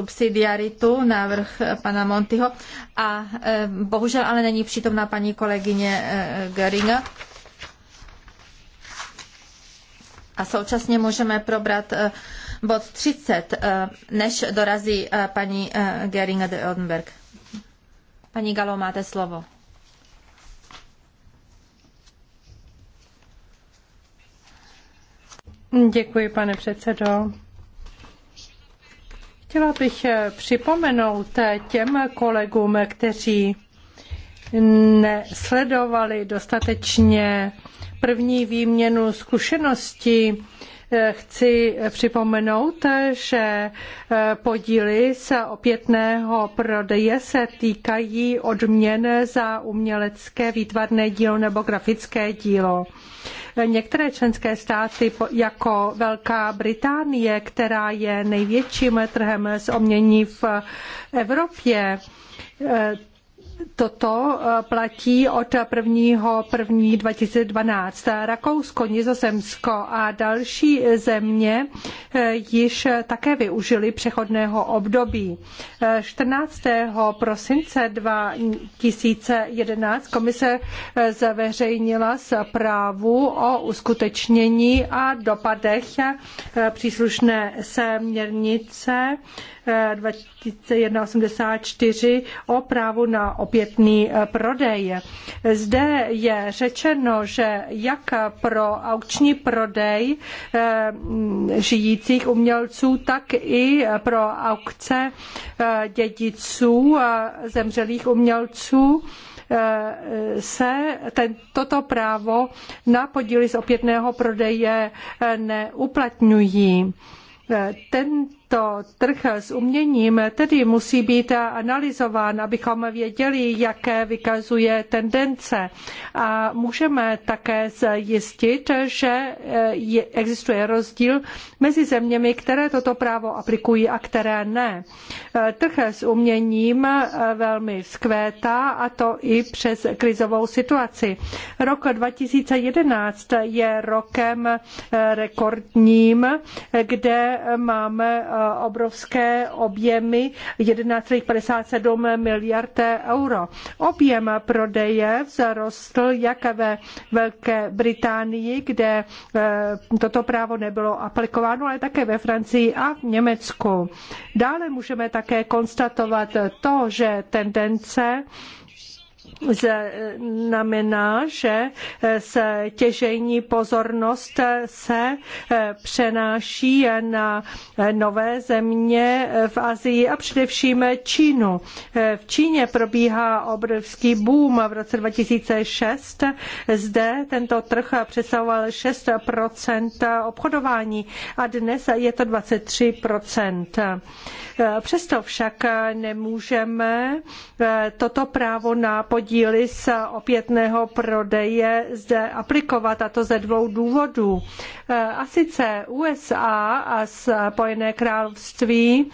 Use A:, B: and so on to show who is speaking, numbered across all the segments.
A: subsidiaritu, návrh pana Montyho. A e, bohužel ale není přítomná paní kolegyně e, Göringa. A současně můžeme probrat e, bod 30, než dorazí paní Geringa de Odenberg. Paní Galo, máte slovo.
B: Děkuji, pane předsedo. Chtěla bych eh, připomenout eh, těm kolegům, kteří nesledovali dostatečně první výměnu zkušeností, eh, chci připomenout, že podíly z opětného prodeje se týkají odměn za umělecké výtvarné dílo nebo grafické dílo. Některé členské státy, jako Velká Británie, která je největším trhem s omění v Evropě, eh, Toto eh, platí od 1.1.2012. Rakousko, Nizozemsko a další země eh, již také využili přechodného období. 14. Eh, prosince 2011 komise zveřejnila zprávu o uskutečnění a dopadech příslušné směrnice 2184 o právu na opatření opětný eh, prodej. Zde je řečeno, že jak pro aukční prodej eh, žijících umělců, tak i pro aukce eh, dědiců zemřelých umělců se ten, toto právo na podíly z opětného prodeje neuplatňují. Ten tento trh s uměním tedy musí být analyzován, abychom věděli, jaké vykazuje tendence. A můžeme také zjistit, že eh, existuje rozdíl mezi zeměmi, které toto právo aplikují a které ne. Eh, trh s uměním eh, velmi vzkvétá a to i přes krizovou situaci. Rok 2011 je rokem rekordním, kde máme Eh, obrovské objemy 11,57 miliard euro. Objem prodeje vzrostl jak ve Velké Británii, kde eh, toto právo nebylo aplikováno, ale také ve Francii a v Německu. Dále můžeme také konstatovat to, že tendence znamená, že stěžejní eh, pozornost eh, se eh, přenáší na nové země v Asii a především Čínu. V Číně probíhá obrovský boom v roce 2006. Zde tento trh představoval 6 obchodování a dnes je to 23 Přesto však nemůžeme toto právo na podíl podíly z opětného prodeje zde aplikovat, a to ze dvou důvodů. E, a sice USA a Spojené království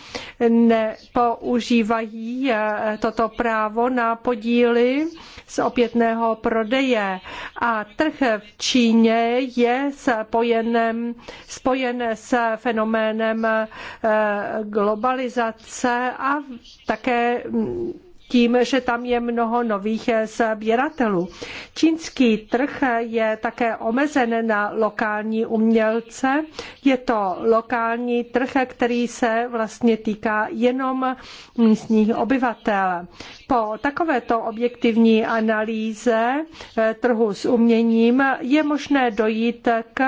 B: nepoužívají e, toto právo na podíly z opětného prodeje a trh v Číně je spojenem, spojen s fenoménem e, globalizace a také tím, že tam je mnoho nových eh, sběratelů. Čínský trh eh, je také omezen na lokální umělce. Je to lokální trh, eh, který se vlastně týká jenom místních obyvatel. Po takovéto objektivní analýze eh, trhu s uměním je možné dojít k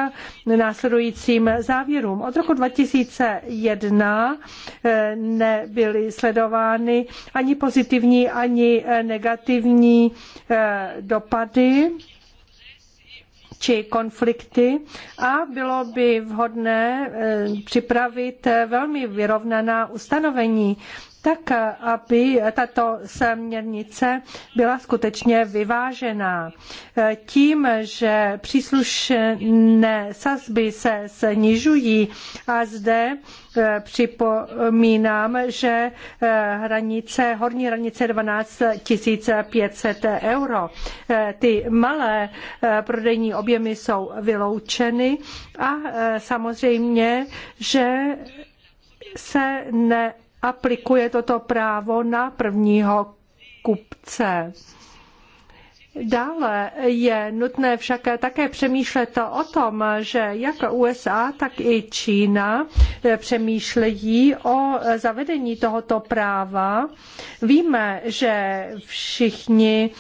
B: následujícím závěrům. Od roku 2001 eh, nebyly sledovány ani pozitivní, ani eh, negativní dopady či konflikty a bylo by vhodné připravit velmi vyrovnaná ustanovení tak aby tato směrnice byla skutečně vyvážená. Tím, že příslušné sazby se snižují a zde eh, připomínám, že eh, hranice, horní hranice 12 500 euro. Eh, ty malé prodejní objemy jsou vyloučeny a samozřejmě, že se ne aplikuje toto právo na prvního kupce. Dále je nutné však také přemýšlet o tom, že jak USA, tak i Čína přemýšlejí o zavedení tohoto práva. Víme, že všichni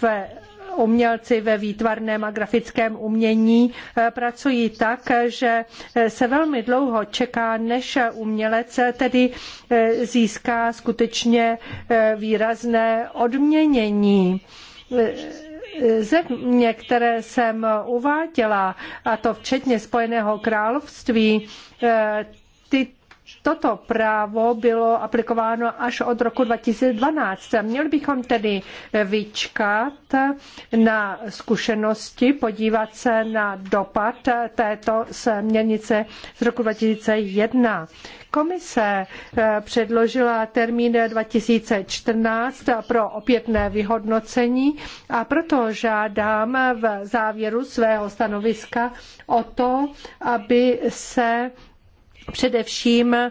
B: ve umělci ve výtvarném a grafickém umění eh, pracují tak, že eh, se velmi dlouho čeká, než umělec eh, tedy získá skutečně výrazné odměnění země, které jsem uváděla, a to včetně Spojeného království, ty Toto právo bylo aplikováno až od roku 2012. Měli bychom tedy vyčkat na zkušenosti, podívat se na dopad této směrnice z roku 2001. Komise eh, předložila termín 2014 pro opětné vyhodnocení a proto žádám v závěru svého stanoviska o to, aby se především eh,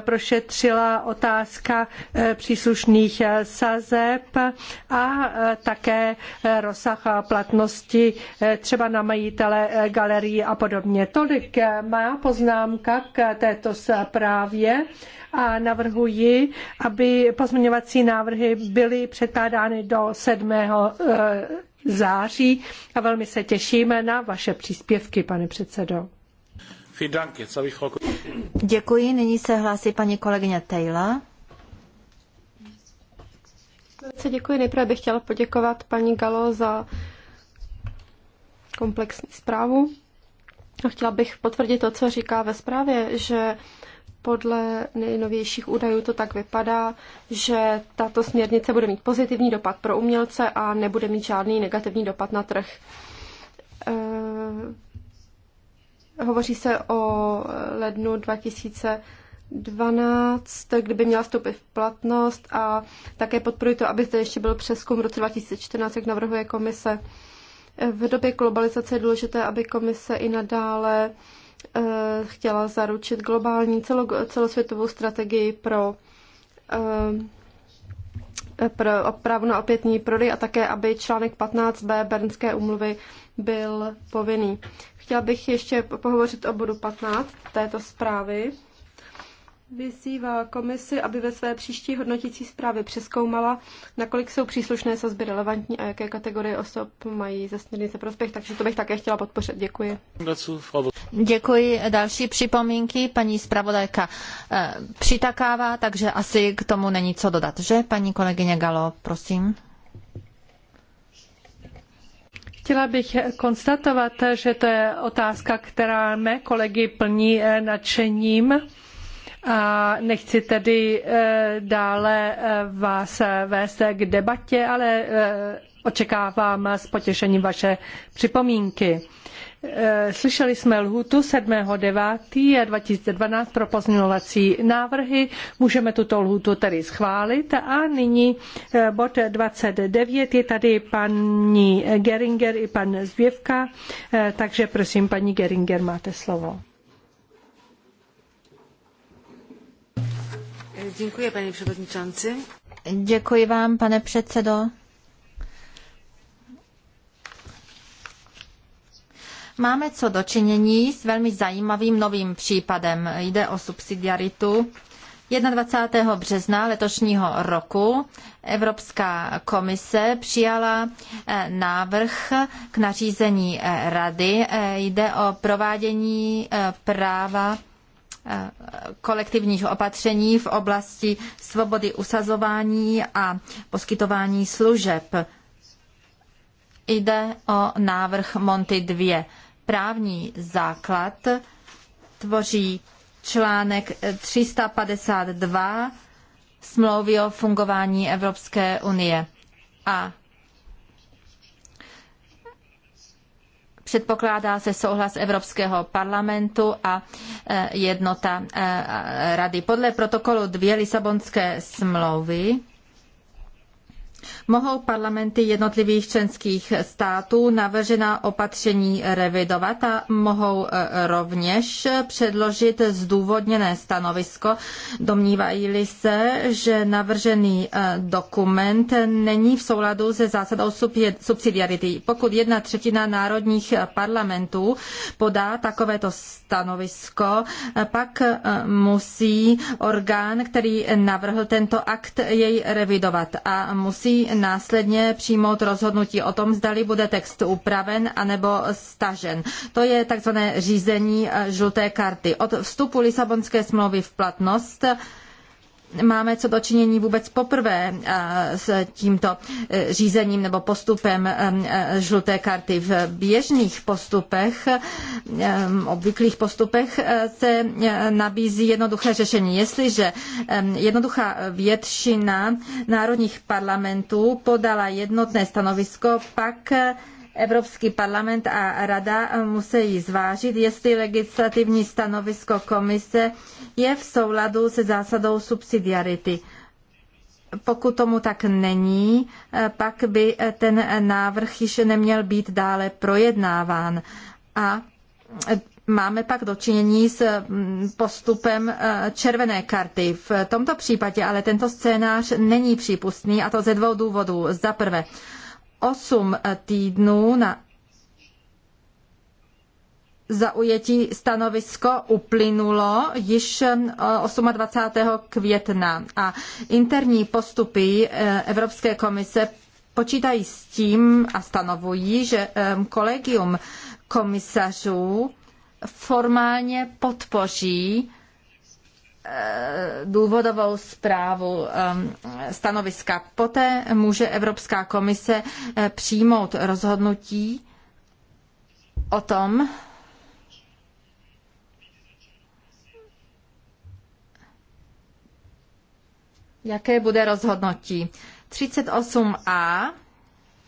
B: prošetřila otázka eh, příslušných eh, sazeb a také rozsah platnosti třeba na majitele galerií a podobně. Tolik má poznámka k této zprávě a navrhuji, aby pozměňovací návrhy byly předkládány do 7. září a velmi se těšíme na vaše příspěvky, pane předsedo. Děkuji, nyní se hlásí paní kolegyně
C: Taylor. Velice děkuji. Nejprve bych chtěla poděkovat paní Galo za komplexní zprávu. A chtěla bych potvrdit to, co říká ve zprávě, že podle nejnovějších údajů to tak vypadá, že tato směrnice bude mít pozitivní dopad pro umělce a nebude mít žádný negativní dopad na trh. Eh, Hovoří se o lednu 2012, kdyby měla vstoupit v platnost a také podporuji to, aby zde ještě byl přeskum v roce 2014, jak navrhuje komise. V době globalizace je důležité, aby komise i nadále eh, chtěla zaručit globální celo, celosvětovou strategii pro, eh, eh, pro právo na opětní prody a také, aby článek 15b Bernské umluvy byl povinný. Chtěla bych ještě pohovořit o bodu 15 této zprávy. Vyzývá komisi, aby ve své příští hodnotící zprávě přeskoumala, nakolik jsou příslušné sazby relevantní a jaké kategorie osob mají ze směrnice prospěch, takže to bych také chtěla podpořit. Děkuji. Děkuji. Další připomínky. Paní zpravodajka eh, přitakává,
A: takže asi k tomu není co dodat, že? Paní kolegyně Galo, prosím.
B: Chtěla bych konstatovat, že to je otázka, která mé kolegy plní eh, nadšením. A nechci tedy eh, dále eh, vás vést k debatě, ale očekávám s potěšením vaše připomínky. Eh, slyšeli jsme lhutu 7.9.2012 pro pozměňovací návrhy. Můžeme tuto lhutu tedy schválit. A nyní eh, bod 29 je tady paní Geringer i pan Zvěvka. Eh, takže prosím, paní Geringer, máte slovo.
C: Děkuji, paní předsedající.
A: Děkuji vám, pane předsedo. Máme co dočinění s velmi zajímavým novým případem. Jde o subsidiaritu. 21. března letošního roku Evropská komise přijala eh, návrh k nařízení eh, rady. Eh, jde o provádění práva kolektivních opatření v oblasti svobody usazování a poskytování služeb. Jde o návrh Monty 2 právní základ tvoří článek 352 smlouvy o fungování Evropské unie a předpokládá se souhlas Evropského parlamentu a e, jednota e, rady. Podle protokolu dvě Lisabonské smlouvy mohou parlamenty jednotlivých členských států navržená opatření revidovat a mohou e, rovněž předložit zdůvodněné stanovisko, domnívají-li se, že navržený e, dokument není v souladu se zásadou subsidiarity. Pokud jedna třetina národních parlamentů podá takovéto stanovisko, e, pak musí orgán, který navrhl tento akt, jej revidovat a musí následně přijmout rozhodnutí o tom, zdali bude text upraven anebo stažen. To je takzvané řízení eh, žluté karty. Od vstupu Lisabonské smlouvy v platnost máme co dočinění vůbec poprvé eh, s tímto eh, řízením nebo postupem eh, žluté karty. V běžných postupech, obvyklých postupech se nabízí jednoduché řešení. Jestliže jednoduchá většina národních parlamentů podala jednotné stanovisko, pak Evropský parlament a Rada musí zvážit, jestli legislativní stanovisko komise je v souladu se zásadou subsidiarity. Pokud tomu tak není, pak by ten návrh již neměl být dále projednáván. A máme pak dočinění s postupem červené karty. V tomto případě ale tento scénář není přípustný a to ze dvou důvodů. Za prvé, 8 týdnů na zaujetí stanovisko uplynulo již 28. Eh, května a interní postupy eh, Evropské komise počítají s tím a stanovují, že eh, kolegium komisařů formálně podpoří Eh, důvodovou zprávu eh, stanoviska. Poté může Evropská komise eh, přijmout rozhodnutí o tom, jaké bude rozhodnutí. 38a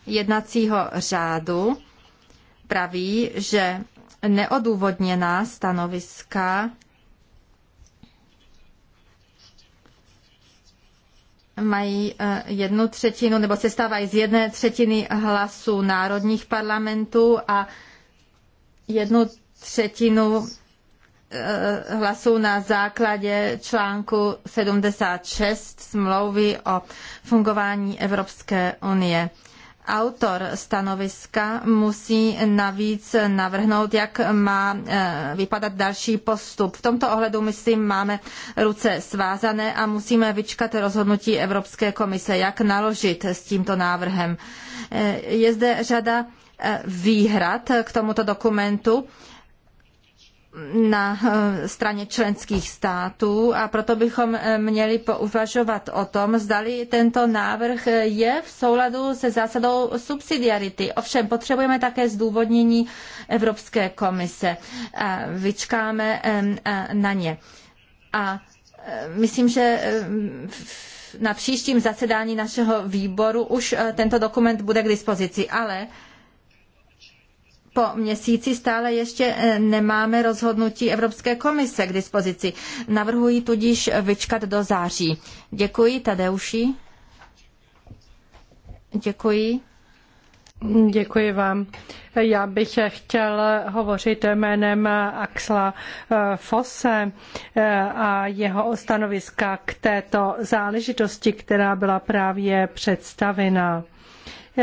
A: jednacího řádu praví, že neodůvodněná stanoviska mají eh, jednu třetinu nebo se stávají z jedné třetiny hlasů národních parlamentů a jednu třetinu eh, hlasů na základě článku 76 smlouvy o fungování Evropské unie. Autor stanoviska musí navíc navrhnout, jak má eh, vypadat další postup. V tomto ohledu, myslím, máme ruce svázané a musíme vyčkat rozhodnutí Evropské komise, jak naložit s tímto návrhem. Eh, je zde řada eh, výhrad k tomuto dokumentu na eh, straně členských států a proto bychom eh, měli pouvažovat o tom, zdali tento návrh eh, je v souladu se zásadou subsidiarity. Ovšem potřebujeme také zdůvodnění Evropské komise. Vyčkáme na ně. A myslím, že na příštím zasedání našeho výboru už tento dokument bude k dispozici, ale po měsíci stále ještě eh, nemáme rozhodnutí Evropské komise k dispozici. Navrhuji tudíž vyčkat do září.
B: Děkuji, Tadeuši. Děkuji. Děkuji vám. Já bych chtěl hovořit jménem Axla eh, Fosse eh, a jeho stanoviska k této záležitosti, která byla právě představena.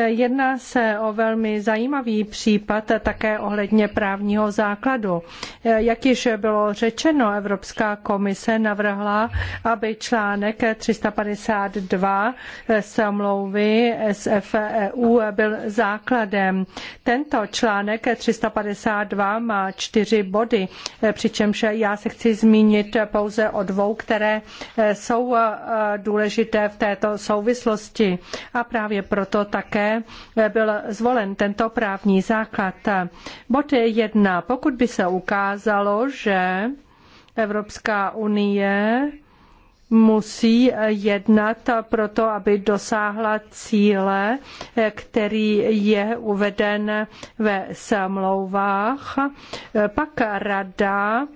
B: Jedná se o velmi zajímavý případ také ohledně právního základu. Jak již bylo řečeno, Evropská komise navrhla, aby článek 352 smlouvy SFEU byl základem. Tento článek 352 má čtyři body, přičemž já se chci zmínit pouze o dvou, které jsou důležité v této souvislosti a právě proto také také byl zvolen tento právní základ. Bod jedna. Pokud by se ukázalo, že Evropská unie musí jednat proto, aby dosáhla cíle, který je uveden ve smlouvách. Pak rada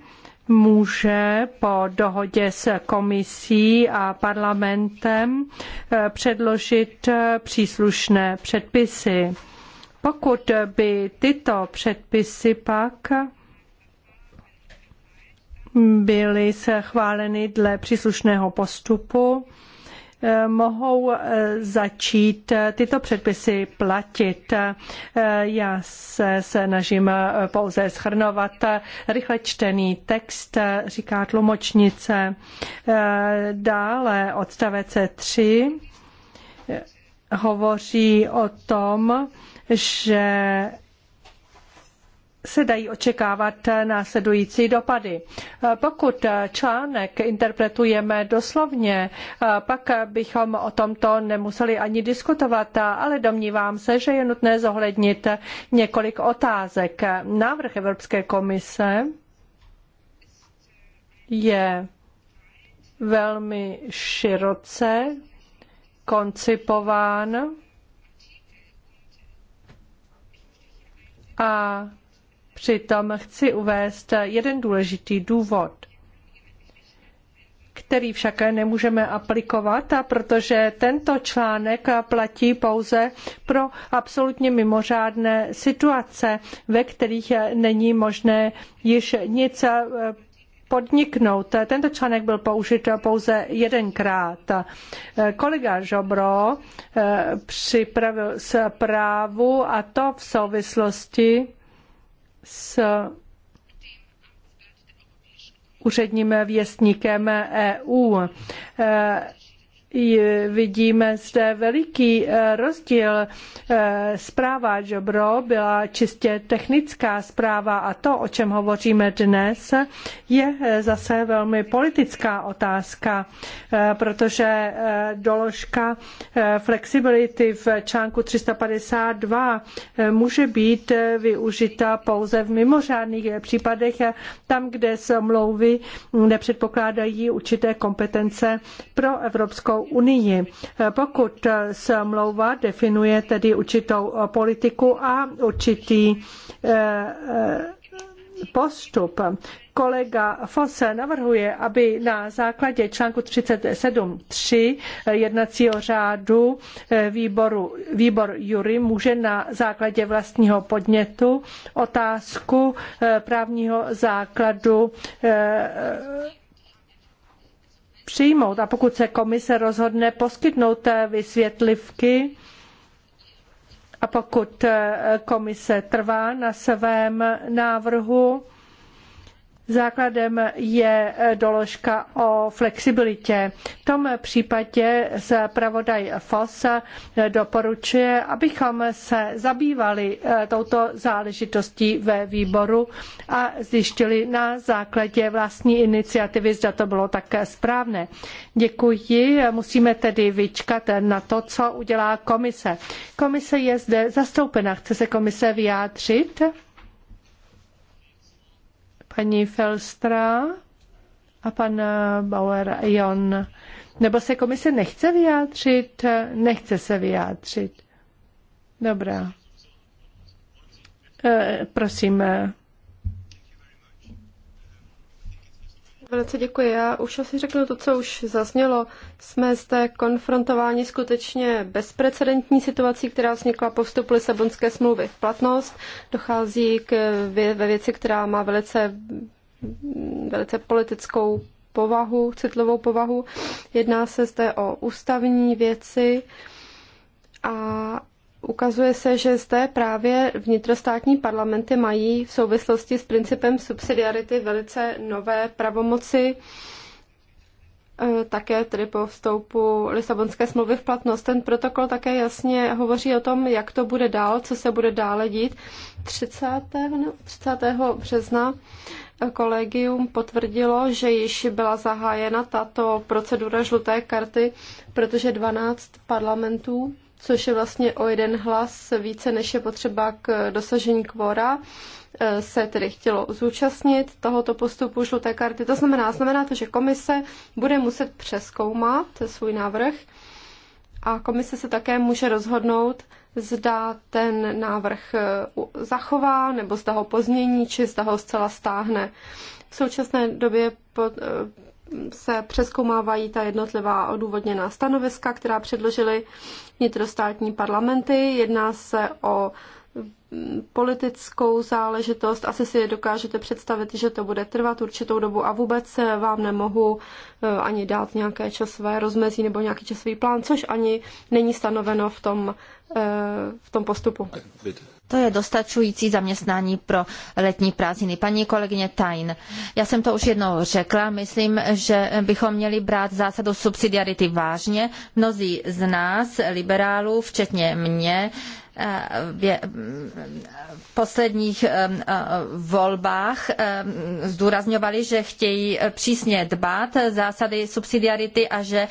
B: může po dohodě s komisí a parlamentem eh, předložit eh, příslušné předpisy. Pokud by tyto předpisy pak byly schváleny dle příslušného postupu, Eh, mohou eh, začít eh, tyto předpisy platit. Já se snažím pouze schrnovat rychle čtený text, říká tlumočnice. Dále odstavec 3 hovoří o tom, že se dají očekávat následující dopady. Pokud článek interpretujeme doslovně, pak bychom o tomto nemuseli ani diskutovat, ale domnívám se, že je nutné zohlednit několik otázek. Návrh Evropské komise je velmi široce koncipován a Přitom chci uvést jeden důležitý důvod který však nemůžeme aplikovat, a protože tento článek platí pouze pro absolutně mimořádné situace, ve kterých není možné již nic podniknout. Tento článek byl použit pouze jedenkrát. Kolega Žobro eh, připravil zprávu a to v souvislosti s úředním věstníkem EU vidíme zde veliký eh, rozdíl. Eh, zpráva Jobro byla čistě technická zpráva a to, o čem hovoříme dnes, je eh, zase velmi politická otázka, protože doložka flexibility v článku 352 může být využita pouze v mimořádných případech, tam, kde smlouvy mm, nepředpokládají určité kompetence pro Evropskou Evropskou unii. Pokud smlouva definuje tedy určitou politiku a určitý eh, eh, postup. Kolega Foss navrhuje, aby na základě článku 37.3 jednacího řádu eh, výboru, výbor Jury může na základě vlastního podnětu otázku právního základu přijmout. A pokud se komise rozhodne poskytnout vysvětlivky, a pokud eh, komise trvá na svém návrhu, Základem je eh, doložka o flexibilitě. V tom případě zpravodaj FOS eh, doporučuje, abychom se zabývali eh, touto záležitostí ve výboru a zjištili na základě vlastní iniciativy, zda to bylo také správné. Děkuji. Musíme tedy vyčkat na to, co udělá komise. Komise je zde zastoupena. Chce se komise vyjádřit? paní Felstra a pan Bauer Jon. Nebo se komise nechce vyjádřit? Nechce se vyjádřit. Dobrá. E, prosím,
C: Velice děkuji. Já už asi řeknu to, co už zaznělo. Jsme zde konfrontováni skutečně bezprecedentní situací, která vznikla po vstupu Lisabonské smlouvy v platnost. Dochází k vě- ve věci, která má velice, velice politickou povahu, citlivou povahu. Jedná se zde o ústavní věci a ukazuje se, že zde právě vnitrostátní parlamenty mají v souvislosti s principem subsidiarity velice nové pravomoci, eh, také tedy po vstoupu Lisabonské smlouvy v platnost. Ten protokol také jasně hovoří o tom, jak to bude dál, co se bude dále dít. 30. 30. No, března eh, kolegium potvrdilo, že již byla zahájena tato procedura žluté karty, protože 12 parlamentů což je vlastně o jeden hlas více, než je potřeba k dosažení kvora, eh, se tedy chtělo zúčastnit tohoto postupu žluté karty. To znamená, znamená to, že komise bude muset přeskoumat svůj návrh a komise se také může rozhodnout, zda ten návrh eh, zachová, nebo zda ho pozmění, či zda ho zcela stáhne. V současné době eh, se přeskoumávají ta jednotlivá odůvodněná stanoviska, která předložili vnitrostátní parlamenty. Jedná se o politickou záležitost. Asi si dokážete představit, že to bude trvat určitou dobu a vůbec vám nemohu eh, ani dát nějaké časové rozmezí nebo nějaký časový plán, což ani není stanoveno v tom, eh, v tom postupu.
A: To je dostačující zaměstnání pro letní prázdniny. Paní kolegyně Tajn, já jsem to už jednou řekla, myslím, že bychom měli brát zásadu subsidiarity vážně. Mnozí z nás, liberálů, včetně mě, v posledních eh, eh, volbách eh, zdůrazňovali, že chtějí přísně dbát zásady subsidiarity a že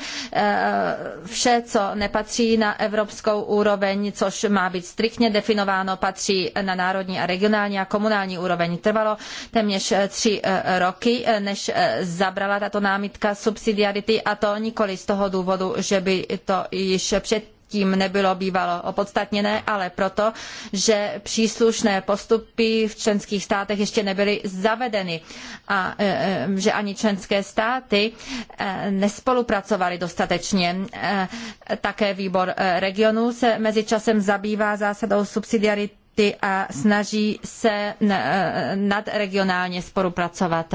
A: vše, co nepatří na evropskou úroveň, což má být striktně definováno, patří na národní a regionální a komunální úroveň. Trvalo téměř tři roky, než zabrala tato námitka subsidiarity a to nikoli z toho důvodu, že by to již před tím nebylo bývalo opodstatněné, ale proto, že příslušné postupy v členských státech ještě nebyly zavedeny a eh, že ani členské státy eh, nespolupracovaly dostatečně. Eh, také výbor regionů se mezičasem zabývá zásadou subsidiarity projekty a snaží se eh, nadregionálně spolupracovat.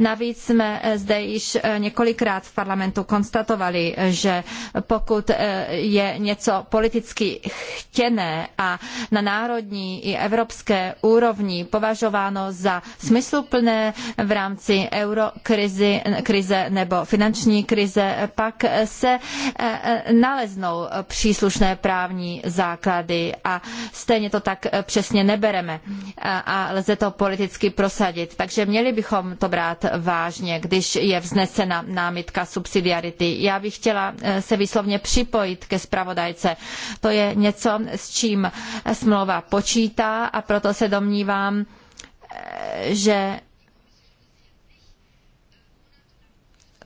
A: Navíc jsme eh, zde již eh, několikrát v parlamentu konstatovali, že pokud je něco politicky chtěné a na národní i evropské úrovni považováno za smysluplné v rámci eurokrize krize nebo finanční krize, pak se naleznou příslušné právní základy a stejně to tak Eh, přesně nebereme eh, a lze to politicky prosadit. Takže měli bychom to brát vážně, když je vznesena námitka subsidiarity. Já bych chtěla eh, se výslovně připojit ke zpravodajce. To je něco, s čím smlouva počítá a proto se domnívám, že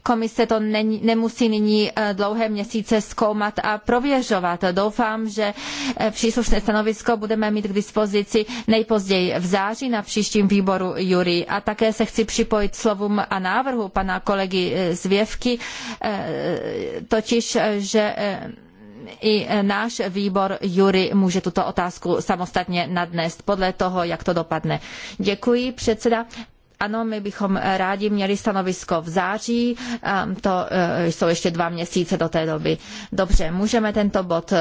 A: komise to nemusí nyní eh, dlouhé měsíce zkoumat a prověřovat. Doufám, že eh, příslušné stanovisko budeme mít k dispozici nejpozději v září na příštím výboru Jury. A také se chci připojit slovům a návrhu pana kolegy eh, Zvěvky, totiž, že i náš výbor Jury může tuto otázku samostatně nadnést podle toho, jak to dopadne. Děkuji, předseda. Ano, my bychom rádi měli stanovisko v září, ehm, to eh, jsou ještě dva měsíce do té doby. Dobře, můžeme tento bod eh,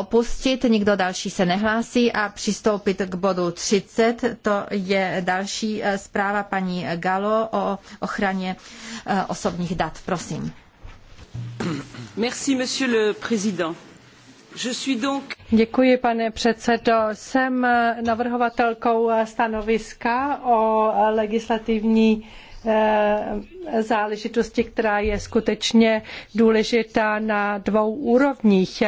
A: opustit, nikdo další se nehlásí a přistoupit k bodu 30, to je další eh, zpráva paní Galo o ochraně osobních dat. Prosím.
B: Merci, monsieur le président Děkuji, pane předsedo. Jsem navrhovatelkou stanoviska o legislativní Eh, záležitosti, která je skutečně důležitá na dvou úrovních.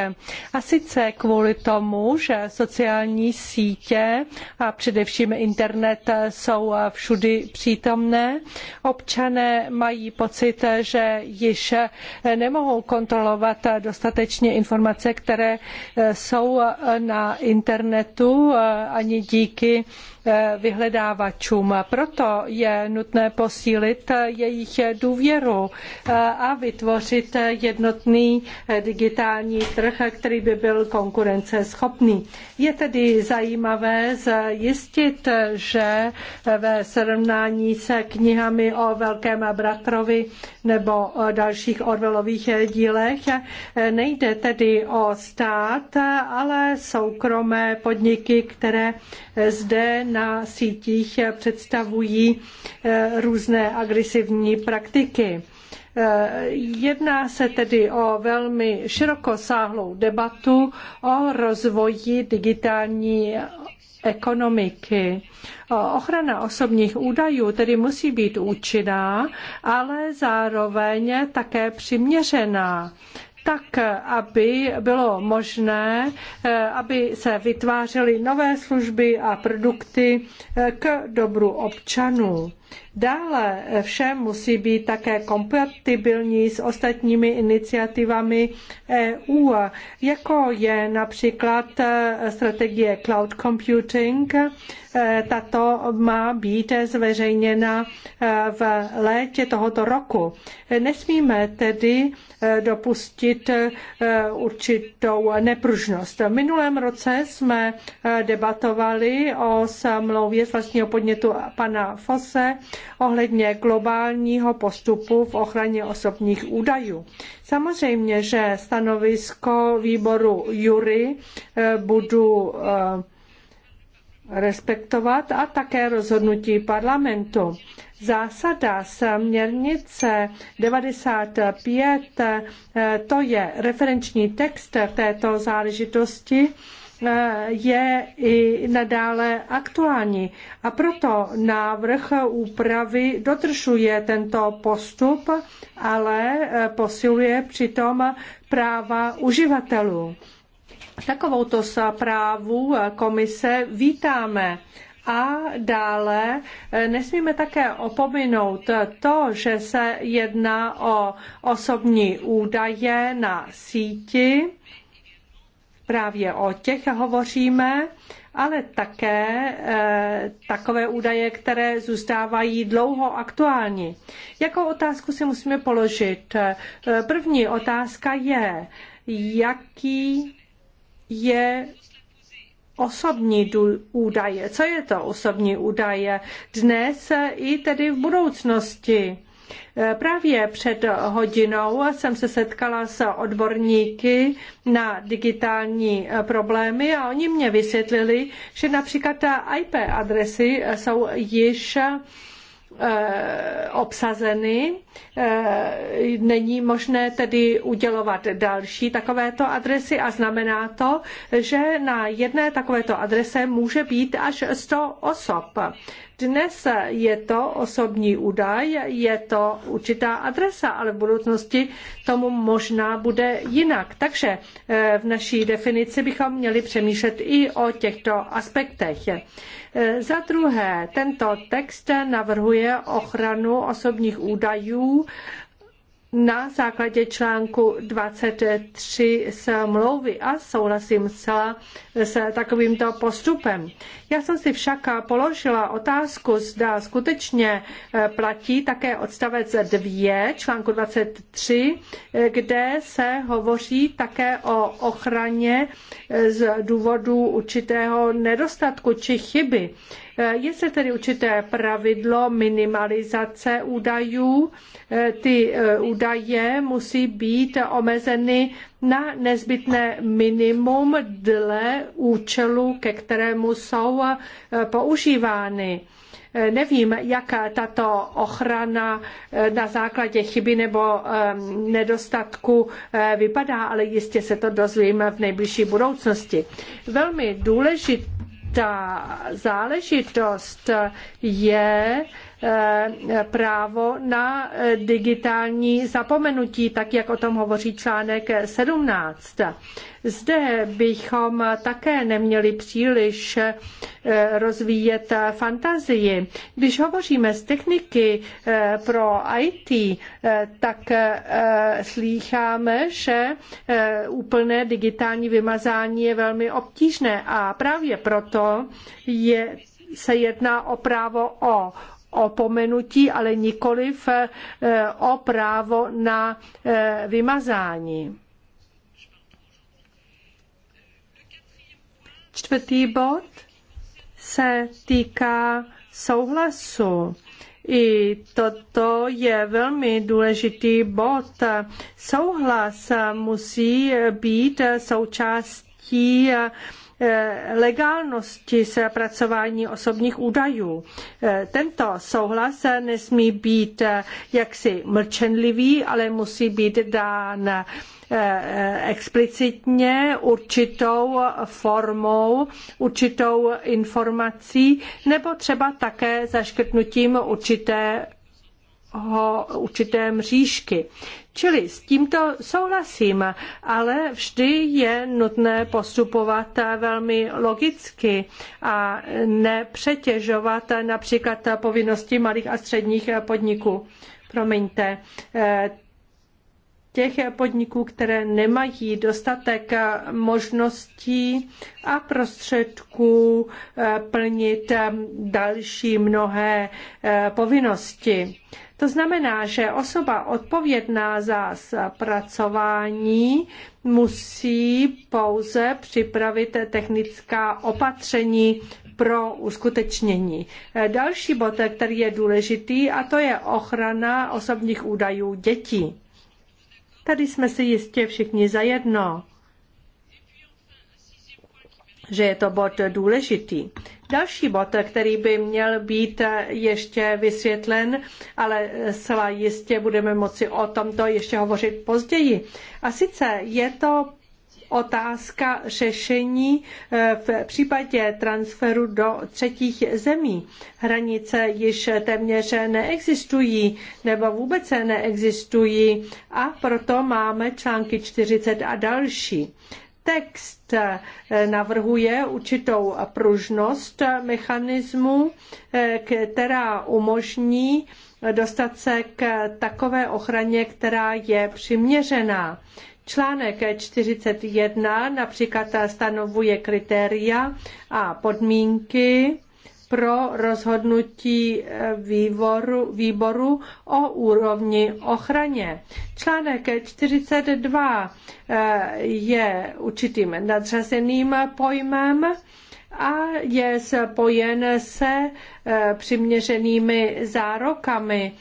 B: A sice kvůli tomu, že sociální sítě a především internet jsou všudy přítomné, občané mají pocit, že již nemohou kontrolovat dostatečně informace, které jsou na internetu eh, ani díky vyhledávačům. Proto je nutné posílit jejich důvěru a vytvořit jednotný digitální trh, který by byl konkurenceschopný. Je tedy zajímavé zjistit, že ve srovnání se knihami o Velkém bratrovi nebo dalších orwellových dílech nejde tedy o stát, ale soukromé podniky, které zde na sítích představují eh, různé agresivní praktiky. Eh, jedná se tedy o velmi širokosáhlou debatu o rozvoji digitální ekonomiky. Ochrana osobních údajů tedy musí být účinná, ale zároveň také přiměřená tak, aby bylo možné, eh, aby se vytvářely nové služby a produkty eh, k dobru občanů. Dále vše musí být také kompatibilní s ostatními iniciativami EU, jako je například eh, strategie cloud computing. Eh, tato má být zveřejněna eh, v létě tohoto roku. Nesmíme tedy dopustit určitou nepružnost. V minulém roce jsme debatovali o smlouvě z vlastního podnětu pana Fosse ohledně globálního postupu v ochraně osobních údajů. Samozřejmě, že stanovisko výboru Jury eh, budu eh, respektovat a také rozhodnutí parlamentu. Zásada směrnice 95, eh, to je referenční text této záležitosti, Eh, je i nadále aktuální. A proto návrh úpravy dotržuje tento postup, ale eh, posiluje přitom práva uživatelů. Takovouto zprávu eh, komise vítáme. A dále nesmíme také opominout to, že se jedná o osobní údaje na síti, Právě o těch hovoříme, ale také eh, takové údaje, které zůstávají dlouho aktuální. Jakou otázku si musíme položit? Eh, první otázka je, jaký je osobní údaje. Co je to osobní údaje dnes i tedy v budoucnosti? Eh, právě před hodinou jsem se setkala s odborníky na digitální eh, problémy a oni mě vysvětlili, že například eh, IP adresy jsou již obsazeny. Není možné tedy udělovat další takovéto adresy a znamená to, že na jedné takovéto adrese může být až 100 osob. Dnes je to osobní údaj, je to určitá adresa, ale v budoucnosti tomu možná bude jinak. Takže eh, v naší definici bychom měli přemýšlet i o těchto aspektech. Eh, za druhé, tento text navrhuje ochranu osobních údajů na základě článku 23 smlouvy a souhlasím zcela s takovýmto postupem. Já jsem si však položila otázku, zda skutečně eh, platí také odstavec 2 článku 23, eh, kde se hovoří také o ochraně eh, z důvodu určitého nedostatku či chyby. Eh, je se tedy určité pravidlo minimalizace údajů. Eh, ty eh, údaje musí být omezeny na nezbytné minimum dle účelu, ke kterému jsou používány. Nevím, jak tato ochrana na základě chyby nebo ehm, nedostatku vypadá, ale jistě se to dozvím v nejbližší budoucnosti. Velmi důležité ta záležitost je Eh, právo na eh, digitální zapomenutí, tak jak o tom hovoří článek 17. Zde bychom také neměli příliš eh, rozvíjet fantazii. Když hovoříme z techniky pro IT, tak slýcháme, že úplné digitální vymazání je velmi obtížné a právě proto je se jedná o právo o opomenutí, ale nikoliv eh, o právo na eh, vymazání. Čtvrtý bod se týká souhlasu. I toto je velmi důležitý bod. Souhlas musí být součástí eh, Eh, legálnosti zpracování osobních údajů. Eh, tento souhlas nesmí být eh, jaksi mlčenlivý, ale musí být dán explicitně určitou formou, určitou informací nebo třeba také zaškrtnutím určité ho určité mřížky. Čili s tímto souhlasím, ale vždy je nutné postupovat velmi logicky a nepřetěžovat například povinnosti malých a středních podniků. Promiňte, eh, těch podniků, které nemají dostatek možností a prostředků eh, plnit eh, další mnohé povinnosti. To znamená, že osoba odpovědná za zpracování musí pouze připravit technická opatření pro uskutečnění. Další bod, který je důležitý, a to je ochrana osobních údajů dětí. Tady jsme si jistě všichni zajedno že je to bod důležitý. Další bod, který by měl být ještě vysvětlen, ale zcela jistě budeme moci o tomto ještě hovořit později. A sice je to otázka řešení eh, v případě transferu do třetích zemí. Hranice již téměř neexistují nebo vůbec neexistují a proto máme články 40 a další text eh, navrhuje určitou pružnost mechanismu, eh, která umožní dostat se k takové ochraně, která je přiměřená. Článek 41 například stanovuje kritéria a podmínky pro rozhodnutí eh, výboru, výboru o úrovni ochraně. Článek 42 eh, je určitým nadřazeným pojmem a je spojen se eh, přiměřenými zárokami,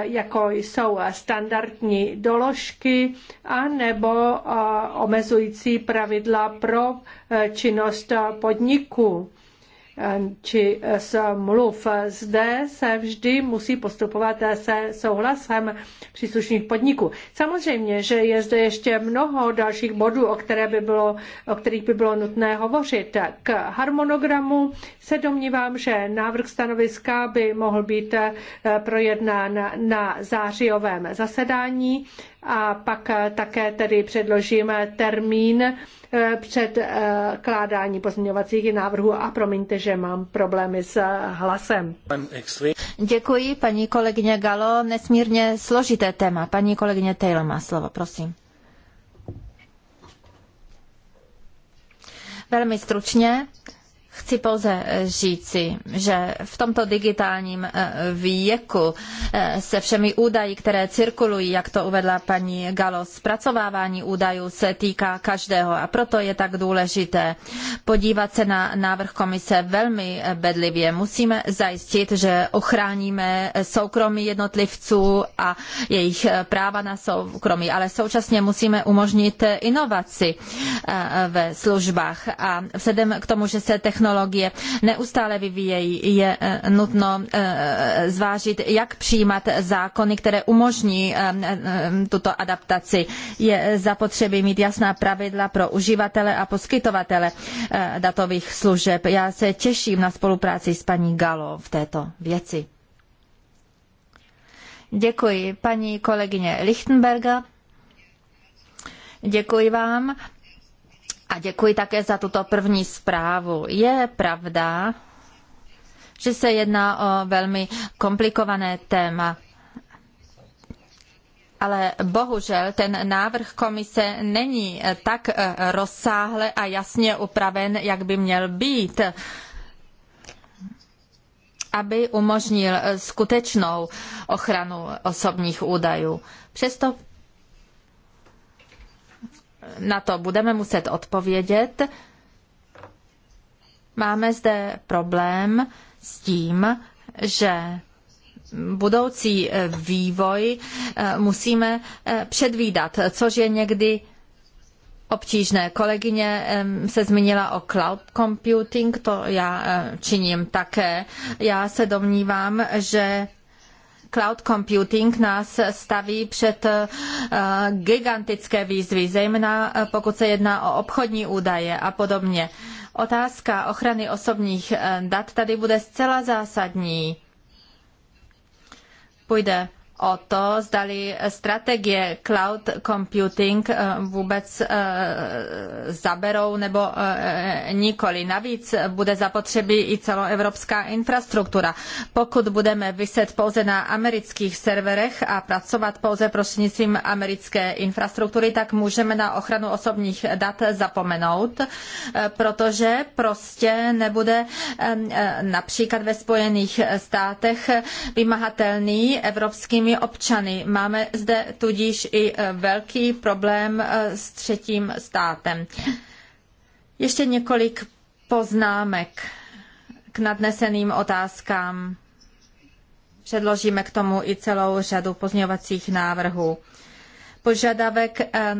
B: jako jsou standardní doložky a nebo omezující pravidla pro činnost podniku či eh, smluv. Zde se vždy musí postupovat eh, se souhlasem příslušných podniků. Samozřejmě, že je zde ještě mnoho dalších bodů, o, které by bylo, o kterých by bylo nutné hovořit. K harmonogramu se domnívám, že návrh stanoviska by mohl být eh, projednán na zářijovém zasedání a pak také tedy předložíme termín Eh, před předkládání eh, pozměňovacích návrhů a promiňte, že mám problémy s hlasem. Děkuji, paní
A: kolegyně Galo. Nesmírně složité téma. Paní kolegyně Taylor má slovo, prosím. Velmi stručně. Chci pouze eh, říci, že v tomto digitálním eh, věku eh, se všemi údaji, které cirkulují, jak to uvedla paní Galo, zpracovávání údajů se týká každého a proto je tak důležité podívat se na návrh komise velmi bedlivě. Musíme zajistit, že ochráníme soukromí jednotlivců a jejich práva na soukromí, ale současně musíme umožnit inovaci ve službách a vzhledem k tomu, že se technologie technologie neustále vyvíjejí, je eh, nutno eh, zvážit, jak přijímat zákony, které umožní eh, tuto adaptaci. Je zapotřebí mít jasná pravidla pro uživatele a poskytovatele datových služeb. Já se těším na spolupráci s paní Galo v této věci. Děkuji paní kolegyně Lichtenberga. Děkuji vám. A děkuji také za tuto první zprávu. Je pravda, že se jedná o velmi komplikované téma. Ale bohužel ten návrh komise není tak rozsáhle a jasně upraven, jak by měl být aby umožnil skutečnou ochranu osobních údajů. Přesto na to budeme muset odpovědět. Máme zde problém s tím, že budoucí eh, vývoj eh, musíme eh, předvídat, což je někdy obtížné. Kolegyně se zmínila o cloud computing, to já činím také. Já se domnívám, že cloud computing nás staví před eh, gigantické výzvy, zejména eh, pokud se jedná o obchodní údaje a podobně. Otázka ochrany osobních eh, dat tady bude zcela zásadní. Půjde o to, zdali strategie cloud computing eh, vůbec eh, zaberou nebo eh, nikoli. Navíc bude zapotřebí i celoevropská infrastruktura. Pokud budeme vyset pouze na amerických serverech a pracovat pouze prostřednictvím americké infrastruktury, tak můžeme na ochranu osobních dat zapomenout, protože prostě nebude například ve Spojených státech vymahatelný evropskými evropskými občany. Máme zde tudíž i e, velký problém e, s třetím státem. Ještě několik poznámek k nadneseným otázkám. Předložíme k tomu i celou řadu pozměňovacích návrhů. Požadavek e,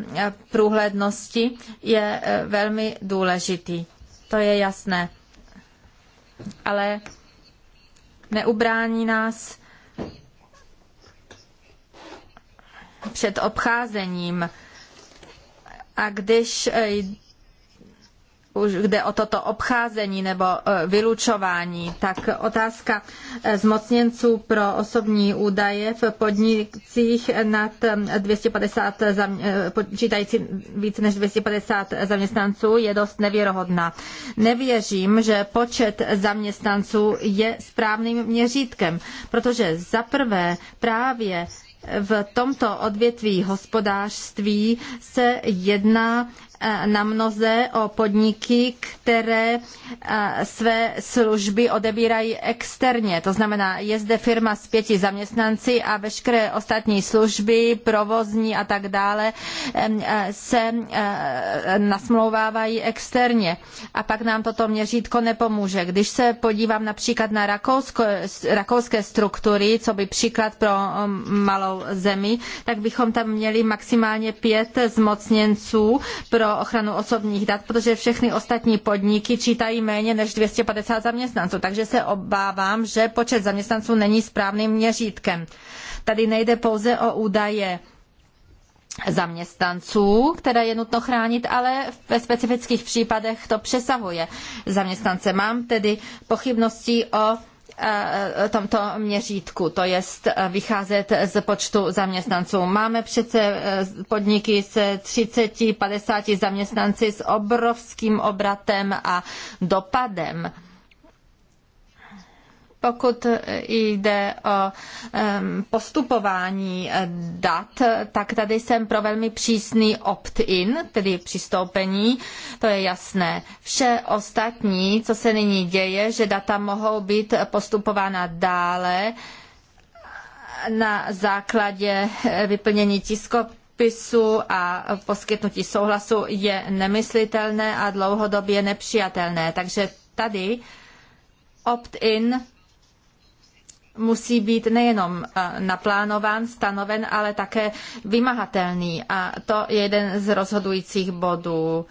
A: průhlednosti je velmi důležitý. To je jasné. Ale neubrání nás před obcházením. A když eh, už jde o toto obcházení nebo eh, vylučování, tak otázka eh, zmocněnců pro osobní údaje v podnicích nad 250 počítající více než 250 zaměstnanců je dost nevěrohodná. Nevěřím, že počet zaměstnanců je správným měřítkem, protože za prvé právě v tomto odvětví hospodářství se jedná Eh, na mnoze o podniky, které eh, své služby odebírají externě. To znamená, je zde firma s pěti zaměstnanci a veškeré ostatní služby, provozní a tak dále eh, se nasmlouvávají externě. A pak nám toto měřítko nepomůže. Když se podívám například na Rakousko, rakouské struktury, co by příklad pro malou zemi, tak bychom tam měli maximálně pět zmocněnců pro pro ochranu osobních dat, protože všechny ostatní podniky čítají méně než 250 zaměstnanců, takže se obávám, že počet zaměstnanců není správným měřítkem. Tady nejde pouze o údaje zaměstnanců, které je nutno chránit, ale ve specifických případech to přesahuje zaměstnance. Mám tedy pochybnosti o Eh, eh, tomto měřítku, to jest eh, vycházet z počtu zaměstnanců. Máme přece podniky se 30, 50 zaměstnanci s obrovským obratem a dopadem. Pokud jde o postupování dat, tak tady jsem pro velmi přísný opt-in, tedy přistoupení, to je jasné. Vše ostatní, co se nyní děje, že data mohou být postupována dále na základě vyplnění tiskopisu a poskytnutí souhlasu je nemyslitelné a dlouhodobě nepřijatelné. Takže tady opt-in musí být nejenom eh, naplánován, stanoven, ale také vymahatelný. A to je jeden z rozhodujících bodů.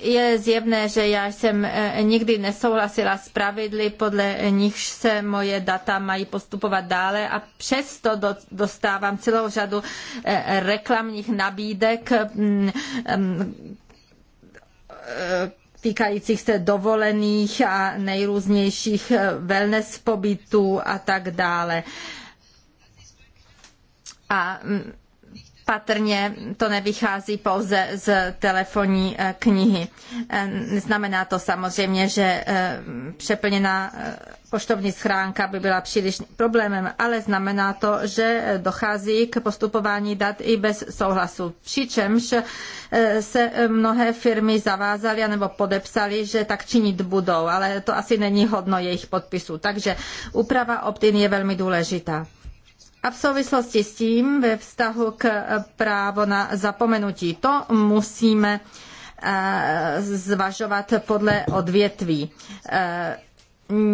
A: Je zjevné, že já jsem eh, nikdy nesouhlasila s pravidly, podle nichž se moje data mají postupovat dále a přesto dostávám celou řadu eh, reklamních nabídek, mm, mm, týkajících se dovolených a nejrůznějších eh, wellness pobytů a tak dále. A mm, patrně to nevychází pouze z telefonní eh, knihy. Eh, neznamená to samozřejmě, že eh, přeplněná poštovní schránka by byla příliš problémem, ale znamená to, že dochází k postupování dat i bez souhlasu. Přičemž se mnohé firmy zavázaly anebo podepsaly, že tak činit budou, ale to asi není hodno jejich podpisů. Takže úprava opt-in je velmi důležitá. A v souvislosti s tím ve vztahu k eh, právo na zapomenutí, to musíme eh, zvažovat podle odvětví. Eh,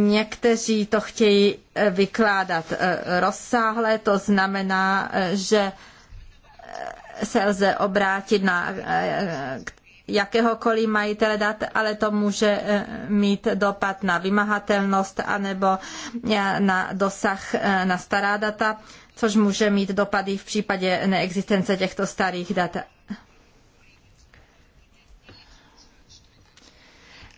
A: někteří to chtějí vykládat rozsáhle, to znamená, že se lze obrátit na jakéhokoliv majitele dat, ale to může eh, mít dopad na vymahatelnost anebo eh, na dosah eh, na stará data, což může mít dopady v případě neexistence těchto starých dat.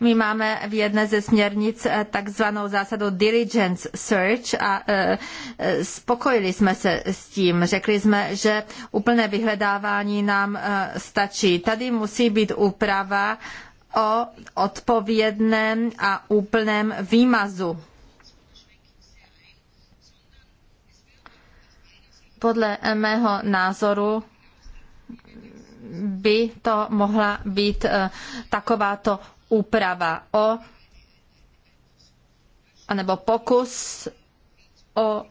A: My máme v jedné ze směrnic eh, takzvanou zásadu diligence search a eh, eh, spokojili jsme se s tím. Řekli jsme, že úplné vyhledávání nám stačí. Tady musí být úprava o odpovědném a úplném výmazu. Podle mého názoru by to mohla být takováto úprava o anebo pokus o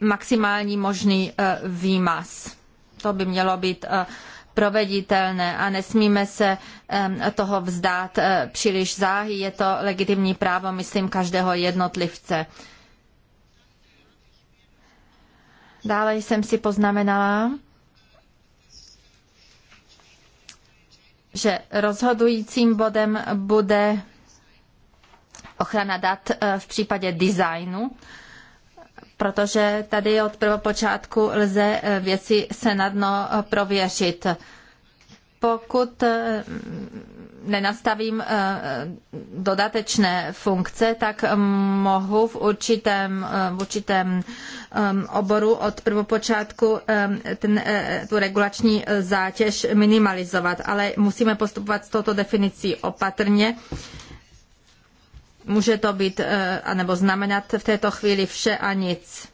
A: maximální možný e, výmaz. To by mělo být e, proveditelné a nesmíme se e, toho vzdát příliš záhy. Je to legitimní právo, myslím, každého jednotlivce. Dále jsem si poznamenala, že rozhodujícím bodem bude ochrana dat eh, v případě designu, protože tady od prvopočátku lze eh, věci snadno eh, prověřit. Pokud nenastavím eh, dodatečné funkce, tak mm, mohu v určitém, eh, v určitém mm, oboru od prvopočátku eh, ten, tu regulační zátěž minimalizovat. Ale musíme postupovat s touto definicí opatrně. Může to být, anebo znamenat v této chvíli vše a nic.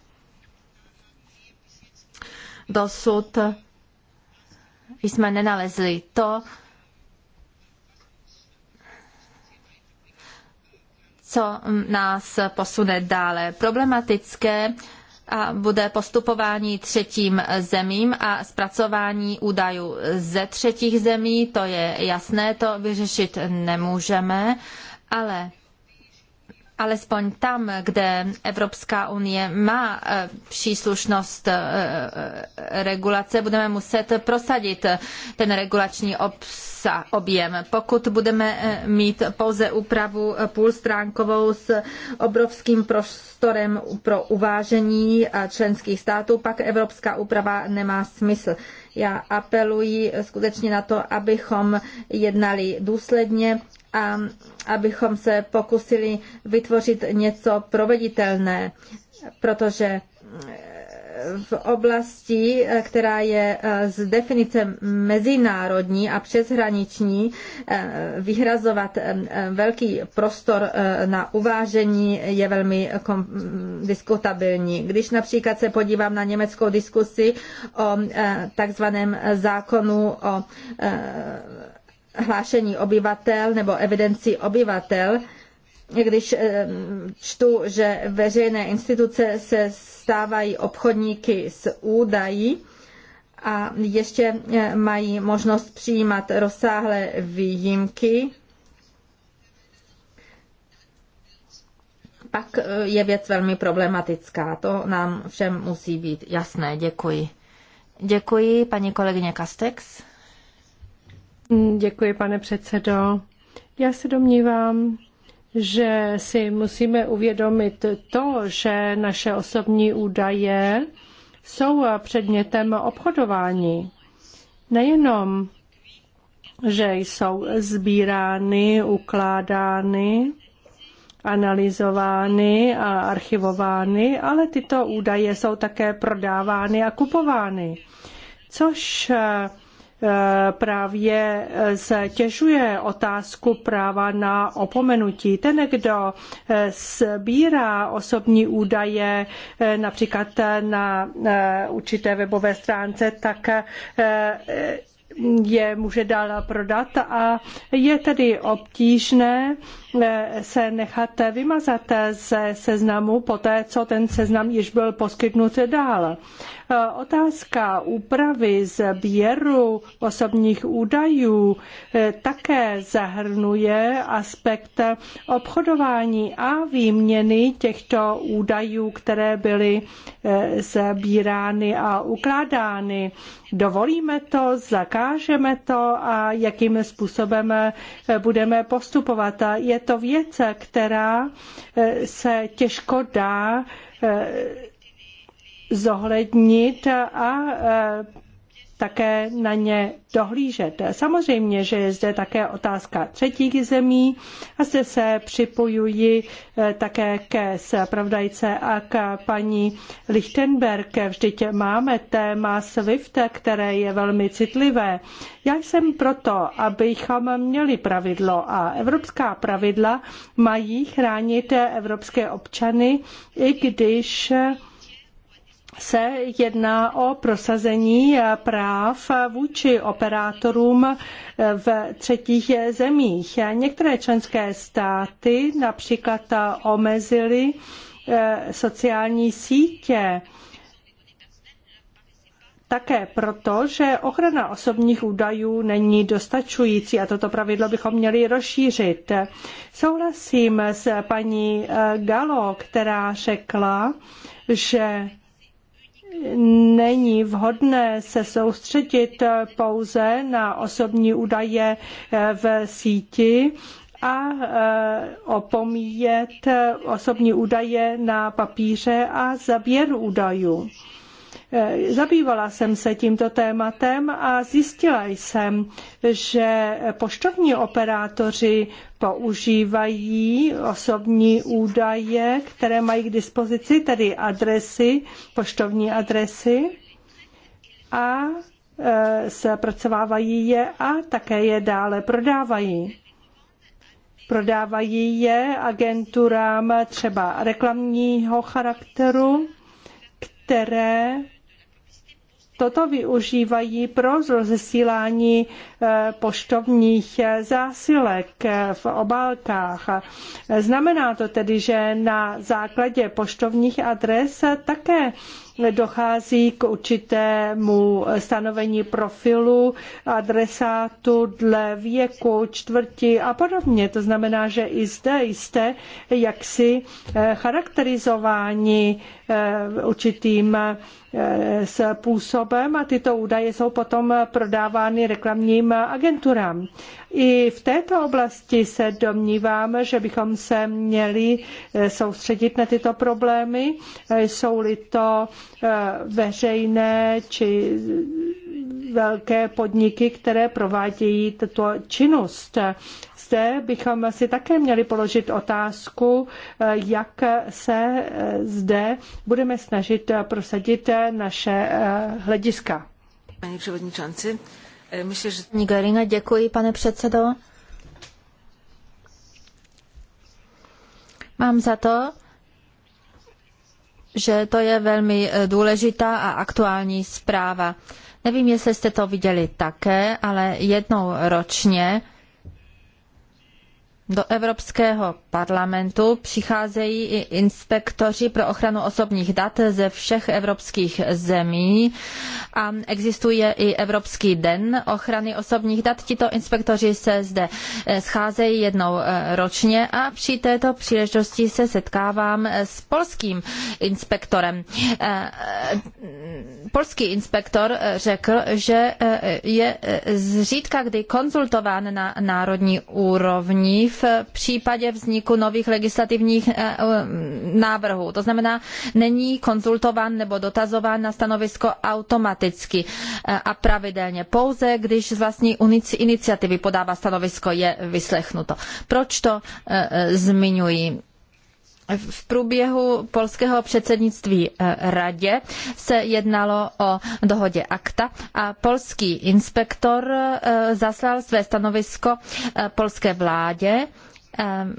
A: Dosud jsme nenalezli to, co nás posune dále. Problematické a bude postupování třetím zemím a zpracování údajů ze třetích zemí, to je jasné, to vyřešit nemůžeme, ale alespoň tam, kde Evropská unie má eh, příslušnost eh, eh, regulace, budeme muset prosadit ten regulační obsa, objem. Pokud budeme mít pouze úpravu půlstránkovou s obrovským prostorem pro uvážení členských států, pak evropská úprava nemá smysl. Já apeluji skutečně na to, abychom jednali důsledně a abychom se pokusili vytvořit něco proveditelné, protože v oblasti, eh, která je eh, z definice mezinárodní a přeshraniční, eh, vyhrazovat velký prostor na uvážení je velmi diskutabilní. Když například se podívám na německou diskusi o takzvaném zákonu o hlášení obyvatel nebo evidenci obyvatel, když eh, čtu, že veřejné instituce se stávají obchodníky s údají a ještě eh, mají možnost přijímat rozsáhlé výjimky, pak eh, je věc velmi problematická. To nám všem musí být
B: jasné. Děkuji. Děkuji, paní kolegyně Kastex. Děkuji, pane předsedo. Já se domnívám, že si musíme uvědomit to, že naše osobní údaje jsou předmětem obchodování. Nejenom, že jsou sbírány, ukládány, analyzovány a archivovány, ale tyto údaje jsou také prodávány a kupovány, což E, právě e, těžuje otázku práva na opomenutí. Ten, kdo e, sbírá osobní údaje například na určité webové stránce, tak je může dál prodat a je tedy obtížné Eh, se nechat vymazat ze seznamu poté, co ten seznam již byl poskytnut dál. Eh, otázka úpravy sběru osobních údajů eh, také zahrnuje aspekt obchodování a výměny těchto údajů, které byly sbírány a ukládány. Dovolíme to, zakážeme to a jakým způsobem budeme postupovat. Je to věc, která eh, se těžko dá eh, zohlednit a eh, také na ně dohlížet. Samozřejmě, že je zde také otázka třetích zemí a zde se připojuji eh, také ke zpravodajce a k paní Lichtenberg. Vždyť máme téma SWIFT, které je velmi citlivé. Já jsem proto, abychom měli pravidlo a evropská pravidla mají chránit evropské občany, i když se jedná o prosazení práv vůči operátorům v třetích zemích. Některé členské státy například omezily eh, sociální sítě také proto, že ochrana osobních údajů není dostačující a toto pravidlo bychom měli rozšířit. Souhlasím s paní eh, Galo, která řekla, že není vhodné se soustředit pouze na osobní údaje eh, v síti, a eh, opomíjet osobní údaje na papíře a sběr údajů. Eh, zabývala jsem se tímto tématem a zjistila jsem, že poštovní operátoři používají osobní údaje, které mají k dispozici, tedy adresy, poštovní adresy a eh, zpracovávají je a také je dále prodávají. Prodávají je agenturám třeba reklamního charakteru, které toto využívají pro rozesílání eh, poštovních eh, zásilek eh, v obálkách. Znamená to tedy, že na základě poštovních adres také dochází k určitému stanovení profilu adresátu dle věku, čtvrti a podobně. To znamená, že i zde jste jaksi charakterizováni určitým způsobem a tyto údaje jsou potom prodávány reklamním agenturám. I v této oblasti se domnívám, že bychom se měli eh, soustředit na tyto problémy, jsou-li to eh, veřejné či velké podniky, které provádějí tuto činnost. Zde bychom si také měli položit otázku, eh, jak se eh, zde budeme snažit eh, prosadit naše hlediska.
A: E, Pani předsedající, myslím, že...
B: Nigerina, děkuji,
A: pane předsedo. Mám za to, že to je velmi důležitá a aktuální zpráva. Nevím, jestli jste to viděli také, ale jednou ročně do evropského parlamentu přicházejí i inspektoři pro ochranu osobních dat ze všech evropských zemí a existuje i Evropský den ochrany osobních dat. Tito inspektoři se zde eh, scházejí jednou eh, ročně a při této příležitosti se setkávám eh, s polským inspektorem. Polský inspektor řekl, že je zřídka kdy konzultován na národní úrovni v případě vzniku vzniku nových legislativních eh, návrhů. To znamená, není konzultován nebo dotazován na stanovisko automaticky eh, a pravidelně. Pouze když z vlastní iniciativy podává stanovisko, je vyslechnuto. Proč to eh, zmiňuji? V průběhu polského předsednictví radě se jednalo o dohodě akta a polský inspektor zaslal své stanovisko polské vládě Ehm,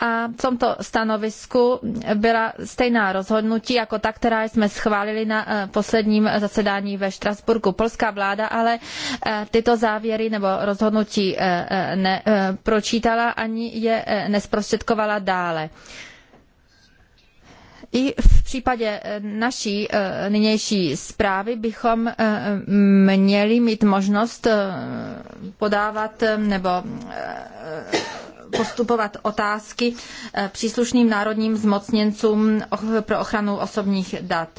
A: a v tomto stanovisku byla stejná rozhodnutí jako ta, která jsme schválili na eh, posledním zasedání ve Štrasburku. Polská vláda ale eh, tyto závěry nebo rozhodnutí eh, nepročítala ani je nesprostředkovala dále. I v případě naší nynější zprávy bychom měli mít možnost podávat nebo postupovat otázky eh, příslušným národním zmocněncům pro ochranu osobních dat.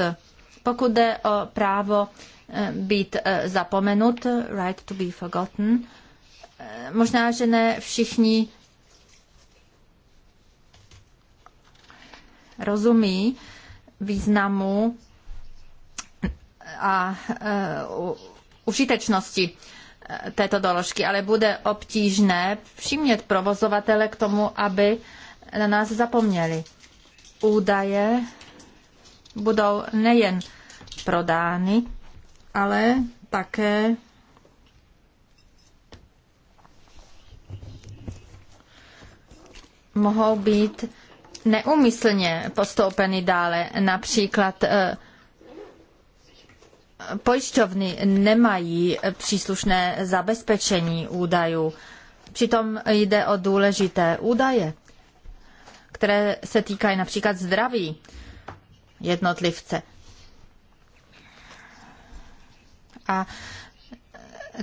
A: Pokud jde o právo eh, být eh, zapomenut, right to be forgotten, možná, že ne všichni rozumí významu a užitečnosti této doložky, ale bude obtížné přimět provozovatele k tomu, aby na nás zapomněli. Údaje budou nejen prodány, ale také mohou být neumyslně postoupeny dále, například eh, pojišťovny nemají příslušné zabezpečení údajů. Přitom jde o důležité údaje, které se týkají například zdraví jednotlivce. A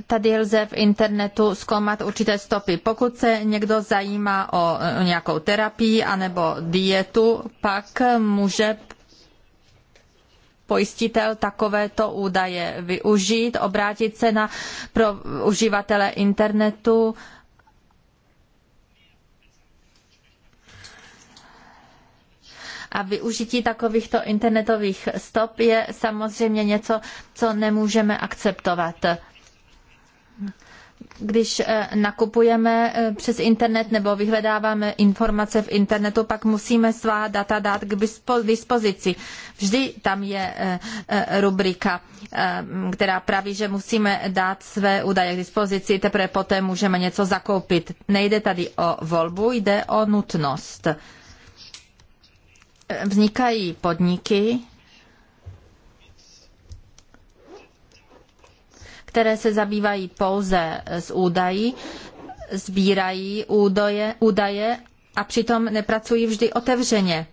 A: tady lze v internetu zkoumat určité stopy. Pokud se někdo zajímá o nějakou terapii anebo dietu, pak může pojistitel takovéto údaje využít, obrátit se na pro uživatele internetu, A využití takovýchto internetových stop je samozřejmě něco, co nemůžeme akceptovat když eh, nakupujeme eh, přes internet nebo vyhledáváme informace v internetu, pak musíme svá data dát k dispozici. Vždy tam je eh, rubrika, která praví, že musíme dát své údaje k dispozici, teprve poté můžeme něco zakoupit. Nejde tady o volbu, jde o nutnost. Vznikají podniky, které se zabývají pouze s údají, sbírají údaje, údaje a přitom nepracují vždy otevřeně.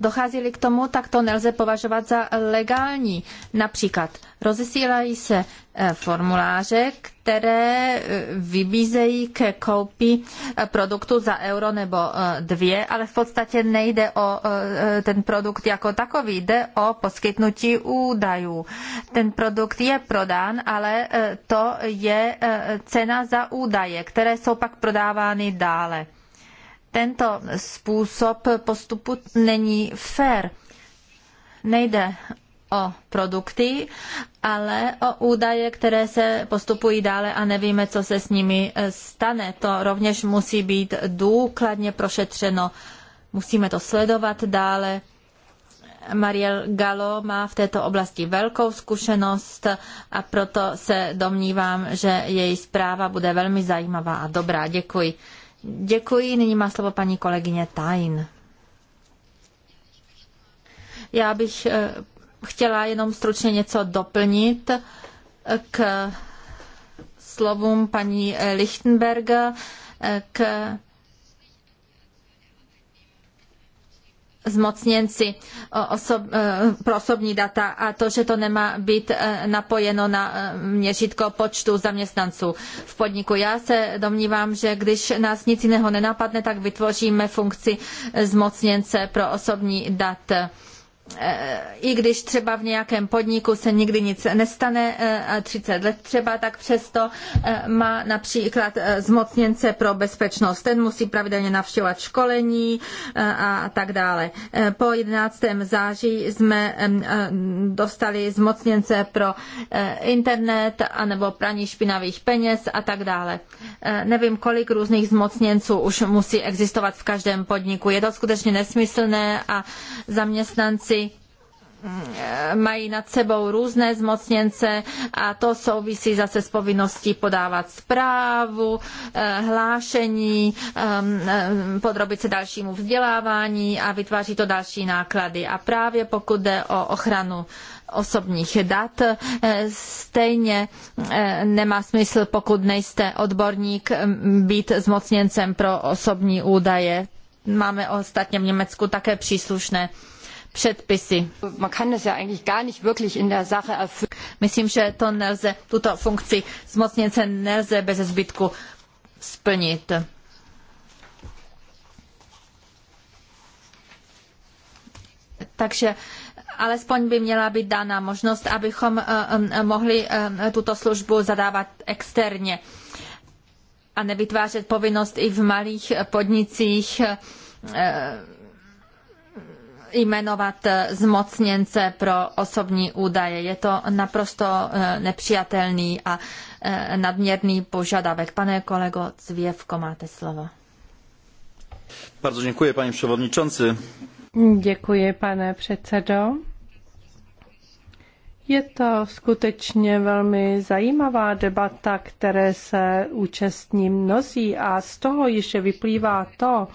A: Dochází-li k tomu, tak to nelze považovat za legální. Například rozesílají se e, formuláře, které e, vybízejí ke koupi e, produktu za euro nebo dvě, ale v podstatě nejde o ten produkt jako takový, jde o poskytnutí údajů. Ten produkt je prodán, ale to je cena za údaje, které jsou pak prodávány dále. Tento způsob postupu není fair. Nejde o produkty, ale o údaje, které se postupují dále a nevíme, co se s nimi eh, stane. To rovněž musí být důkladně prošetřeno. Musíme to sledovat dále. Mariel Galo má v této oblasti velkou zkušenost a proto se domnívám, že její zpráva bude velmi zajímavá a dobrá. Děkuji. Děkuji, nyní má slovo paní kolegyně Tain. Já bych eh, chtěla jenom stručně něco doplnit k slovům paní Lichtenberga. Eh, k zmocněnci eh, osob, eh, pro osobní data a to, že to nemá být eh, napojeno na měřítko počtu zaměstnanců v podniku. Já se domnívám, že když nás nic jiného nenapadne, tak vytvoříme funkci zmocněnce pro osobní data Eh, i když třeba v nějakém podniku se nikdy nic nestane 30 eh, let třeba, tak přesto eh, má například zmocněnce pro bezpečnost. Ten musí pravidelně navštěvovat školení a tak dále. Po 11. září jsme dostali zmocněnce pro internet anebo praní špinavých peněz a tak dále. Nevím, kolik různých zmocněnců už musí existovat v každém podniku. Je to skutečně nesmyslné a zaměstnanci Eh, mají nad sebou různé zmocněnce a to souvisí zase s povinností podávat zprávu, eh, hlášení, eh, podrobit se dalšímu vzdělávání a vytváří to další náklady. A právě pokud jde o ochranu osobních dat. Stejně nemá smysl, pokud nejste odborník, být zmocněncem pro osobní údaje. Máme ostatně v Německu také příslušné předpisy. Myslím, že to nelze, tuto funkci zmocněnce nelze bez zbytku splnit. Takže alespoň by měla být dána možnost, abychom eh, eh, mohli eh, tuto službu zadávat externě a nevytvářet povinnost i v malých podnicích jmenovat eh, zmocněnce pro osobní údaje. Je to naprosto eh, nepřijatelný a eh, nadměrný požadavek. Pane kolego Cvěvko, máte slovo. Bardzo dziękuję, panie przewodniczący.
B: Děkuji, pane předsedo. Je to skutečně velmi zajímavá debata, které se účastní mnozí a z toho ještě vyplývá to,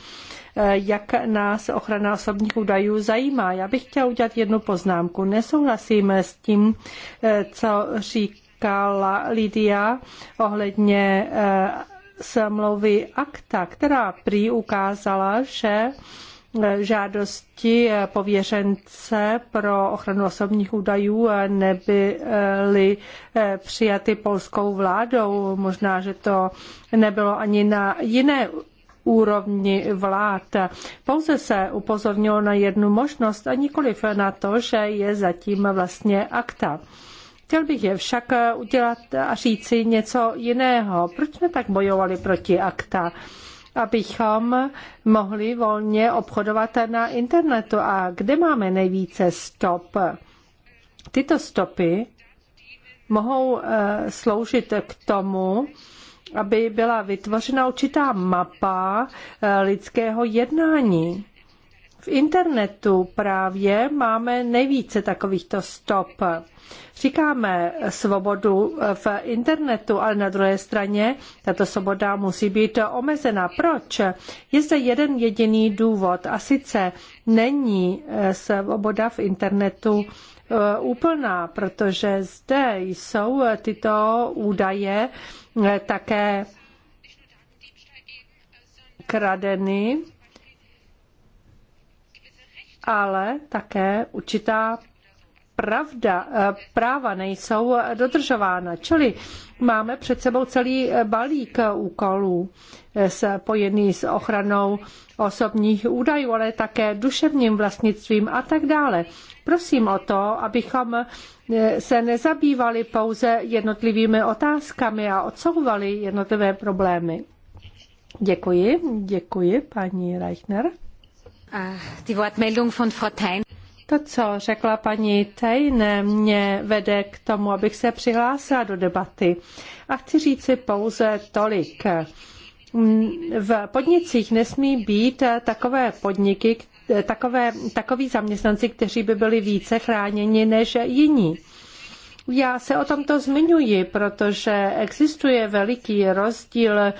B: eh, jak nás ochrana osobních údajů zajímá. Já bych chtěla udělat jednu poznámku. Nesouhlasíme s tím, eh, co říkala Lidia ohledně eh, smlouvy akta, která prý ukázala, že žádosti pověřence pro ochranu osobních údajů nebyly eh, přijaty polskou vládou. Možná, že to nebylo ani na jiné úrovni vlád. Pouze se upozornilo na jednu možnost a nikoliv na to, že je zatím vlastně akta. Chtěl bych je však udělat a říci něco jiného. Proč jsme tak bojovali proti akta? abychom mohli volně obchodovat na internetu. A kde máme nejvíce stop? Tyto stopy mohou eh, sloužit k tomu, aby byla vytvořena určitá mapa eh, lidského jednání. V internetu právě máme nejvíce takovýchto stop. Říkáme svobodu v internetu, ale na druhé straně tato svoboda musí být omezena. Proč? Je zde jeden jediný důvod a sice není eh, svoboda v internetu eh, úplná, protože zde jsou tyto údaje eh, také kradeny ale také určitá pravda, eh, práva nejsou dodržována. Čili máme před sebou celý eh, balík úkolů eh, spojený s ochranou osobních údajů, ale také duševním vlastnictvím a tak dále. Prosím o to, abychom se nezabývali pouze jednotlivými otázkami a odsouvali jednotlivé problémy. Děkuji, děkuji, paní Reichner. To, co řekla paní Tejne, mě vede k tomu, abych se přihlásila do debaty. A chci říci pouze tolik. V podnicích nesmí být takové podniky, takové, takoví zaměstnanci, kteří by byli více chráněni než jiní. Já se o tomto zmiňuji, protože existuje veliký rozdíl eh,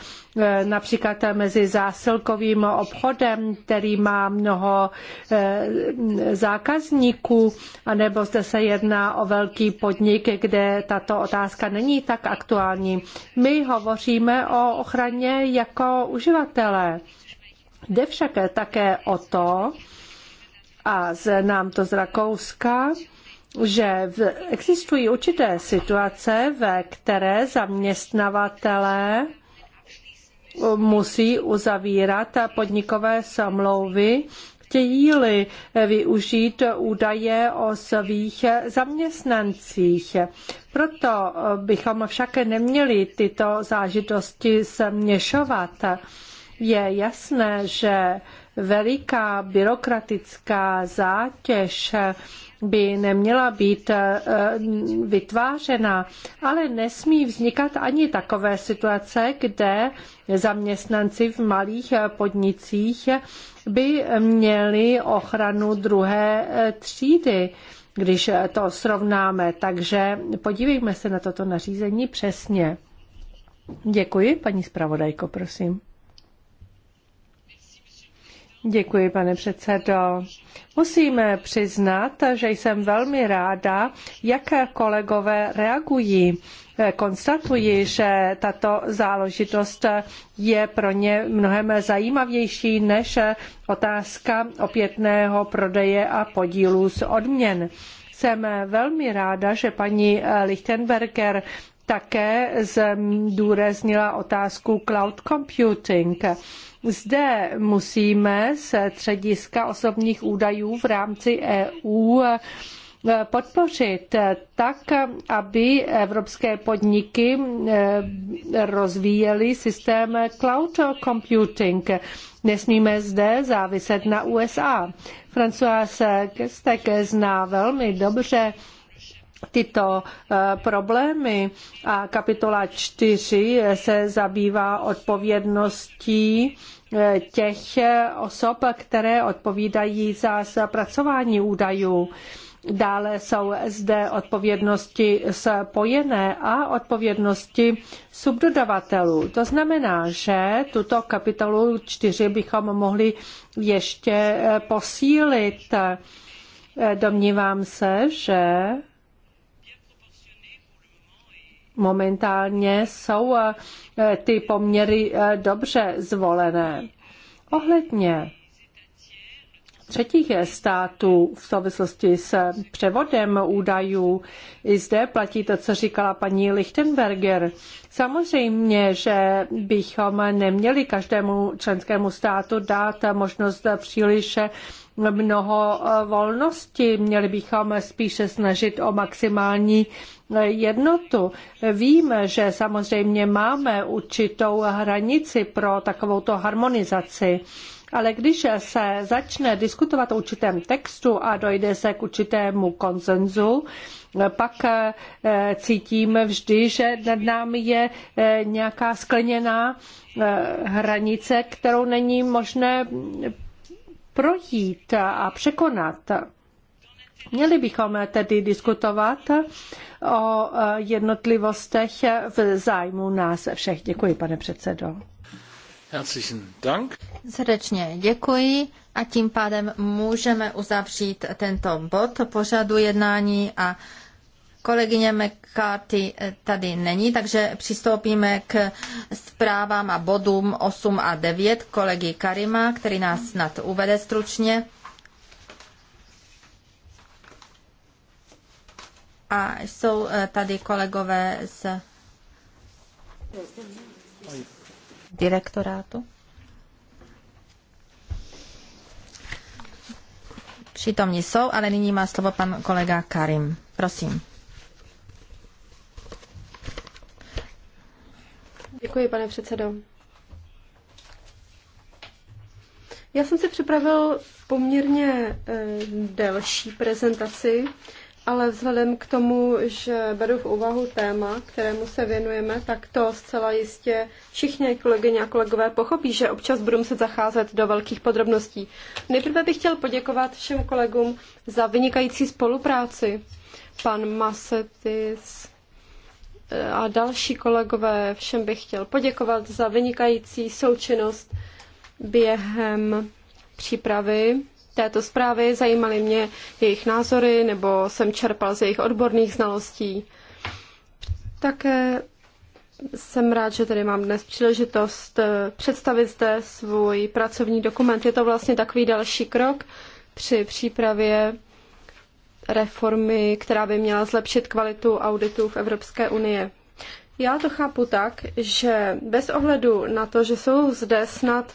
B: například mezi zásilkovým obchodem, který má mnoho eh, zákazníků, anebo zde se jedná o velký podnik, kde tato otázka není tak aktuální. My hovoříme o ochraně jako uživatelé. Jde však také o to, a znám to z Rakouska, že existují určité situace, ve které zaměstnavatelé musí uzavírat podnikové smlouvy, chtějí-li využít údaje o svých zaměstnancích. Proto bychom však neměli tyto zážitosti směšovat. Je jasné, že veliká byrokratická zátěž by neměla být eh, vytvářena, ale nesmí vznikat ani takové situace, kde zaměstnanci v malých eh, podnicích by měli ochranu druhé eh, třídy když to srovnáme. Takže podívejme se na toto nařízení přesně. Děkuji, paní zpravodajko, prosím. Děkuji, pane předsedo. Musím přiznat, že jsem velmi ráda, jak kolegové reagují. Konstatuji, že tato záležitost je pro ně mnohem zajímavější než otázka opětného prodeje a podílů z odměn. Jsem velmi ráda, že paní Lichtenberger také zdůraznila otázku cloud computing. Zde musíme se střediska osobních údajů v rámci EU eh, podpořit tak, aby evropské podniky eh, rozvíjely systém cloud computing. Nesmíme zde záviset na USA. François Kestek zná velmi dobře tyto eh, problémy a kapitola 4 se zabývá odpovědností těch eh, osob, které odpovídají za zpracování údajů. Dále jsou zde odpovědnosti spojené a odpovědnosti subdodavatelů. To znamená, že tuto kapitolu 4 bychom mohli ještě eh, posílit. Eh, domnívám se, že momentálně jsou eh, ty poměry eh, dobře zvolené. Ohledně třetích států v souvislosti s převodem údajů. I zde platí to, co říkala paní Lichtenberger. Samozřejmě, že bychom neměli každému členskému státu dát možnost příliš mnoho eh, volnosti. Měli bychom spíše snažit o maximální eh, jednotu. Vím, že samozřejmě máme určitou hranici pro takovouto harmonizaci. Ale když se začne diskutovat o určitém textu a dojde se k určitému konsenzu, pak eh, cítím vždy, že nad námi je nějaká skleněná hranice, kterou není možné projít a překonat. Měli bychom tedy diskutovat o jednotlivostech v zájmu nás všech. Děkuji, pane předsedo.
A: Herzlichen Dank. Srdečně děkuji a tím pádem můžeme uzavřít tento bod pořadu jednání a Kolegyně McCarthy eh, tady není, takže přistoupíme k zprávám a bodům 8 a 9 kolegy Karima, který nás snad uvede stručně. A jsou eh, tady kolegové z direktorátu. Přítomní jsou, ale nyní má slovo pan kolega Karim. Prosím.
C: Děkuji, pane předsedo. Já jsem si připravil poměrně eh, delší prezentaci, ale vzhledem k tomu, že beru v úvahu téma, kterému se věnujeme, tak to zcela jistě všichni kolegyně a kolegové pochopí, že občas budu muset zacházet do velkých podrobností. Nejprve bych chtěl poděkovat všem kolegům za vynikající spolupráci. Pan Masetis, a další kolegové, všem bych chtěl poděkovat za vynikající součinnost během přípravy této zprávy. Zajímaly mě jejich názory nebo jsem čerpal z jejich odborných znalostí. Také jsem rád, že tady mám dnes příležitost eh, představit zde svůj pracovní dokument. Je to vlastně takový další krok při přípravě reformy, která by měla zlepšit kvalitu auditu v Evropské unii. Já to chápu tak, že bez ohledu na to, že jsou zde snad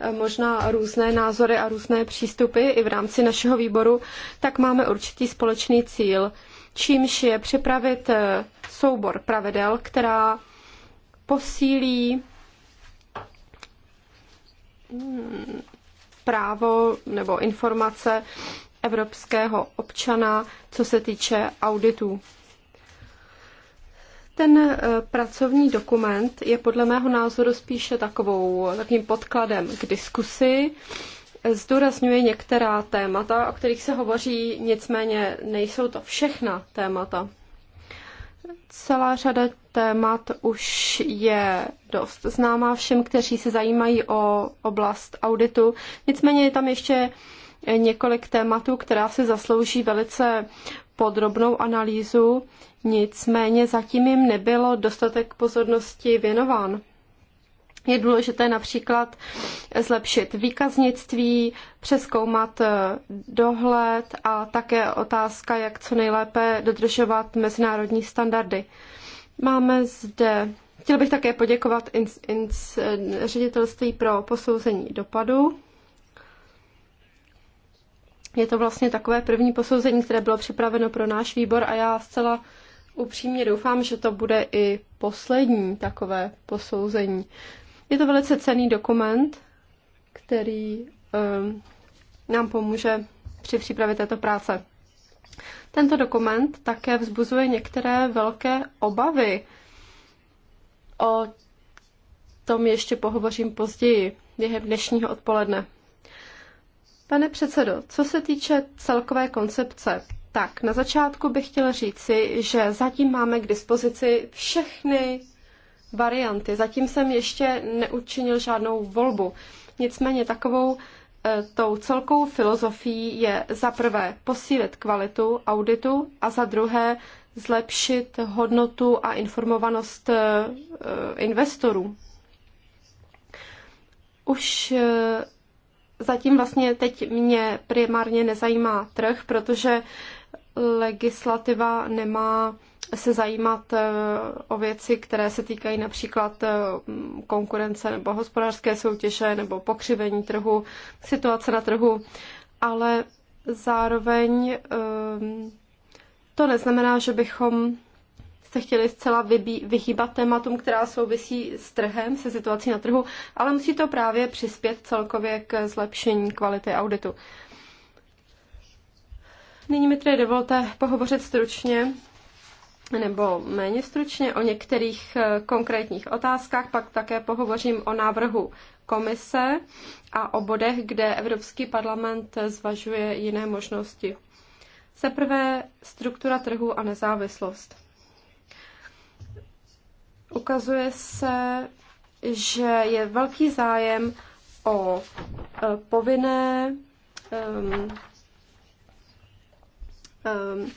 C: eh, možná různé názory a různé přístupy i v rámci našeho výboru, tak máme určitý společný cíl, čímž je připravit eh, soubor pravidel, která posílí mm, právo nebo informace evropského občana, co se týče auditů. Ten eh, pracovní dokument je podle mého názoru spíše takovou, takovým podkladem k diskusi. Zdůrazňuje některá témata, o kterých se hovoří, nicméně nejsou to všechna témata. Celá řada témat už je dost známá všem, kteří se zajímají o oblast auditu. Nicméně je tam ještě několik tématů, která si zaslouží velice podrobnou analýzu, nicméně zatím jim nebylo dostatek pozornosti věnován. Je důležité například zlepšit výkaznictví, přeskoumat eh, dohled a také otázka, jak co nejlépe dodržovat mezinárodní standardy. Máme zde. Chtěl bych také poděkovat ins, ins, eh, ředitelství pro posouzení dopadu je to vlastně takové první posouzení, které bylo připraveno pro náš výbor a já zcela upřímně doufám, že to bude i poslední takové posouzení. Je to velice cený dokument, který um, nám pomůže při přípravě této práce. Tento dokument také vzbuzuje některé velké obavy. O tom ještě pohovořím později během dnešního odpoledne. Pane předsedo, co se týče celkové koncepce, tak na začátku bych chtěl říci, že zatím máme k dispozici všechny varianty. Zatím jsem ještě neučinil žádnou volbu. Nicméně takovou e, tou celkou filozofií je za prvé posílit kvalitu auditu a za druhé zlepšit hodnotu a informovanost e, e, investorů. Už zatím vlastně teď mě primárně nezajímá trh, protože legislativa nemá se zajímat eh, o věci, které se týkají například eh, konkurence nebo hospodářské soutěže nebo pokřivení trhu, situace na trhu, ale zároveň ehm, to neznamená, že bychom se chtěli zcela vybí, vyhýbat tématům, která souvisí s trhem, se situací na trhu, ale musí to právě přispět celkově k zlepšení kvality auditu. Nyní mi tedy dovolte pohovořit stručně nebo méně stručně o některých eh, konkrétních otázkách, pak také pohovořím o návrhu komise a o bodech, kde Evropský parlament zvažuje jiné možnosti. Za prvé struktura trhu a nezávislost. Ukazuje se, že je velký zájem o e, povinné um, um,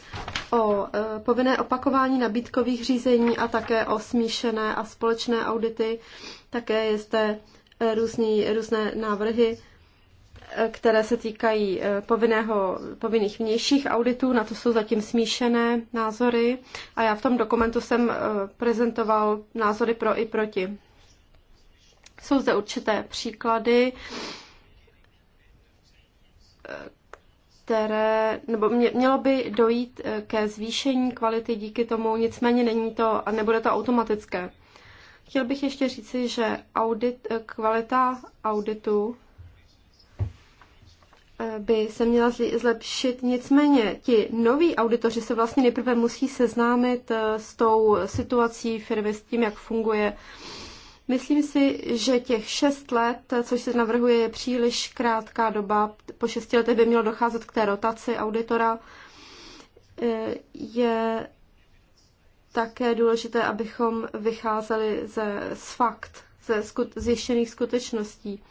C: o povinné opakování nabídkových řízení a také o smíšené a společné audity. Také je zde různý, různé návrhy které se týkají eh, povinného, povinných vnějších auditů, na to jsou zatím smíšené názory a já v tom dokumentu jsem eh, prezentoval názory pro i proti. Jsou zde určité příklady, eh, které, nebo mě, mělo by dojít ke zvýšení kvality díky tomu, nicméně není to a nebude to automatické. Chtěl bych ještě říci, že audit, kvalita auditu by se měla zlepšit. Nicméně ti noví auditoři se vlastně nejprve musí seznámit eh, s tou situací firmy, s tím, jak funguje. Myslím si, že těch šest let, eh, což se navrhuje, je příliš krátká doba. Po šesti letech by mělo docházet k té rotaci auditora. Eh, je také důležité, abychom vycházeli ze, z fakt, ze skut, zjištěných skutečností.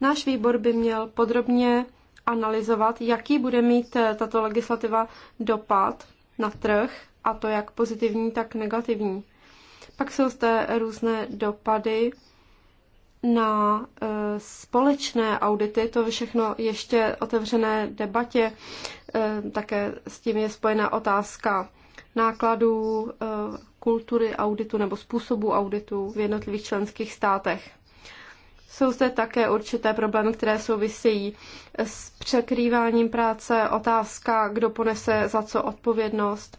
C: Náš výbor by měl podrobně analyzovat, jaký bude mít eh, tato legislativa dopad na trh, a to jak pozitivní, tak negativní. Pak jsou zde různé dopady na eh, společné audity, to všechno ještě otevřené debatě, eh, také s tím je spojená otázka nákladů, kultury auditu nebo způsobu auditu v jednotlivých členských státech. Jsou zde také určité problémy, které souvisejí s překrýváním práce, otázka, kdo ponese za co odpovědnost.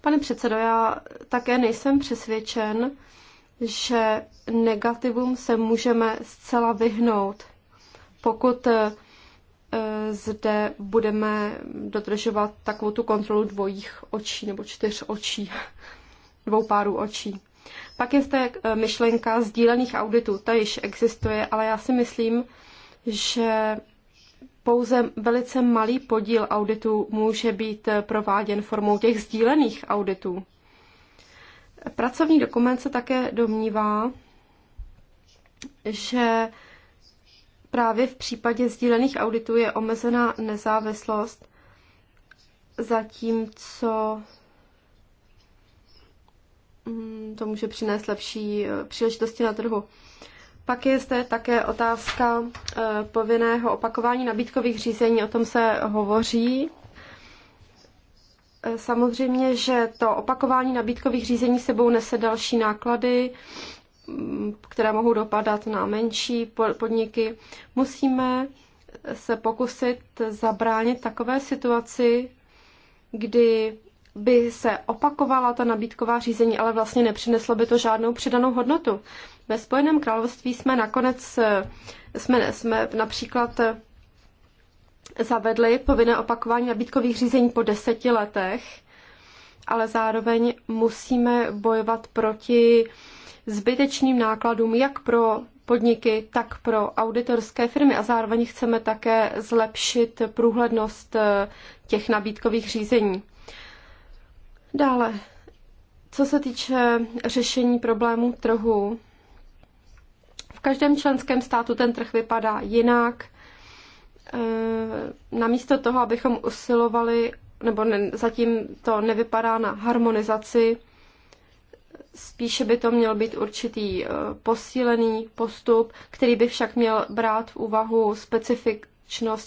C: Pane předsedo, já také nejsem přesvědčen, že negativům se můžeme zcela vyhnout, pokud eh, zde budeme dodržovat takovou tu kontrolu dvojích očí nebo čtyř očí, dvou párů očí. Pak je zde eh, myšlenka sdílených auditů, ta již existuje, ale já si myslím, že pouze velice malý podíl auditů může být eh, prováděn formou těch sdílených auditů. Pracovní dokument se také domnívá, že právě v případě sdílených auditů je omezená nezávislost, zatímco Mm, to může přinést lepší eh, příležitosti na trhu. Pak je zde také otázka eh, povinného opakování nabídkových řízení, o tom se hovoří. Eh, samozřejmě, že to opakování nabídkových řízení sebou nese další náklady, mm, které mohou dopadat na menší podniky. Musíme se pokusit zabránit takové situaci, kdy by se opakovala ta nabídková řízení, ale vlastně nepřineslo by to žádnou přidanou hodnotu. Ve Spojeném království jsme nakonec, eh, jsme, jsme například eh, zavedli povinné opakování nabídkových řízení po deseti letech, ale zároveň musíme bojovat proti zbytečným nákladům jak pro podniky, tak pro auditorské firmy a zároveň chceme také zlepšit průhlednost eh, těch nabídkových řízení. Dále, co se týče řešení problémů trhu, v každém členském státu ten trh vypadá jinak. E, namísto toho, abychom usilovali, nebo ne, zatím to nevypadá na harmonizaci, spíše by to měl být určitý e, posílený postup, který by však měl brát v úvahu specifik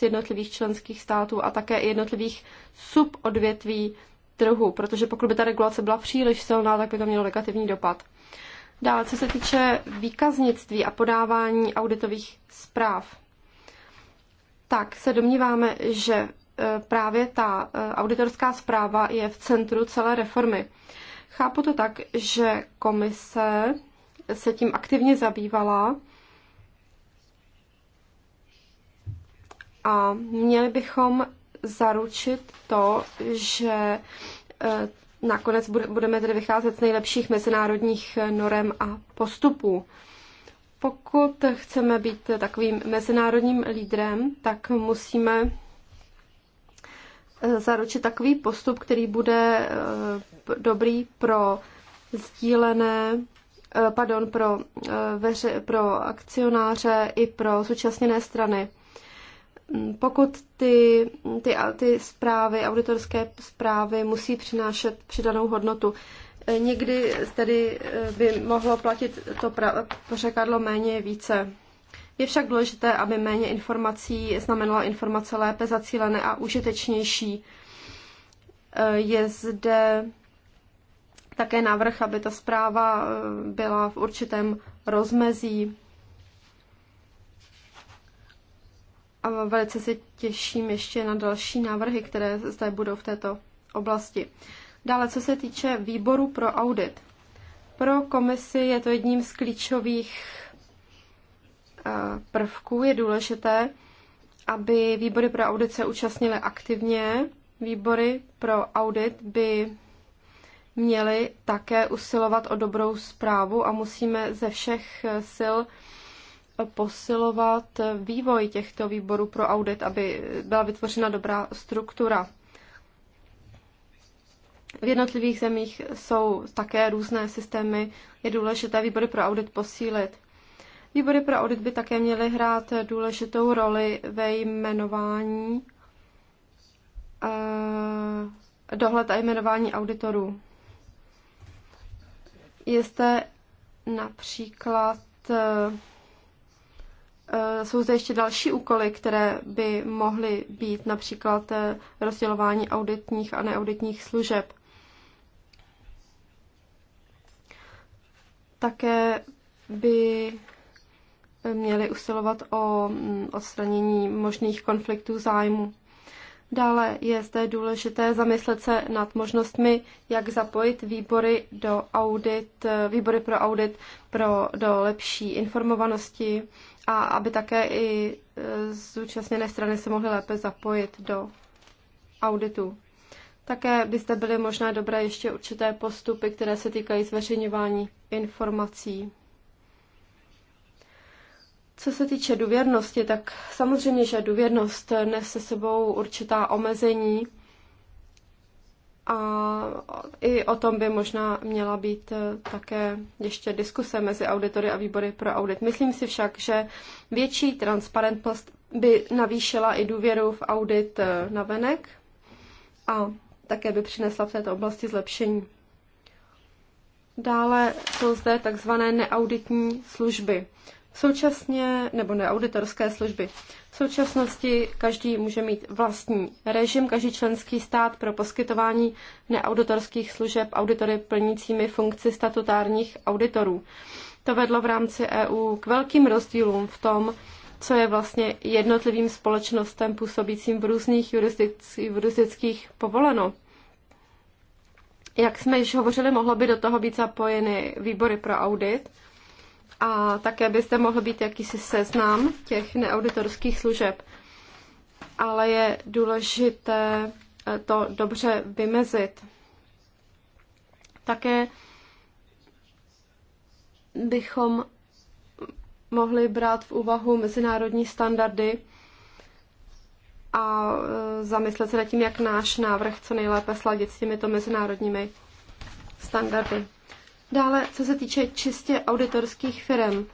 C: jednotlivých členských států a také jednotlivých subodvětví trhu, protože pokud by ta regulace byla příliš silná, tak by to mělo negativní dopad. Dále, co se týče výkaznictví a podávání auditových zpráv, tak se domníváme, že e, právě ta e, auditorská zpráva je v centru celé reformy. Chápu to tak, že komise se tím aktivně zabývala a měli bychom zaručit to, že eh, nakonec budeme tedy vycházet z nejlepších mezinárodních eh, norem a postupů. Pokud chceme být eh, takovým mezinárodním lídrem, tak musíme zaručit takový postup, který bude dobrý pro sdílené, pardon, pro, veře, pro akcionáře i pro současněné strany pokud ty, ty, ty zprávy, auditorské zprávy musí přinášet přidanou hodnotu, eh, někdy tedy eh, by mohlo platit to pořekadlo méně více. Je však důležité, aby méně informací znamenalo informace lépe zacílené a užitečnější. Eh, je zde také návrh, aby ta zpráva byla v určitém rozmezí a velice se těším ještě na další návrhy, které zde budou v této oblasti. Dále, co se týče výboru pro audit. Pro komisi je to jedním z klíčových eh, prvků. Je důležité, aby výbory pro audit se účastnily aktivně. Výbory pro audit by měly také usilovat o dobrou zprávu a musíme ze všech eh, sil posilovat vývoj těchto výborů pro audit, aby byla vytvořena dobrá struktura. V jednotlivých zemích jsou také různé systémy, je důležité výbory pro audit posílit. Výbory pro audit by také měly hrát důležitou roli ve jmenování eh, dohled a jmenování auditorů. Je zde například eh, Eh, jsou zde ještě další úkoly, které by mohly být například eh, rozdělování auditních a neauditních služeb. Také by eh, měli usilovat o mm, odstranění možných konfliktů zájmu. Dále je zde důležité zamyslet se nad možnostmi, jak zapojit výbory do audit, výbory pro audit pro, do lepší informovanosti a aby také i e, zúčastněné strany se mohly lépe zapojit do auditu. Také by zde byly možná dobré ještě určité postupy, které se týkají zveřejňování informací. Co se týče důvěrnosti, tak samozřejmě, že důvěrnost nese sebou určitá omezení, a i o tom by možná měla být eh, také ještě diskuse mezi auditory a výbory pro audit. Myslím si však, že větší transparentnost by navýšila i důvěru v audit eh, na venek a také by přinesla v této oblasti zlepšení. Dále jsou zde takzvané neauditní služby. Současně, nebo ne auditorské služby, v současnosti každý může mít vlastní režim, každý členský stát pro poskytování neauditorských služeb auditory plnícími funkci statutárních auditorů. To vedlo v rámci EU k velkým rozdílům v tom, co je vlastně jednotlivým společnostem působícím v různých jurisdikcích povoleno. Jak jsme již hovořili, mohlo by do toho být zapojeny výbory pro audit, a také by zde mohl být jakýsi seznam těch neauditorských služeb. Ale je důležité eh, to dobře vymezit. Také bychom mohli brát v úvahu mezinárodní standardy a eh, zamyslet se nad tím, jak náš návrh co nejlépe sladit s těmito mezinárodními standardy. Dále, co se týče čistě auditorských firm,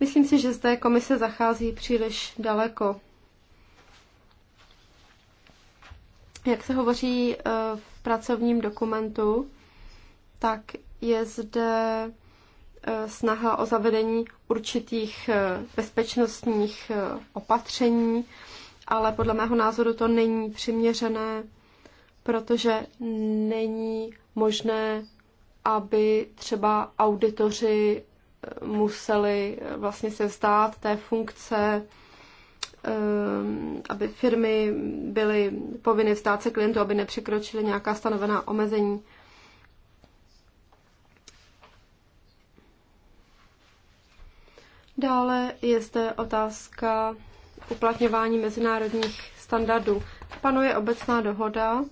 C: myslím si, že zde komise zachází příliš daleko. Jak se hovoří eh, v pracovním dokumentu, tak je zde eh, snaha o zavedení určitých eh, bezpečnostních opatření, ale podle mého názoru to není přiměřené, protože není možné aby třeba auditoři eh, museli eh, vlastně se vzdát té funkce, eh, aby firmy byly povinny vzdát se klientů, aby nepřekročily nějaká stanovená omezení. Dále je zde otázka uplatňování mezinárodních standardů. Panuje obecná dohoda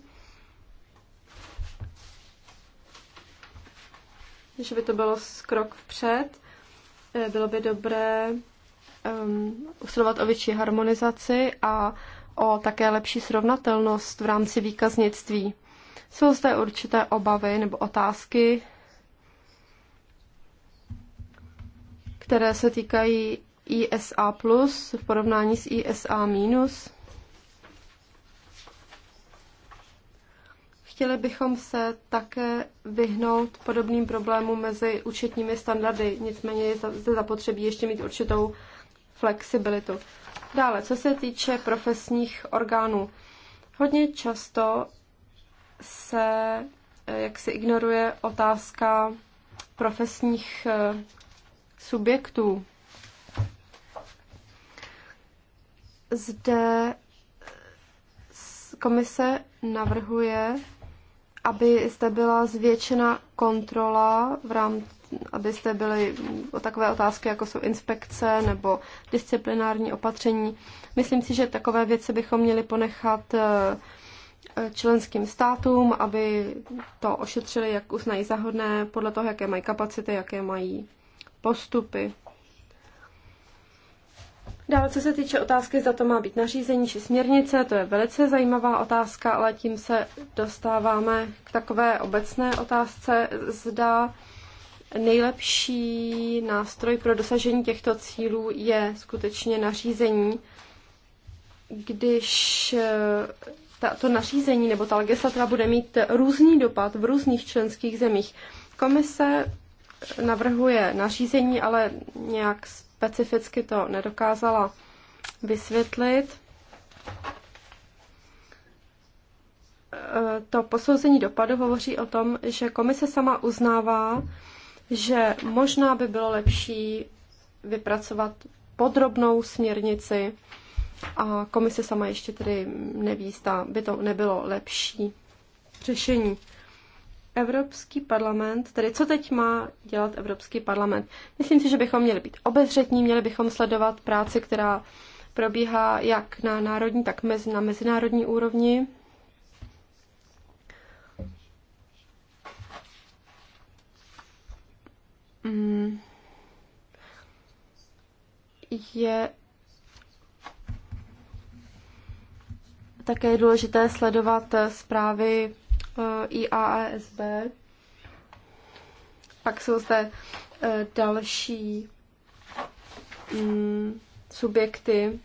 C: že by to bylo krok vpřed. Eh, bylo by dobré um, usilovat o větší harmonizaci a o také lepší srovnatelnost v rámci výkaznictví. Jsou zde určité obavy nebo otázky, které se týkají ISA plus v porovnání s ISA minus. Chtěli bychom se také vyhnout podobným problémům mezi účetními standardy, nicméně je zde zapotřebí ještě mít určitou flexibilitu. Dále, co se týče profesních orgánů. Hodně často se eh, jak si ignoruje otázka profesních eh, subjektů. Zde komise navrhuje aby zde byla zvětšena kontrola v rámci abyste byli o takové otázky, jako jsou inspekce nebo disciplinární opatření. Myslím si, že takové věci bychom měli ponechat eh, členským státům, aby to ošetřili, jak uznají zahodné, podle toho, jaké mají kapacity, jaké mají postupy. Dále, co se týče otázky, zda to má být nařízení či směrnice, to je velice zajímavá otázka, ale tím se dostáváme k takové obecné otázce, zda nejlepší nástroj pro dosažení těchto cílů je skutečně nařízení, když eh, ta, to nařízení nebo ta legislativa bude mít různý dopad v různých členských zemích. Komise navrhuje nařízení, ale nějak specificky to nedokázala vysvětlit. Eh, to posouzení dopadu hovoří o tom, že komise sama uznává, že možná by bylo lepší vypracovat podrobnou směrnici a komise sama ještě tedy neví, zda by to nebylo lepší řešení. Evropský parlament, tedy co teď má dělat Evropský parlament? Myslím si, že bychom měli být obezřetní, měli bychom sledovat práci, která probíhá jak na národní, tak mezi, na mezinárodní úrovni. Mm. Je také důležité sledovat eh, zprávy Eh, IAASB. Pak jsou zde eh, další mm, subjekty.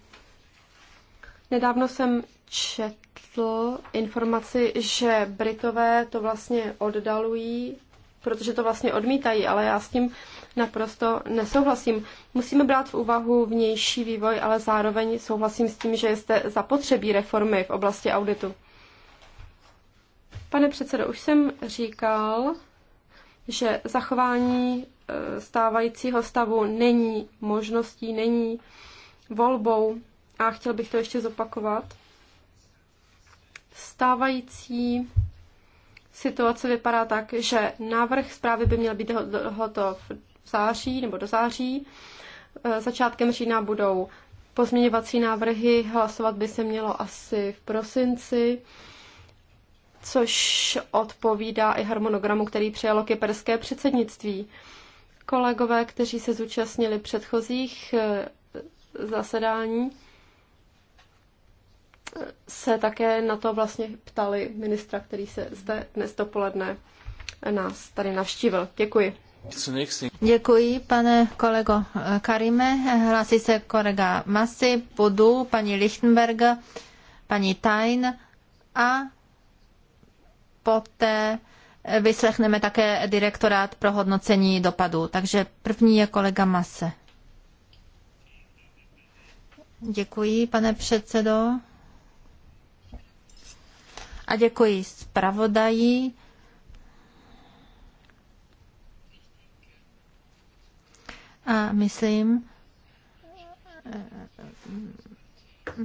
C: Nedávno jsem četl informaci, že Britové to vlastně oddalují, protože to vlastně odmítají, ale já s tím naprosto nesouhlasím. Musíme brát v úvahu vnější vývoj, ale zároveň souhlasím s tím, že jste zapotřebí reformy v oblasti auditu. Pane předsedo, už jsem říkal, že zachování e, stávajícího stavu není možností, není volbou a chtěl bych to ještě zopakovat. Stávající situace vypadá tak, že návrh zprávy by měl být hotov v září nebo do září. E, začátkem října budou pozměňovací návrhy, hlasovat by se mělo asi v prosinci což odpovídá i harmonogramu, který přijalo kyperské předsednictví. Kolegové, kteří se zúčastnili předchozích eh, zasedání, eh, se také na to vlastně ptali ministra, který se zde dnes dopoledne nás tady navštívil. Děkuji.
A: Děkuji, pane kolego Karime. Hlásí se kolega Masy, Budu, paní Lichtenberg, paní Tain a poté vyslechneme také direktorát pro hodnocení dopadů. Takže první je kolega Mase. Děkuji, pane předsedo. A děkuji zpravodaji. A myslím,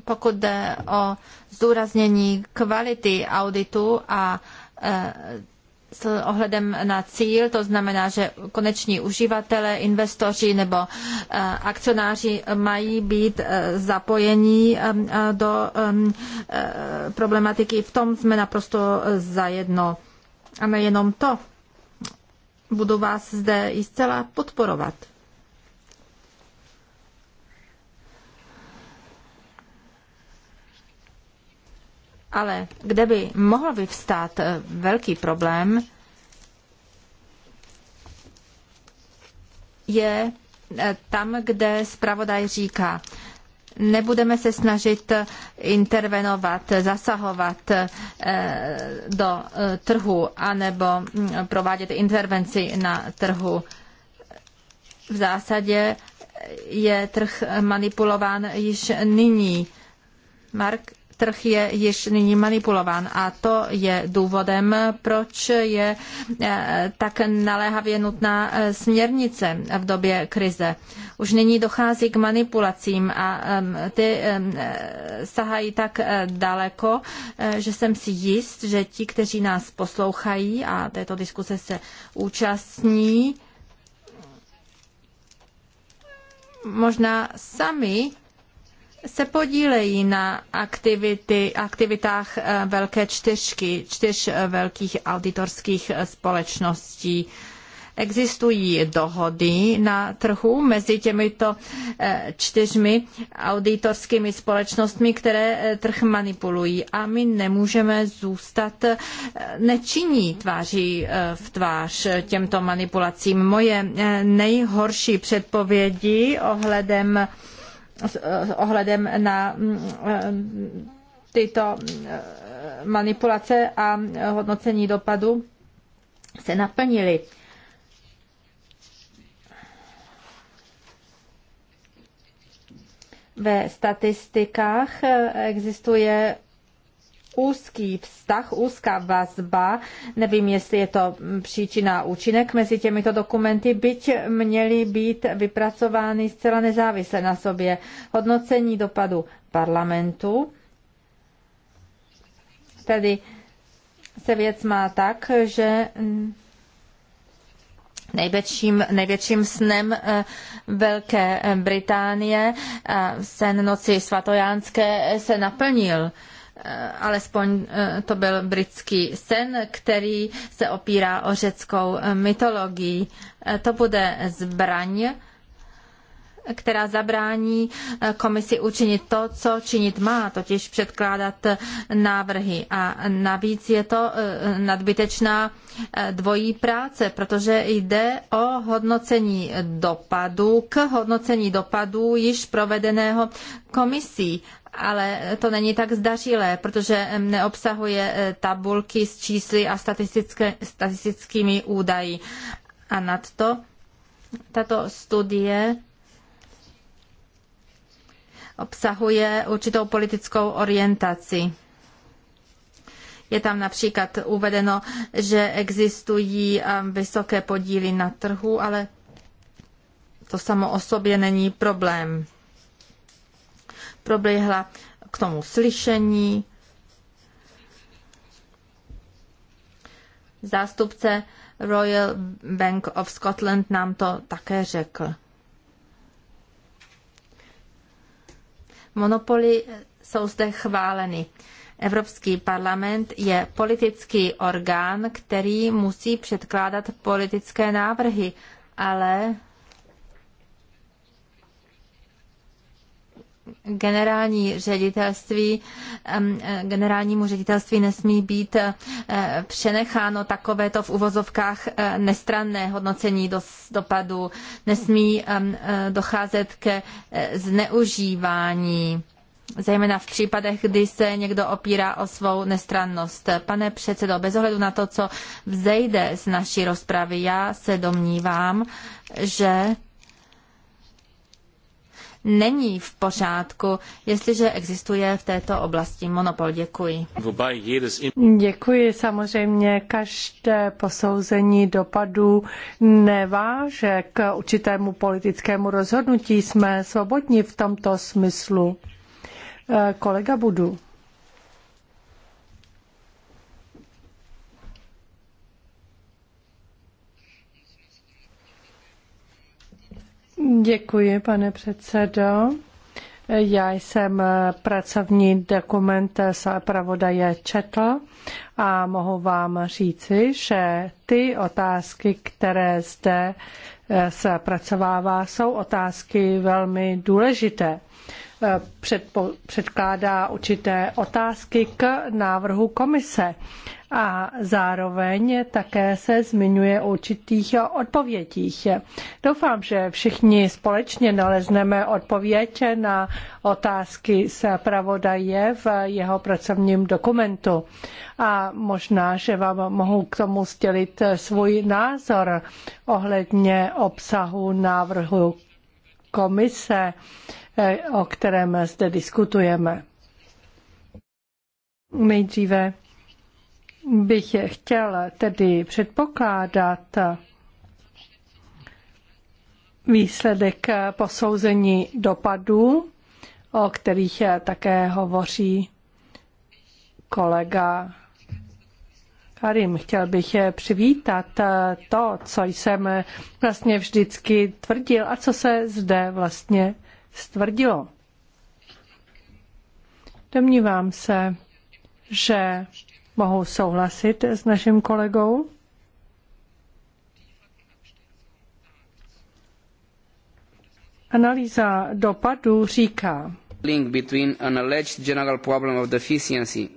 A: pokud jde o zdůraznění kvality auditu a s ohledem na cíl, to znamená, že koneční uživatelé, investoři nebo eh, akcionáři mají být eh, zapojeni eh, do problematiky. V tom jsme naprosto zajedno. A nejenom to, budu vás zde i zcela podporovat. Ale kde by mohl vyvstát eh, velký problém, je eh, tam, kde zpravodaj říká, nebudeme se snažit eh, intervenovat, zasahovat do trhu anebo hm, provádět intervenci na trhu. V zásadě je trh manipulován již nyní. Mark trh je již nyní manipulován a to je důvodem, proč je eh, tak naléhavě nutná eh, směrnice v době krize. Už nyní dochází k manipulacím a ty eh, sahají tak daleko, že jsem si jist, že ti, kteří nás poslouchají a této diskuse se účastní, možná sami se podílejí na aktivity, aktivitách eh, Velké čtyřky, čtyř eh, velkých auditorských eh, společností. Existují dohody na trhu mezi těmito čtyřmi auditorskými společnostmi, které trh manipulují a my nemůžeme zůstat nečinní tváří v tvář těmto manipulacím. Moje nejhorší předpovědi ohledem Eh, s ohledem na mm, eh, tyto eh, manipulace a hodnocení dopadu se naplnily. Ve statistikách existuje úzký vztah, úzká vazba, nevím, jestli je to příčina účinek mezi těmito dokumenty, byť měly být vypracovány zcela nezávisle na sobě. Hodnocení dopadu parlamentu, tedy se věc má tak, že největším, největším snem eh, Velké Británie, sen noci svatojánské, eh, se naplnil Eh, alespoň eh, to byl britský sen, který se opírá o řeckou mytologii. Eh, to bude zbraň, která zabrání eh, komisi učinit to, co činit má, totiž předkládat eh, návrhy. A navíc je to eh, nadbytečná dvojí práce, protože jde o hodnocení dopadu k hodnocení dopadu již provedeného komisí ale to není tak zdařilé, protože neobsahuje tabulky s čísly a statistickými údaji. A nadto tato studie obsahuje určitou politickou orientaci. Je tam například uvedeno, že existují um, vysoké podíly na trhu, ale to samo o sobě není problém. Proběhla k tomu slyšení. Zástupce Royal Bank of Scotland nám to také řekl. Monopoly jsou zde chváleny. Evropský parlament je politický orgán, který musí předkládat politické návrhy, ale generální ředitelství, eh, generálnímu ředitelství nesmí být eh, přenecháno takovéto v uvozovkách eh, nestranné hodnocení dopadu, nesmí docházet ke zneužívání zejména v případech, kdy se někdo opírá o svou nestrannost. Pane předsedo, bez ohledu na to, co vzejde z naší rozpravy, já se domnívám, že není v pořádku, jestliže existuje v této oblasti monopol. Děkuji.
B: Děkuji. Samozřejmě každé posouzení dopadů neváže k určitému politickému rozhodnutí. Jsme svobodní v tomto smyslu. Eh, kolega Budu. Děkuji, pane předsedo. Já jsem pracovní dokument z pravodaje četl a mohu vám říci, že ty otázky, které zde eh, se pracovává, jsou otázky velmi důležité. Eh, předpo, předkládá určité otázky k návrhu komise a zároveň také se zmiňuje o určitých odpovědích. Doufám, že všichni společně nalezneme odpověď na otázky z pravodaje v jeho pracovním dokumentu. A možná, že vám mohu k tomu stělit svůj názor ohledně obsahu návrhu komise, eh, o kterém zde diskutujeme. Nejdříve bych chtěl tedy předpokládat výsledek posouzení dopadů, o kterých také hovoří kolega Karim, chtěl bych přivítat to, co jsem vlastně vždycky tvrdil a co se zde vlastně stvrdilo. Domnívám se, že mohu souhlasit s naším kolegou. Analýza dopadu říká,
C: link between an alleged general problem of deficiency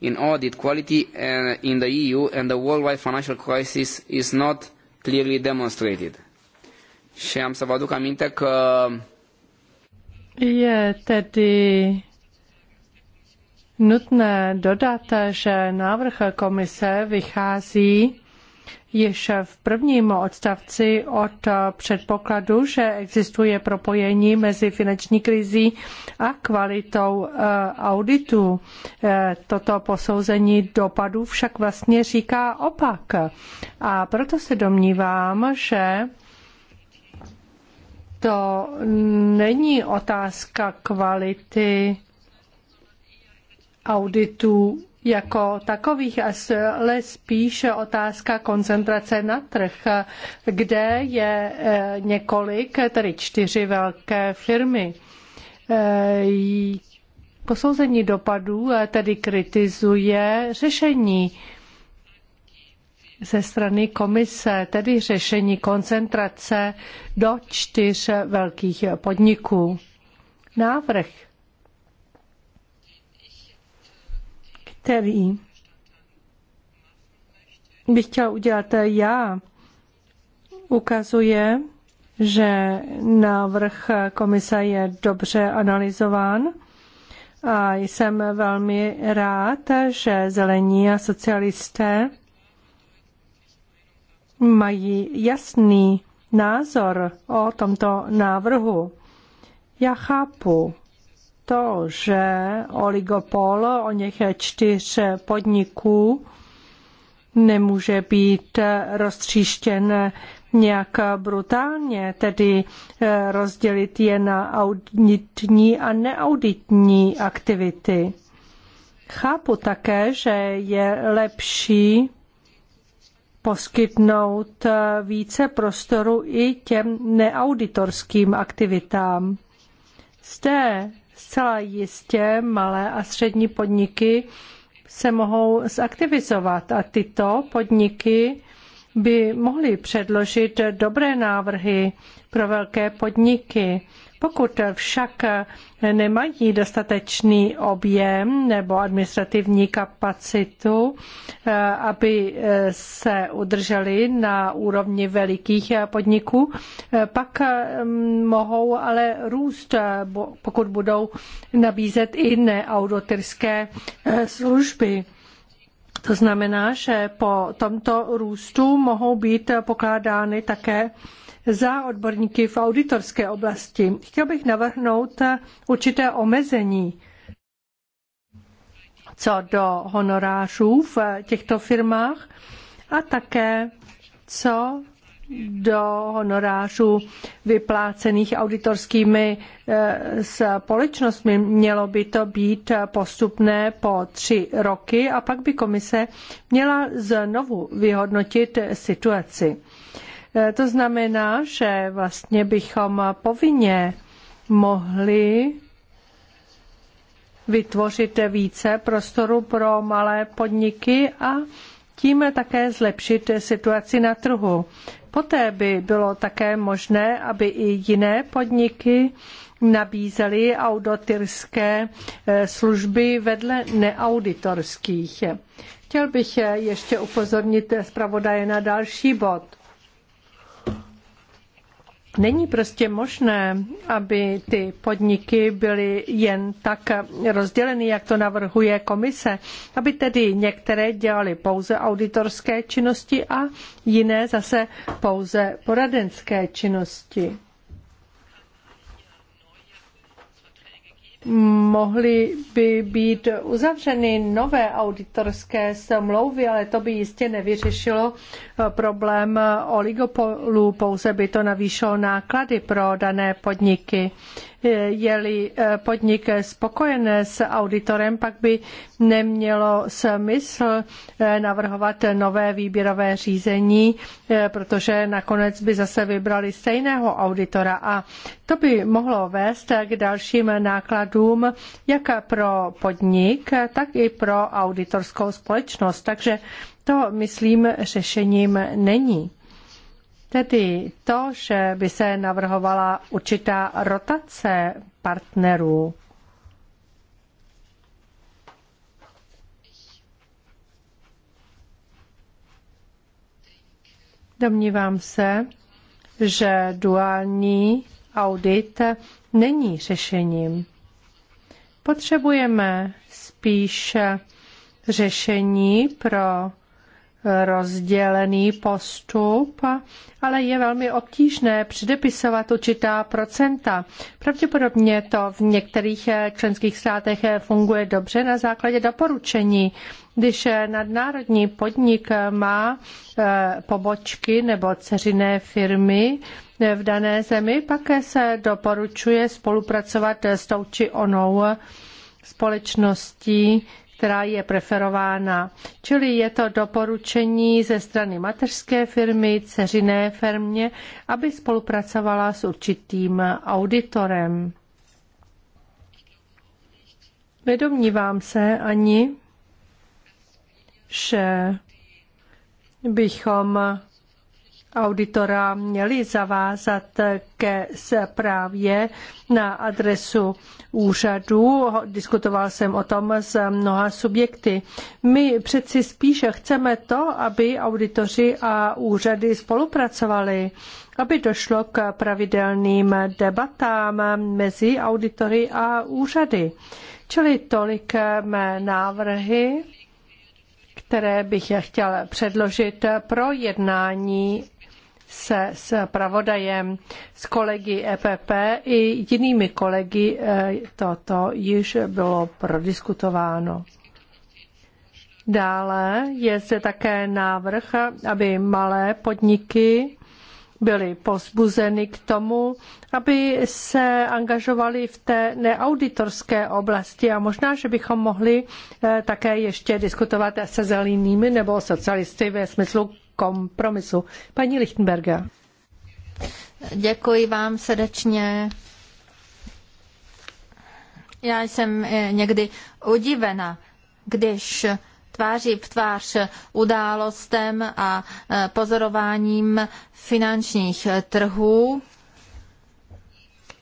C: in audit quality eh, in the EU and the worldwide financial crisis is not clearly demonstrated. Și am să vă aduc aminte că...
B: Je tedy Nutné dodat, že návrh komise vychází již v prvním odstavci od předpokladu, že existuje propojení mezi finanční krizí a kvalitou eh, auditu. Eh, toto posouzení dopadů však vlastně říká opak. A proto se domnívám, že to není otázka kvality auditů jako takových, ale spíš otázka koncentrace na trh, kde je eh, několik, tedy čtyři velké firmy. Eh, posouzení dopadů eh, tedy kritizuje řešení ze strany komise, tedy řešení koncentrace do čtyř velkých podniků. Návrh který bych chtěl udělat já, ukazuje, že návrh komise je dobře analyzován a jsem velmi rád, že zelení a socialisté mají jasný názor o tomto návrhu. Já chápu to, že oligopol o něch čtyř podniků nemůže být roztříštěn nějak brutálně, tedy eh, rozdělit je na auditní a neauditní aktivity. Chápu také, že je lepší poskytnout eh, více prostoru i těm neauditorským aktivitám. Zde Zcela jistě malé a střední podniky se mohou zaktivizovat a tyto podniky by mohly předložit dobré návrhy pro velké podniky. Pokud však nemají dostatečný objem nebo administrativní kapacitu, eh, aby eh, se udrželi na úrovni velikých podniků, eh, pak mm, mohou ale růst, pokud budou nabízet i neauditorské služby. To znamená, že po tomto růstu mohou být pokládány také za odborníky v auditorské oblasti. Chtěl bych navrhnout určité omezení co do honorářů v těchto firmách a také co do honorářů vyplácených auditorskými eh, společnostmi. Mělo by to být postupné po tři roky a pak by komise měla znovu vyhodnotit situaci. E, to znamená, že vlastně bychom povinně mohli vytvořit více prostoru pro malé podniky a tím také zlepšit situaci na trhu. Poté by bylo také možné, aby i jiné podniky nabízely auditorské e, služby vedle neauditorských. Chtěl bych ještě upozornit zpravodaje na další bod. Není prostě možné, aby ty podniky byly jen tak rozděleny, jak to navrhuje komise, aby tedy některé dělaly pouze auditorské činnosti a jiné zase pouze poradenské činnosti. mohly by být uzavřeny nové auditorské smlouvy, ale to by jistě nevyřešilo eh, problém eh, oligopolů, pouze by to navýšilo náklady pro dané podniky. Je-li eh, podnik spokojen s auditorem, pak by nemělo smysl eh, navrhovat nové výběrové řízení, eh, protože nakonec by zase vybrali stejného auditora a to by mohlo vést k dalším nákladům jak pro podnik, tak i pro auditorskou společnost. Takže to, myslím, řešením není. Tedy to, že by se navrhovala určitá rotace partnerů. Domnívám se, že duální audit není řešením. Potřebujeme spíše řešení pro rozdělený postup, ale je velmi obtížné předepisovat určitá procenta. Pravděpodobně to v některých eh, členských státech eh, funguje dobře na základě doporučení. Když eh, nadnárodní podnik má pobočky nebo ceřiné firmy v dané zemi, pak se doporučuje spolupracovat s tou či onou společností která je preferována. Čili je to doporučení ze strany mateřské firmy, ceřiné firmě, aby spolupracovala s určitým auditorem. Nedomnívám se ani, že bychom auditora měli zavázat ke zprávě na adresu úřadu. Diskutoval jsem o tom s mnoha subjekty. My přeci spíše chceme to, aby auditoři a úřady spolupracovali, aby došlo k pravidelným debatám mezi auditory a úřady. Čili tolik mé návrhy které bych chtěl předložit pro jednání se s pravodajem, s kolegy EPP i jinými kolegy eh, toto již bylo prodiskutováno. Dále je zde také návrh, aby malé podniky byly pozbuzeny k tomu, aby se angažovali v té neauditorské oblasti a možná, že bychom mohli eh, také ještě diskutovat se zelenými nebo socialisty ve smyslu kompromisu. Paní Lichtenberger. Děkuji vám srdečně. Já jsem
A: eh, někdy udivena, když tváří v tvář událostem a eh, pozorováním finančních trhů,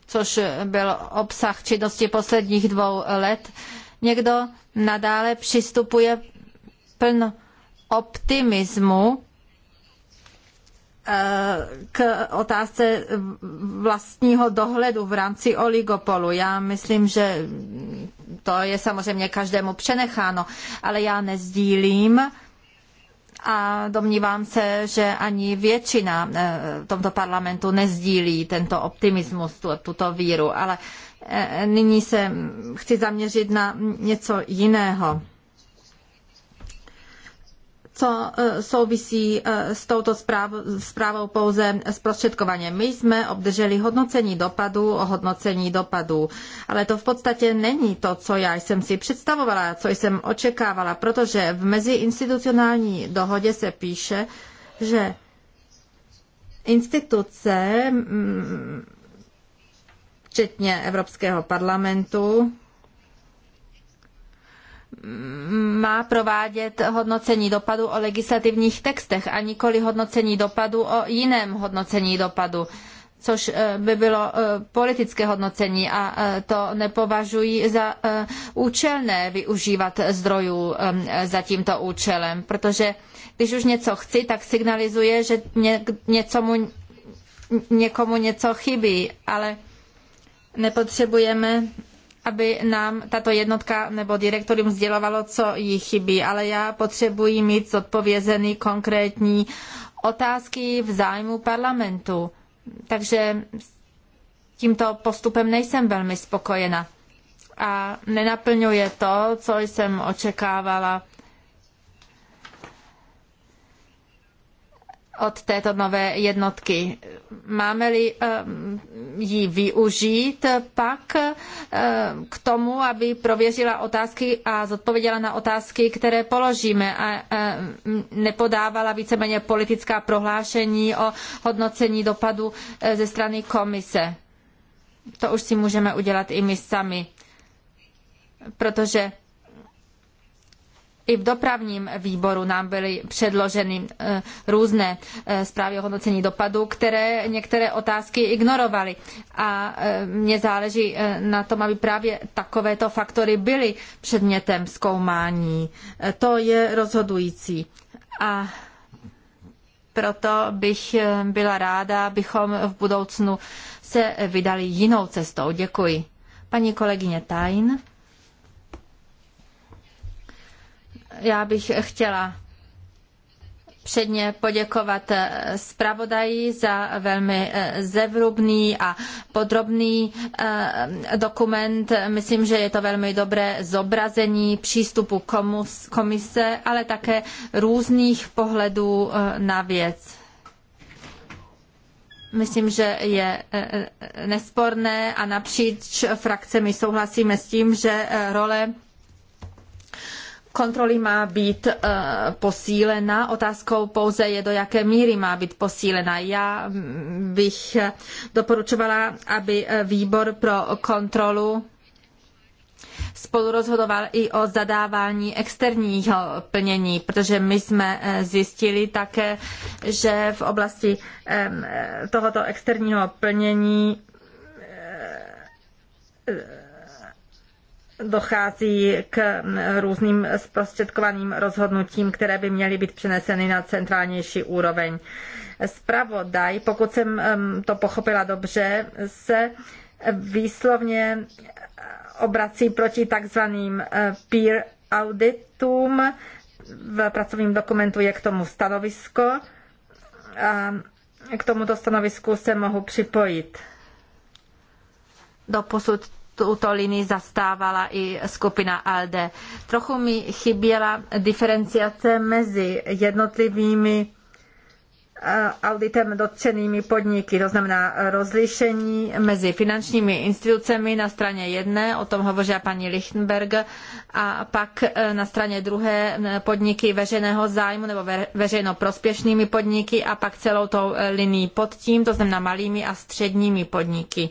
A: což byl obsah činnosti posledních dvou let, někdo nadále přistupuje plno optimismu Eh, k otázce vlastního dohledu v rámci oligopolu. Já myslím, že to je samozřejmě každému přenecháno, ale já nezdílím a domnívám se, že ani většina eh, v tomto parlamentu nezdílí tento optimismus, tuto víru, ale eh, nyní se chci zaměřit na něco jiného co e, souvisí e, s touto zprávou pouze zprostředkovaně. My jsme obdrželi hodnocení dopadu o hodnocení dopadu, ale to v podstatě není to, co já jsem si představovala, co jsem očekávala, protože v meziinstitucionální dohodě se píše, že instituce, včetně Evropského parlamentu, má provádět hodnocení dopadu o legislativních textech a nikoli hodnocení dopadu o jiném hodnocení dopadu což eh, by bylo eh, politické hodnocení a eh, to nepovažuji za účelné využívat zdrojů za tímto účelem, protože když už něco chci, tak signalizuje, že někomu něco chybí, ale nepotřebujeme aby nám tato jednotka nebo direktorium sdělovalo, co jí chybí, ale já potřebuji mít zodpovězeny konkrétní otázky v zájmu parlamentu. Takže tímto postupem nejsem velmi spokojena. A nenaplňuje to, co jsem očekávala od této nové jednotky. Máme-li eh, ji využít pak eh, k tomu, aby prověřila otázky a zodpověděla na otázky, které položíme a eh, nepodávala víceméně politická prohlášení o hodnocení dopadu ze strany komise. To už si můžeme udělat i my sami, protože i v dopravním výboru nám byly předloženy eh, různé eh, zprávy o hodnocení dopadu, které některé otázky ignorovaly. A eh, mně záleží na tom, aby právě takovéto faktory byly předmětem zkoumání. To je rozhodující. A proto bych byla ráda, abychom v budoucnu se vydali jinou cestou. Děkuji. Paní kolegyně Tajn. Já bych chtěla předně poděkovat zpravodaji za velmi eh, zevrubný a podrobný eh, dokument. Myslím, že je to velmi dobré zobrazení přístupu komise, ale také různých pohledů eh, na věc. Myslím, že je nesporné a napříč frakcemi souhlasíme s tím, že role kontroly má být eh, posílena. Otázkou pouze je, do jaké míry má být posílena. Já mm, bych eh, doporučovala, aby eh, výbor pro kontrolu spolurozhodoval i o zadávání externího plnění, protože my jsme zjistili také, že v oblasti tohoto externího plnění dochází k různým zprostředkovaným rozhodnutím, které by měly být přeneseny na centrálnější úroveň. Spravodaj, pokud jsem to pochopila dobře, se výslovně obrací proti takzvaným eh, peer auditům. V pracovním dokumentu je k tomu stanovisko a k tomuto stanovisku se mohu připojit. Doposud tuto linii zastávala i skupina ALDE. Trochu mi chyběla diferenciace mezi jednotlivými eh, auditem dotčenými podniky, to znamená rozlišení mezi finančními institucemi na straně jedné, o tom hovořila paní Lichtenberg, a pak eh, na straně druhé eh, podniky veřejného zájmu nebo veřejno prospěšnými podniky a pak celou tou linií pod tím, to znamená malými a středními podniky.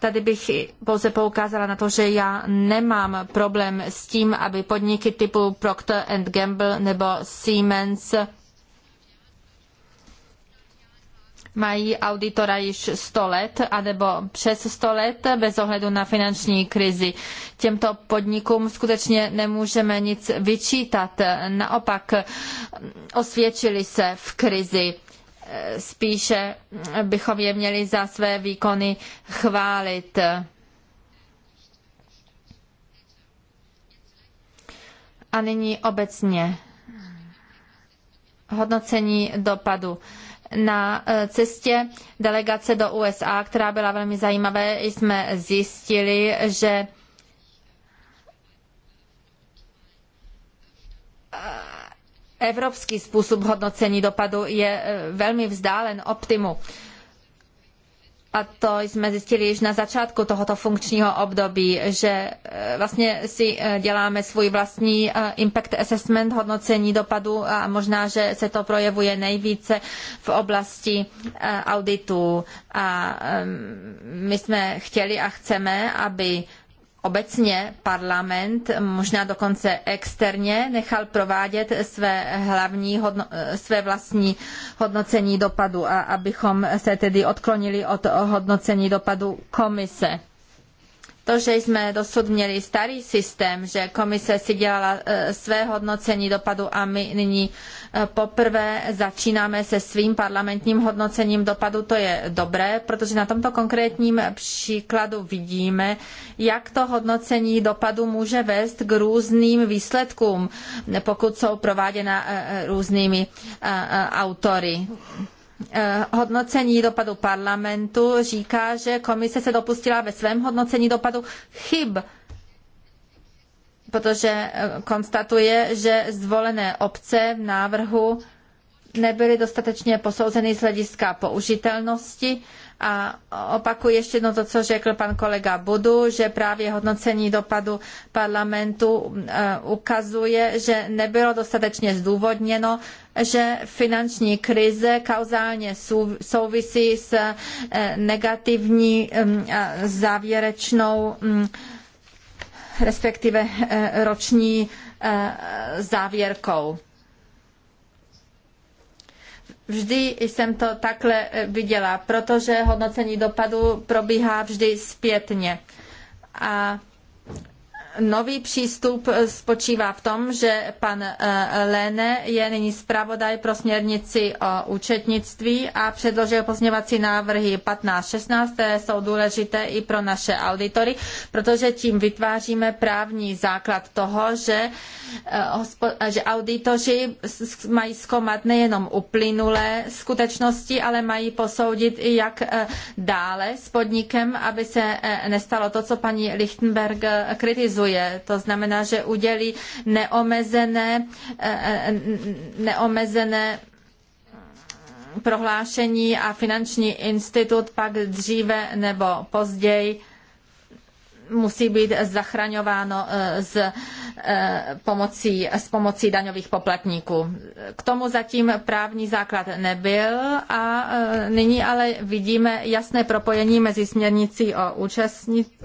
A: Tady bych pouze poukázala na to, že já nemám problém s tím, aby podniky typu Procter and Gamble nebo Siemens mají auditora již 100 let, anebo přes 100 let, bez ohledu na finanční krizi. Těmto podnikům skutečně nemůžeme nic vyčítat. Naopak osvědčili se v krizi spíše bychom je měli za své výkony chválit. A nyní obecně hodnocení dopadu. Na e, cestě delegace do USA, která byla velmi zajímavé, jsme zjistili, že evropský způsob hodnocení dopadu je e, velmi vzdálen optimu. A to jsme zjistili již na začátku tohoto funkčního období, že e, vlastně si e, děláme svůj vlastní impact assessment, hodnocení dopadu a možná, že se to projevuje nejvíce v oblasti auditu. A my jsme chtěli a chceme, aby obecně parlament, možná dokonce externě, nechal provádět své, hlavní hodno, své vlastní hodnocení dopadu a abychom se tedy odklonili od hodnocení dopadu komise. To, že jsme dosud měli starý systém, že komise si dělala e, své hodnocení dopadu a my nyní e, poprvé začínáme se svým parlamentním hodnocením dopadu, to je dobré, protože na tomto konkrétním příkladu vidíme, jak to hodnocení dopadu může vést k různým výsledkům, pokud jsou prováděna e, různými autory. Eh, hodnocení dopadu parlamentu říká, že komise se dopustila ve svém hodnocení dopadu chyb, protože eh, konstatuje, že zvolené obce v návrhu nebyly dostatečně posouzeny z hlediska použitelnosti a opakuji ještě jedno to, co řekl pan kolega Budu, že právě hodnocení dopadu parlamentu eh, ukazuje, že nebylo dostatečně zdůvodněno, že finanční krize kauzálně souvisí s eh, negativní mm, eh, závěrečnou mm, respektive roční závěrkou. Vždy jsem to takhle eh, viděla, protože hodnocení dopadu probíhá vždy zpětně. A nový přístup eh, spočívá v tom, že pan eh, Lene je nyní zpravodaj pro směrnici o účetnictví a předložil pozměvací návrhy 15-16, které jsou důležité i pro naše auditory, protože tím vytváříme právní základ toho, že, eh, že auditoři mají zkoumat nejenom uplynulé skutečnosti, ale mají posoudit i jak dále s podnikem, aby se nestalo to, co paní Lichtenberg kritizuje omezuje. To znamená, že udělí neomezené, eh, eh, neomezené prohlášení a finanční institut pak dříve nebo později musí být zachraňováno eh, z pomocí, s pomocí daňových poplatníků. K tomu zatím právní základ nebyl a nyní ale vidíme jasné propojení mezi směrnicí o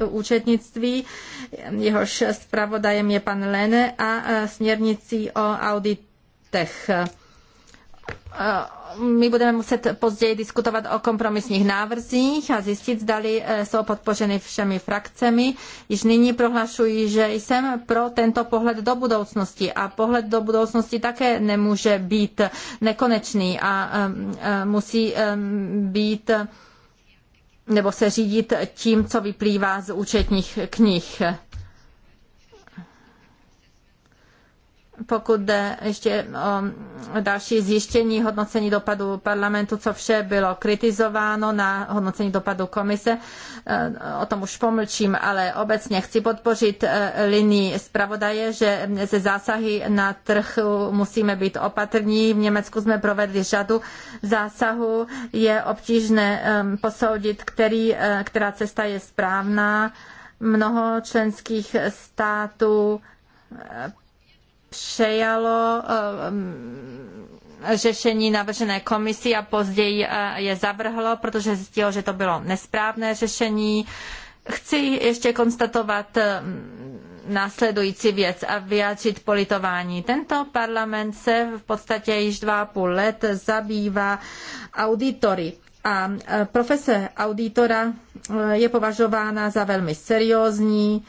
A: účetnictví jehož zpravodajem je pan Lene a e, směrnicí o auditech. E, my budeme muset později diskutovat o kompromisních návrzích a zjistit, zdali e, jsou podpořeny všemi frakcemi. Již nyní prohlašuji, že jsem pro tento pohled do budoucnosti a pohled do budoucnosti také nemůže být nekonečný a musí být nebo se řídit tím, co vyplývá z účetních knih. pokud jde ještě o další zjištění hodnocení dopadu parlamentu, co vše bylo kritizováno na hodnocení dopadu komise, eh, o tom už pomlčím, ale obecně chci podpořit eh, linii zpravodaje, že ze zásahy na trh musíme být opatrní. V Německu jsme provedli řadu zásahů. Je obtížné ehm, posoudit, který, eh, která cesta je správná. Mnoho členských států přejalo um, řešení navržené komisí a později uh, je zavrhlo, protože zjistilo, že to bylo nesprávné řešení. Chci ještě konstatovat um, následující věc a vyjádřit politování. Tento parlament se v podstatě již dva a půl let zabývá auditory. A uh, profese auditora uh, je považována za velmi seriózní,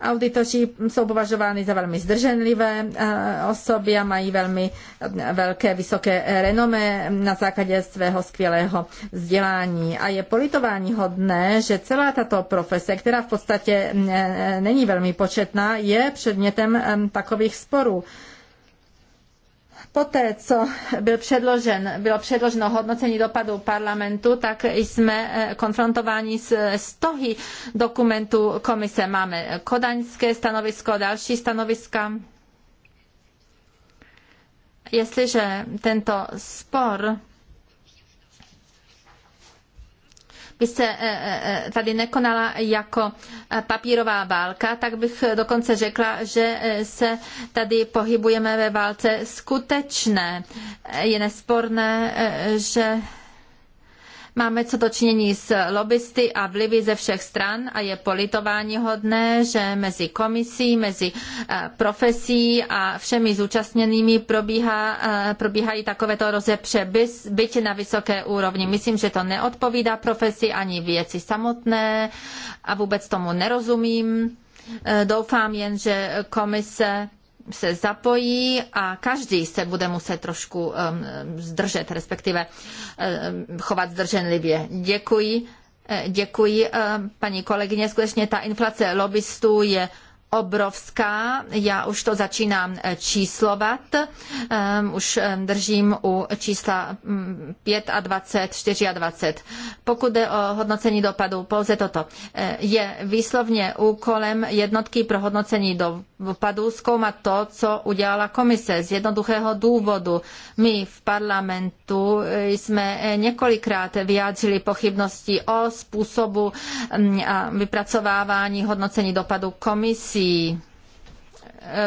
A: Auditoři jsou považováni za velmi zdrženlivé eh, osoby a mají velmi velké, vysoké renomé na základě svého skvělého vzdělání. A je politování hodné, že celá tato profese, která v podstatě eh, není velmi početná, je předmětem eh, takových sporů. Poté, co byl předložen, bylo předloženo hodnocení dopadu parlamentu, tak jsme eh, konfrontováni s eh, stohy dokumentů komise. Máme kodaňské stanovisko, další stanoviska. Jestliže tento spor by se eh, eh, eh, tady nekonala jako papírová válka, tak bych dokonce řekla, že se tady pohybujeme ve válce skutečné. Je nesporné, že Máme co dočinění s lobbysty a vlivy ze všech stran a je politování hodné, že mezi komisí, mezi eh, profesí a všemi zúčastněnými probíhá, eh, probíhají takovéto rozepře, byť na vysoké úrovni. Myslím, že to neodpovídá profesi ani věci samotné a vůbec tomu nerozumím. Eh, doufám jen, že komise se zapojí a každý se bude muset trošku um, zdržet, respektive um, chovat zdrženlivě. Děkuji, eh, děkuji um, paní kolegyně. Skutečně ta inflace lobbystů je obrovská. Já už to začínám eh, číslovat. Um, už ehm, držím u čísla 5 mm, a a 20. Pokud jde o hodnocení dopadu, pouze toto. Je výslovně úkolem jednotky pro hodnocení do v padu zkoumat to, co udělala komise. Z jednoduchého důvodu my v parlamentu jsme několikrát vyjádřili pochybnosti o způsobu mm, vypracovávání hodnocení dopadu komisí.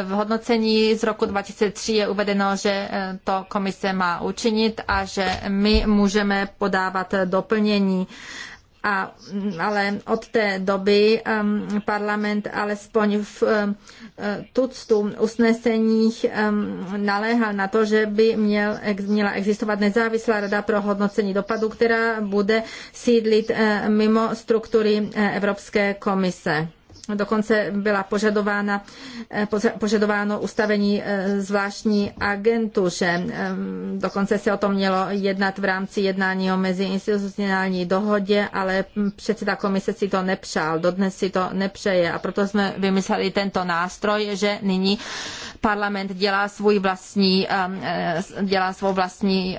A: V hodnocení z roku 2003 je uvedeno, že e, to komise má učinit a že my můžeme podávat doplnění a, ale od té doby um, parlament alespoň v um, tuctu usneseních um, naléhal na to, že by měl, měla existovat nezávislá rada pro hodnocení dopadu, která bude sídlit uh, mimo struktury uh, Evropské komise. Dokonce byla požadována, eh, požadováno ustavení eh, zvláštní agentuře. Eh, dokonce se o tom mělo jednat v rámci jednání o meziinstitucionální dohodě, ale předseda komise si to nepřál, dodnes si to nepřeje a proto jsme vymysleli tento nástroj, že nyní parlament dělá svůj vlastní, dělá svou vlastní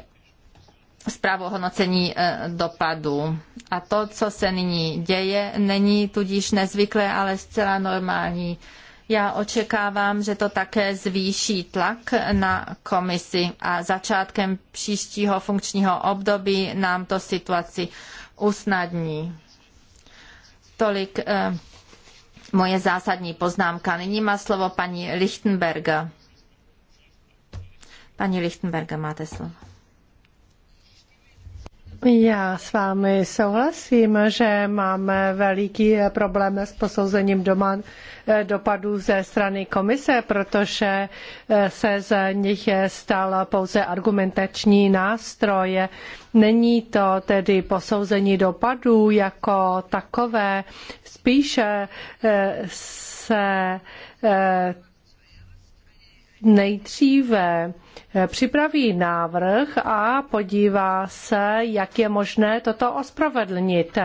A: zprávu o hodnocení e, dopadu. A to, co se nyní děje, není tudíž nezvyklé, ale zcela normální. Já očekávám, že to také zvýší tlak na komisi a začátkem příštího funkčního období nám to situaci usnadní. Tolik eh, moje zásadní poznámka. Nyní má slovo paní Lichtenberger. Paní Lichtenberger, máte slovo.
B: Já s vámi souhlasím, že máme veliký problém s posouzením doma, eh, dopadů ze strany komise, protože eh, se z nich stal pouze argumentační nástroj. Není to tedy posouzení dopadů jako takové, spíše eh, se nejdříve eh, připraví návrh a podívá se, jak je možné toto ospravedlnit.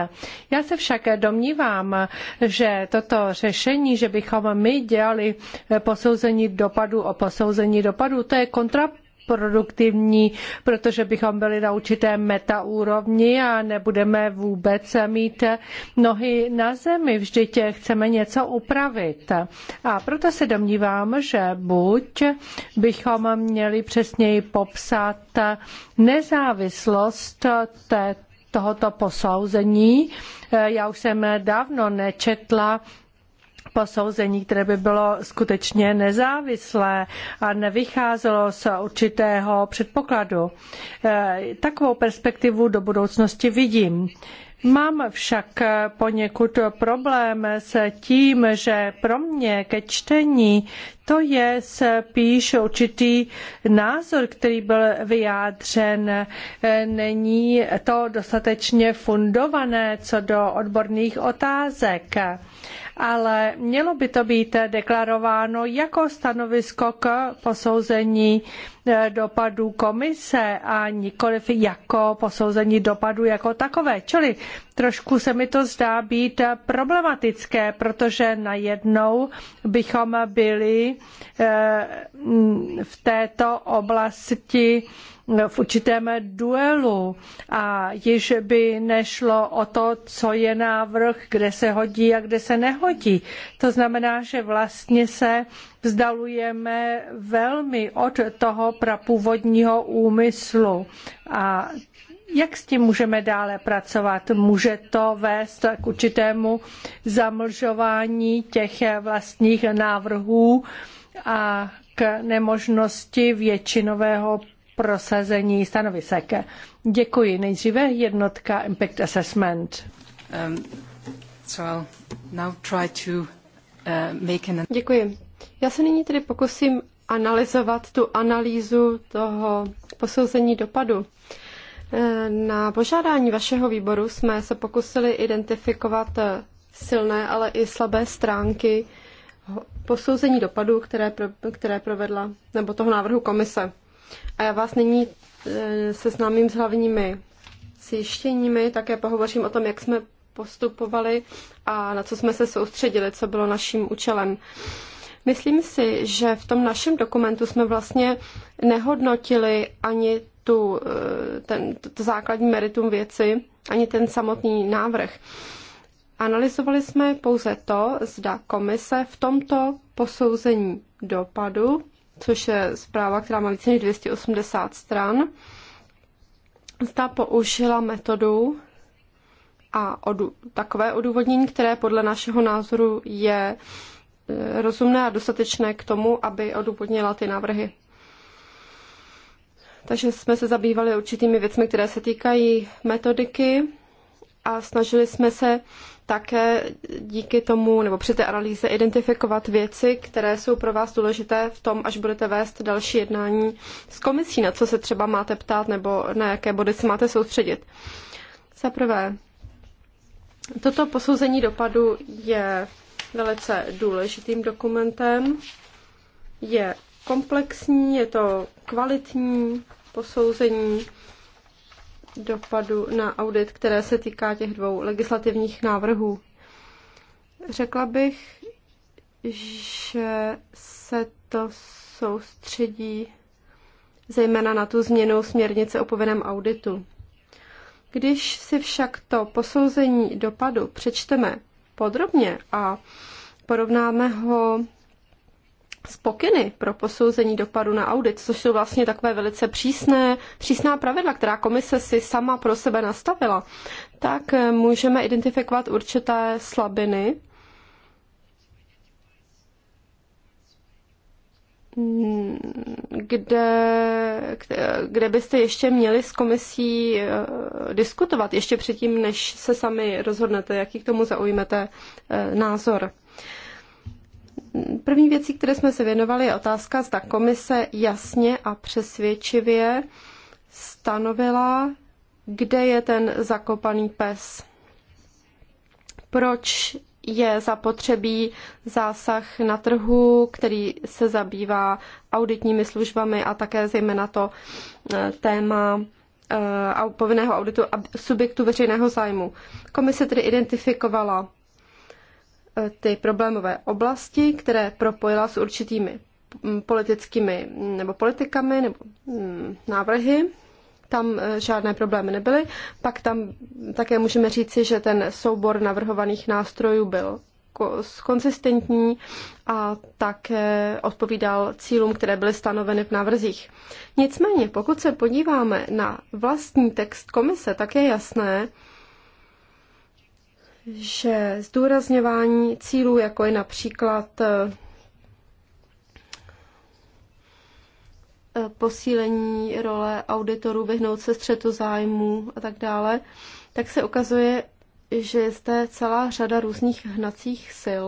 B: Já se však domnívám, že toto řešení, že bychom my dělali eh, posouzení dopadu o posouzení dopadu, to je kontra produktivní, protože bychom byli na určité metaúrovni a nebudeme vůbec mít nohy na zemi. Vždyť chceme něco upravit. A proto se domnívám, že buď bychom měli přesněji popsat nezávislost té tohoto posouzení. Já už jsem dávno nečetla posouzení, které by bylo skutečně nezávislé a nevycházelo z určitého předpokladu. Eh, takovou perspektivu do budoucnosti vidím. Mám však poněkud problém s tím, že pro mě ke čtení to je spíš určitý názor, který byl vyjádřen. Eh, není to dostatečně fundované co do odborných otázek ale mělo by to být deklarováno jako stanovisko k posouzení eh, dopadů komise a nikoliv jako posouzení dopadů jako takové. Čili trošku se mi to zdá být problematické, protože najednou bychom byli eh, v této oblasti v určitém duelu a již by nešlo o to, co je návrh, kde se hodí a kde se nehodí. To znamená, že vlastně se vzdalujeme velmi od toho prapůvodního úmyslu a jak s tím můžeme dále pracovat? Může to vést k určitému zamlžování těch vlastních návrhů a k nemožnosti většinového prosazení stanovisek. Děkuji. Nejdříve jednotka Impact Assessment. Um, so I'll
C: now try to, uh, make an... Děkuji. Já se nyní tedy pokusím analyzovat tu analýzu toho posouzení dopadu. Eh, na požádání vašeho výboru jsme se pokusili identifikovat eh, silné, ale i slabé stránky posouzení dopadu, které, pro, které provedla, nebo toho návrhu komise. A já vás nyní známým e, s hlavními zjištěními, také pohovořím o tom, jak jsme postupovali a na co jsme se soustředili, co bylo naším účelem. Myslím si, že v tom našem dokumentu jsme vlastně nehodnotili ani tu, e, ten, to základní meritum věci, ani ten samotný návrh. Analyzovali jsme pouze to, zda komise v tomto posouzení dopadu což je zpráva, která má více než 280 stran, zda použila metodu a odu, takové odůvodnění, které podle našeho názoru je e, rozumné a dostatečné k tomu, aby odůvodnila ty návrhy. Takže jsme se zabývali určitými věcmi, které se týkají metodiky a snažili jsme se také díky tomu nebo při té analýze identifikovat věci, které jsou pro vás důležité v tom, až budete vést další jednání s komisí, na co se třeba máte ptát nebo na jaké body se máte soustředit. Za prvé, toto posouzení dopadu je velice důležitým dokumentem. Je komplexní, je to kvalitní posouzení dopadu na audit, které se týká těch dvou legislativních návrhů. Řekla bych, že se to soustředí zejména na tu změnu směrnice o povinném auditu. Když si však to posouzení dopadu přečteme podrobně a porovnáme ho z pokyny pro posouzení dopadu na audit, což jsou vlastně takové velice přísné, přísná pravidla, která komise si sama pro sebe nastavila, tak eh, můžeme identifikovat určité slabiny. Hmm, kde, kde byste ještě měli s komisí eh, diskutovat, ještě předtím, než se sami rozhodnete, jaký k tomu zaujmete eh, názor. První věcí, které jsme se věnovali, je otázka, zda komise jasně a přesvědčivě stanovila, kde je ten zakopaný pes. Proč je zapotřebí zásah na trhu, který se zabývá auditními službami a také zejména to eh, téma eh, povinného auditu subjektu veřejného zájmu. Komise tedy identifikovala ty problémové oblasti, které propojila s určitými mm, politickými nebo politikami nebo mm, návrhy. Tam e, žádné problémy nebyly. Pak tam také můžeme říci, že ten soubor navrhovaných nástrojů byl konsistentní a také odpovídal cílům, které byly stanoveny v návrzích. Nicméně, pokud se podíváme na vlastní text komise, tak je jasné, že zdůrazňování cílů, jako je například eh, eh, posílení role auditorů, vyhnout se střetu zájmů a tak dále, tak se ukazuje, že je zde celá řada různých hnacích sil.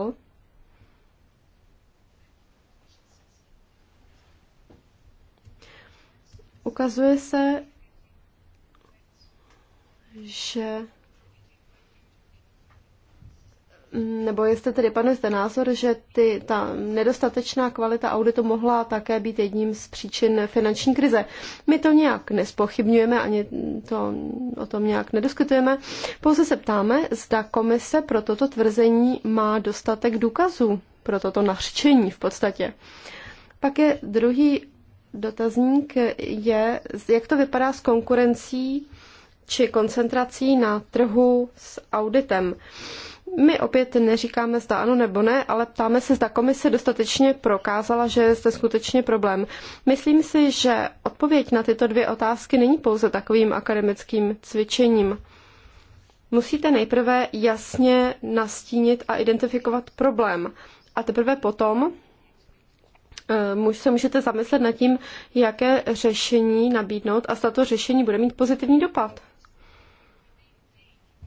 C: Ukazuje se, že nebo jestli tedy padne zde názor, že ty, ta nedostatečná kvalita auditu mohla také být jedním z příčin finanční krize. My to nějak nespochybňujeme, ani to, o tom nějak nediskutujeme. pouze se ptáme, zda komise pro toto tvrzení má dostatek důkazů pro toto nařčení v podstatě. Pak je druhý dotazník, je, jak to vypadá s konkurencí či koncentrací na trhu s auditem. My opět neříkáme zda ano nebo ne, ale ptáme se, zda komise dostatečně prokázala, že je skutečně problém. Myslím si, že odpověď na tyto dvě otázky není pouze takovým akademickým cvičením. Musíte nejprve jasně nastínit a identifikovat problém. A teprve potom eh, se můžete zamyslet nad tím, jaké řešení nabídnout a zda to řešení bude mít pozitivní dopad.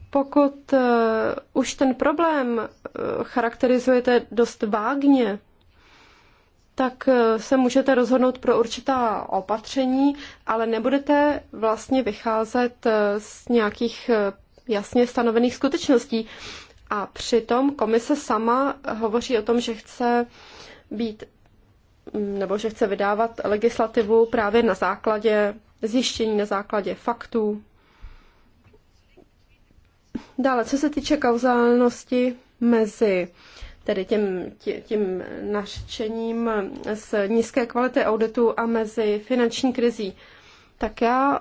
C: Pokud eh, už ten problém eh, charakterizujete dost vágně, tak eh, se můžete rozhodnout pro určitá opatření, ale nebudete vlastně vycházet z nějakých jasně stanovených skutečností. A přitom komise sama hovoří o tom, že chce být mm, nebo že chce vydávat legislativu právě na základě zjištění, na základě faktů. Dále, co se týče kauzálnosti mezi tedy tím, tě, tím nařčením z nízké kvality auditu a mezi finanční krizí, tak já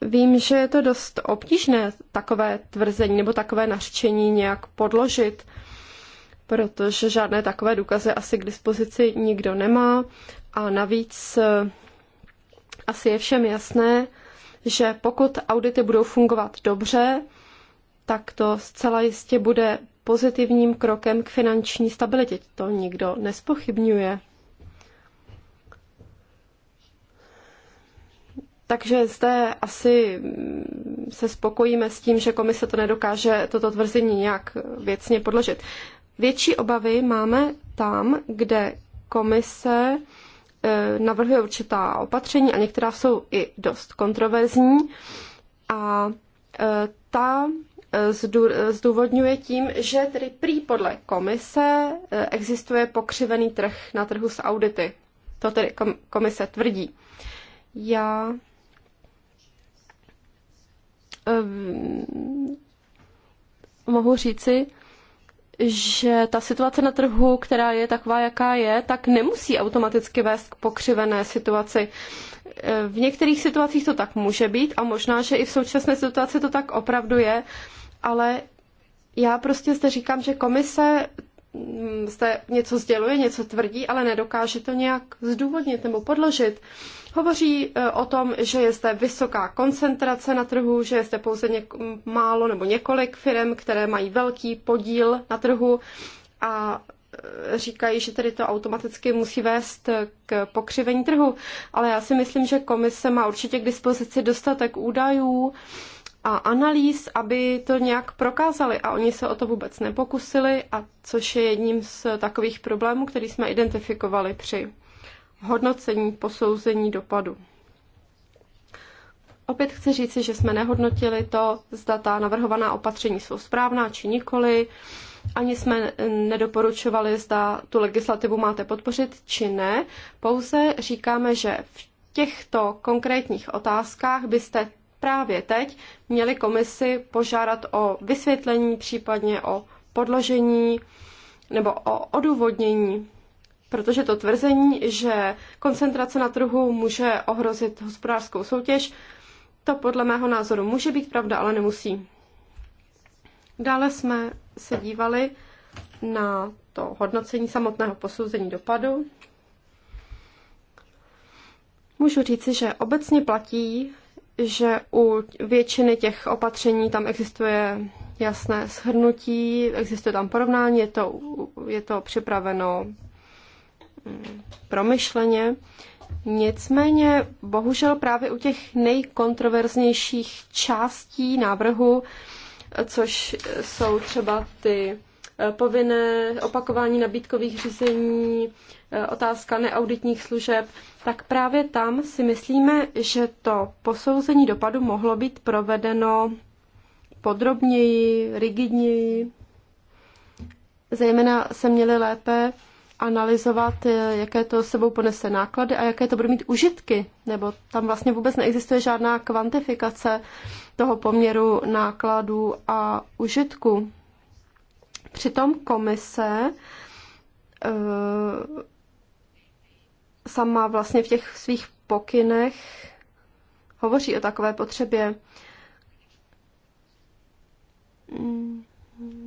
C: vím, že je to dost obtížné takové tvrzení nebo takové nařčení nějak podložit, protože žádné takové důkazy asi k dispozici nikdo nemá a navíc eh, asi je všem jasné, že pokud audity budou fungovat dobře, tak to zcela jistě bude pozitivním krokem k finanční stabilitě. To nikdo nespochybňuje. Takže zde asi se spokojíme s tím, že komise to nedokáže toto tvrzení nějak věcně podložit. Větší obavy máme tam, kde komise eh, navrhuje určitá opatření a některá jsou i dost kontroverzní. A eh, ta zdůvodňuje tím, že tedy prý podle komise eh, existuje pokřivený trh na trhu s audity. To tedy komise tvrdí. Já ehm, mohu říci, že ta situace na trhu, která je taková, jaká je, tak nemusí automaticky vést k pokřivené situaci. Eh, v některých situacích to tak může být a možná, že i v současné situaci to tak opravdu je, ale já prostě zde říkám, že komise mm, zde něco sděluje, něco tvrdí, ale nedokáže to nějak zdůvodnit nebo podložit. Hovoří e, o tom, že je zde vysoká koncentrace na trhu, že je zde pouze něk- málo nebo několik firm, které mají velký podíl na trhu a e, říkají, že tedy to automaticky musí vést k pokřivení trhu. Ale já si myslím, že komise má určitě k dispozici dostatek údajů, a analýz, aby to nějak prokázali a oni se o to vůbec nepokusili, a což je jedním z takových problémů, který jsme identifikovali při hodnocení posouzení dopadu. Opět chci říci, že jsme nehodnotili to, zda ta navrhovaná opatření jsou správná či nikoli. Ani jsme nedoporučovali, zda tu legislativu máte podpořit či ne. Pouze říkáme, že v těchto konkrétních otázkách byste právě teď měli komisi požádat o vysvětlení, případně o podložení nebo o odůvodnění, protože to tvrzení, že koncentrace na trhu může ohrozit hospodářskou soutěž, to podle mého názoru může být pravda, ale nemusí. Dále jsme se dívali na to hodnocení samotného posouzení dopadu. Můžu říci, že obecně platí, že u většiny těch opatření tam existuje jasné shrnutí, existuje tam porovnání, je to, je to připraveno mm, promyšleně. Nicméně, bohužel právě u těch nejkontroverznějších částí návrhu, což jsou třeba ty Eh, povinné opakování nabídkových řízení, eh, otázka neauditních služeb, tak právě tam si myslíme, že to posouzení dopadu mohlo být provedeno podrobněji, rigidněji. Zejména se měly lépe analyzovat, eh, jaké to sebou ponese náklady a jaké to bude mít užitky, nebo tam vlastně vůbec neexistuje žádná kvantifikace toho poměru nákladů a užitku. Přitom komise eh, sama vlastně v těch svých pokynech hovoří o takové potřebě.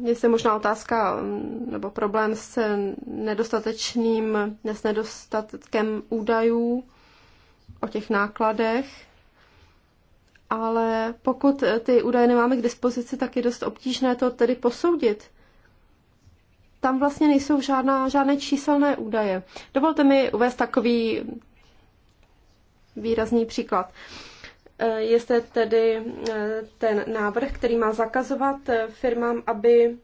C: Je se možná otázka mm, nebo problém s nedostatečným, s nedostatkem údajů o těch nákladech, ale pokud ty údaje nemáme k dispozici, tak je dost obtížné to tedy posoudit tam vlastně nejsou žádná, žádné číselné údaje. Dovolte mi uvést takový výrazný příklad. Eh, je zde tedy eh, ten návrh, který má zakazovat eh, firmám, aby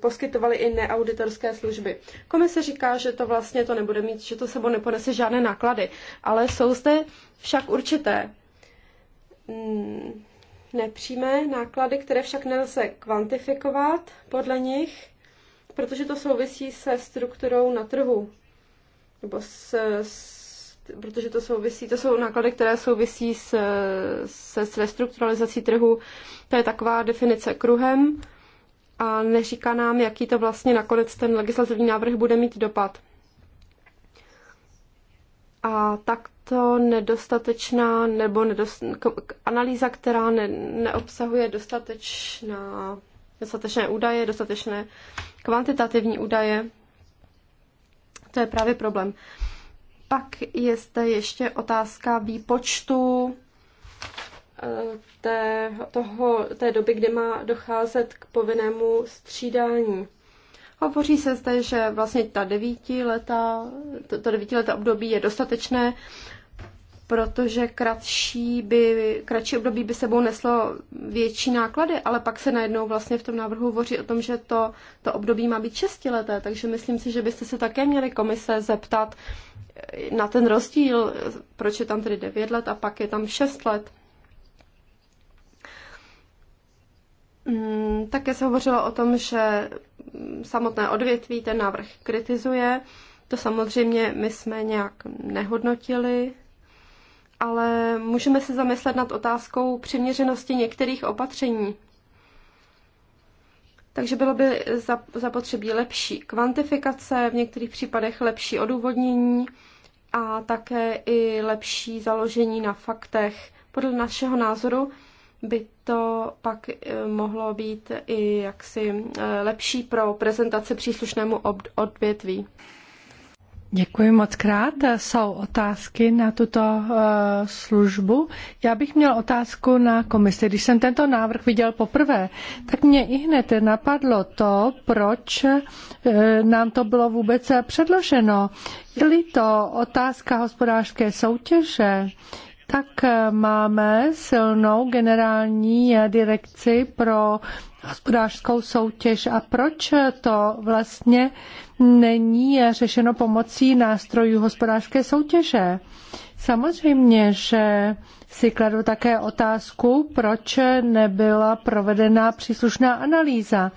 C: poskytovali i neauditorské služby. Komise říká, že to vlastně to nebude mít, že to sebou neponese žádné náklady, ale jsou zde však určité mm, nepřímé náklady, které však nelze kvantifikovat podle nich protože to souvisí se strukturou na trhu, nebo s, s, protože to souvisí, to jsou náklady, které souvisí s, se, s restrukturalizací trhu. To je taková definice kruhem a neříká nám, jaký to vlastně nakonec ten legislativní návrh bude mít dopad. A takto nedostatečná nebo nedost, analýza, která ne, neobsahuje dostatečná dostatečné údaje, dostatečné kvantitativní údaje. To je právě problém. Pak je zde ještě otázka výpočtu eh, té, toho, té doby, kdy má docházet k povinnému střídání. Hovoří se zde, že vlastně ta devítiletá, to, to devítileté období je dostatečné protože kratší, by, kratší období by sebou neslo větší náklady, ale pak se najednou vlastně v tom návrhu hovoří o tom, že to, to období má být šestileté, takže myslím si, že byste se také měli komise zeptat na ten rozdíl, proč je tam tedy 9 let a pak je tam 6 let. Mm, také se hovořilo o tom, že samotné odvětví ten návrh kritizuje. To samozřejmě my jsme nějak nehodnotili, ale můžeme se zamyslet nad otázkou přiměřenosti některých opatření. Takže bylo by zapotřebí lepší kvantifikace, v některých případech lepší odůvodnění a také i lepší založení na faktech. Podle našeho názoru by to pak eh, mohlo být i jaksi eh, lepší pro prezentaci příslušnému odvětví.
B: Děkuji moc krát. Jsou otázky na tuto eh, službu. Já bych měl otázku na komisi. Když jsem tento návrh viděl poprvé, tak mě i hned napadlo to, proč eh, nám to bylo vůbec předloženo. Je-li to otázka hospodářské soutěže, tak eh, máme silnou generální direkci pro hospodářskou soutěž a proč to vlastně není řešeno pomocí nástrojů hospodářské soutěže. Samozřejmě, že si kladu také otázku, proč nebyla provedena příslušná analýza.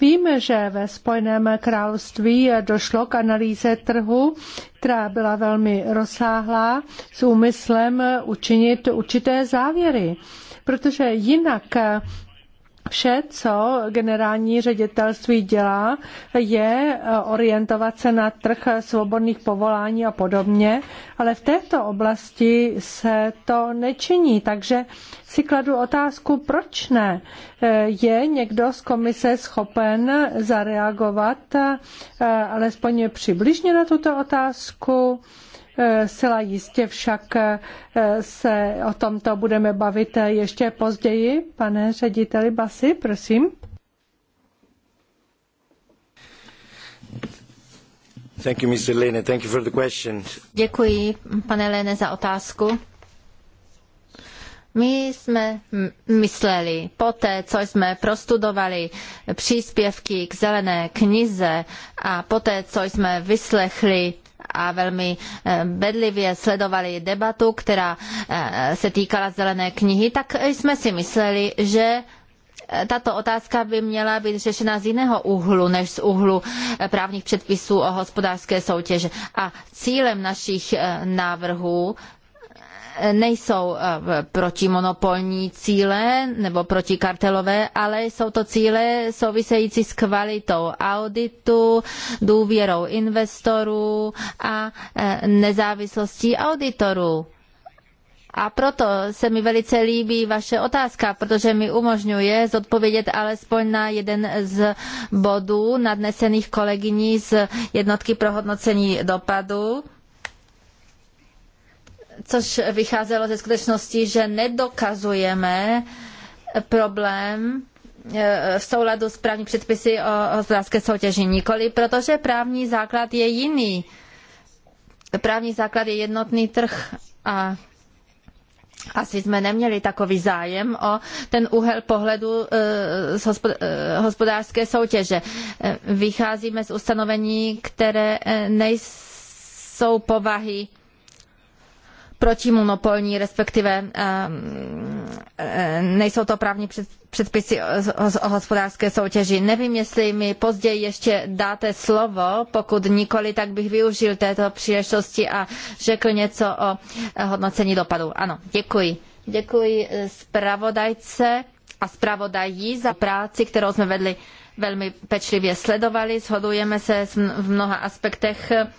B: Víme, že ve Spojeném království došlo k analýze trhu, která byla velmi rozsáhlá s úmyslem učinit určité závěry protože jinak Vše, co generální ředitelství dělá, je eh, orientovat se na trh svobodných povolání a podobně, ale v této oblasti se to nečiní, takže si kladu otázku, proč ne? Eh, je někdo z komise schopen zareagovat eh, alespoň přibližně na tuto otázku? Sila eh, jistě však eh, se o tomto budeme bavit eh, ještě později. Pane řediteli Basy, prosím.
C: Thank you, Mr. Lene. Thank you for the question.
B: Děkuji, pane Lene,
A: za otázku. My jsme mysleli, poté, co jsme prostudovali příspěvky k zelené knize a poté, co jsme vyslechli a velmi eh, bedlivě sledovali debatu, která eh, se týkala zelené knihy, tak jsme si mysleli, že eh, tato otázka by měla být řešena z jiného úhlu než z úhlu právních předpisů o hospodářské soutěže. A cílem našich návrhů nejsou eh, protimonopolní cíle nebo protikartelové, ale jsou to cíle související s kvalitou auditu, důvěrou investorů a eh, nezávislostí auditorů. A proto se mi velice líbí vaše otázka, protože mi umožňuje zodpovědět alespoň na jeden z bodů nadnesených kolegyní z jednotky pro hodnocení dopadu což vycházelo ze skutečnosti, že nedokazujeme problém e, v souladu s právní předpisy o hospodářské soutěži. Nikoli, protože právní základ je jiný. Právní základ je jednotný trh a asi jsme neměli takový zájem o ten úhel pohledu e, z e, hospodářské soutěže. Vycházíme z ustanovení, které nejsou povahy protimonopolní, respektive ehm, ehm, nejsou to právní předpisy o hospodářské soutěži. Nevím, jestli mi později ještě dáte slovo, pokud nikoli, tak bych využil této příležitosti a řekl něco o eh, hodnocení dopadu. Ano, děkuji. Děkuji eh, zpravodajce a zpravodají za práci, kterou jsme vedli velmi pečlivě sledovali, shodujeme se v mnoha aspektech eh,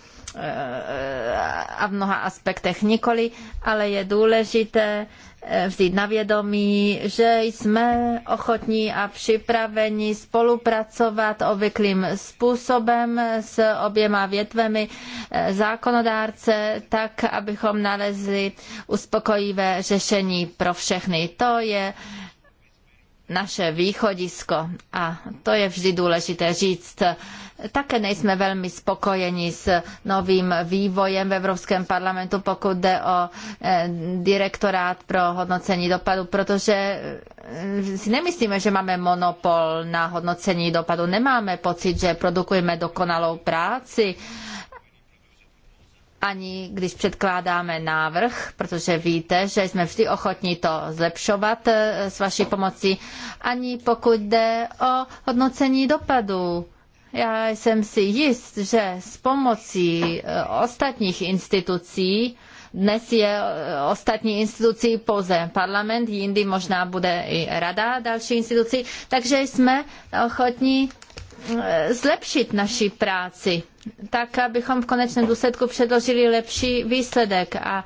A: a v mnoha aspektech nikoli, ale je důležité eh, vzít na vědomí, že jsme ochotní a připraveni spolupracovat obvyklým způsobem s oběma větvemi eh, zákonodárce, tak abychom nalezli uspokojivé řešení pro všechny. To je naše východisko. A to je vždy důležité říct. Také nejsme velmi spokojeni s novým vývojem v Evropském parlamentu, pokud jde o eh, direktorát pro hodnocení dopadu, protože eh, si nemyslíme, že máme monopol na hodnocení dopadu. Nemáme pocit, že produkujeme dokonalou práci ani když předkládáme návrh, protože víte, že jsme vždy ochotní to zlepšovat eh, s vaší pomocí, ani pokud jde o hodnocení dopadu. Já jsem si jist, že s pomocí eh, ostatních institucí dnes je eh, ostatní institucí pouze parlament, jindy možná bude i rada další institucí, takže jsme ochotní zlepšit naši práci tak abychom v konečném důsledku předložili lepší výsledek. A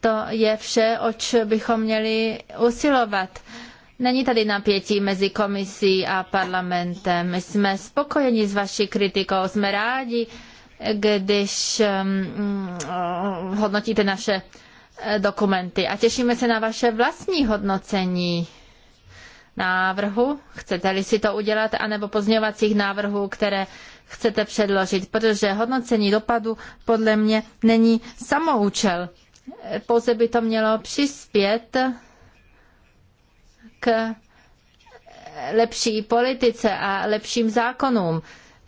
A: to je vše, oč bychom měli usilovat. Není tady napětí mezi komisí a parlamentem. My jsme spokojeni s vaší kritikou, jsme rádi, když um, mm, hodnotíte naše eh, dokumenty a těšíme se na vaše vlastní hodnocení návrhu, chcete-li si to udělat, anebo pozměňovacích návrhů, které chcete předložit, protože hodnocení dopadu podle mě není samoučel. Pouze by to mělo přispět k lepší politice a lepším zákonům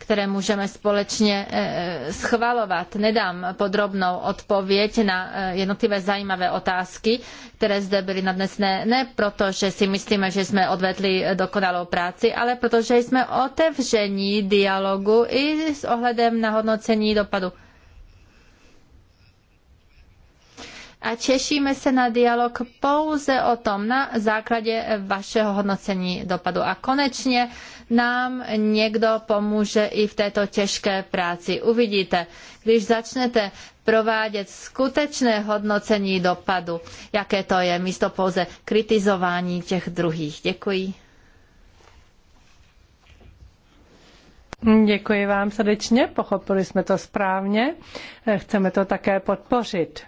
A: které můžeme společně eh, schvalovat. Nedám podrobnou odpověď na eh, jednotlivé zajímavé otázky, které zde byly nadnesné, ne proto, že si myslíme, že jsme odvedli dokonalou práci, ale protože jsme otevření dialogu i s ohledem na hodnocení dopadu. a těšíme se na dialog pouze o tom na základě vašeho hodnocení dopadu. A konečně nám někdo pomůže i v této těžké práci. Uvidíte, když začnete provádět skutečné hodnocení dopadu, jaké to je, místo pouze kritizování těch druhých. Děkuji.
B: Děkuji vám srdečně, pochopili jsme to správně, chceme to také podpořit.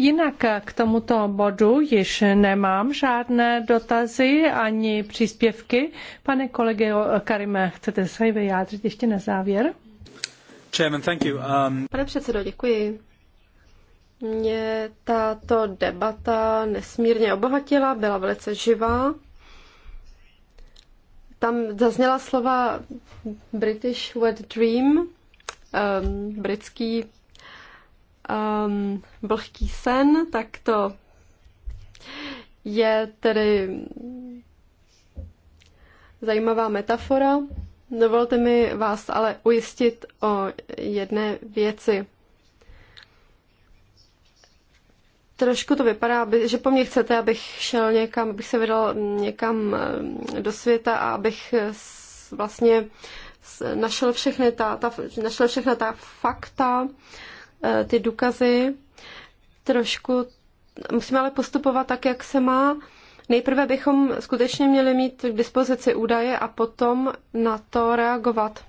B: Jinak k tomuto bodu již nemám žádné dotazy ani příspěvky. Pane kolego Karime, chcete se vyjádřit ještě
C: na závěr?
A: Chairman, thank you. Um...
C: Pane předsedo, děkuji. Mě tato debata nesmírně obohatila, byla velice živá. Tam zazněla slova British Wet Dream, um, britský um, vlhký sen, tak to je tedy zajímavá metafora. Dovolte mi vás ale ujistit o jedné věci. Trošku to vypadá, že po mně chcete, abych šel někam, abych se vydal někam eh, do světa a abych vlastně našel všechny ta, ta, našel všechna ta fakta, Eh, ty důkazy. Trošku musíme ale postupovat tak, jak se má. Nejprve bychom skutečně měli mít k dispozici údaje a potom na to reagovat.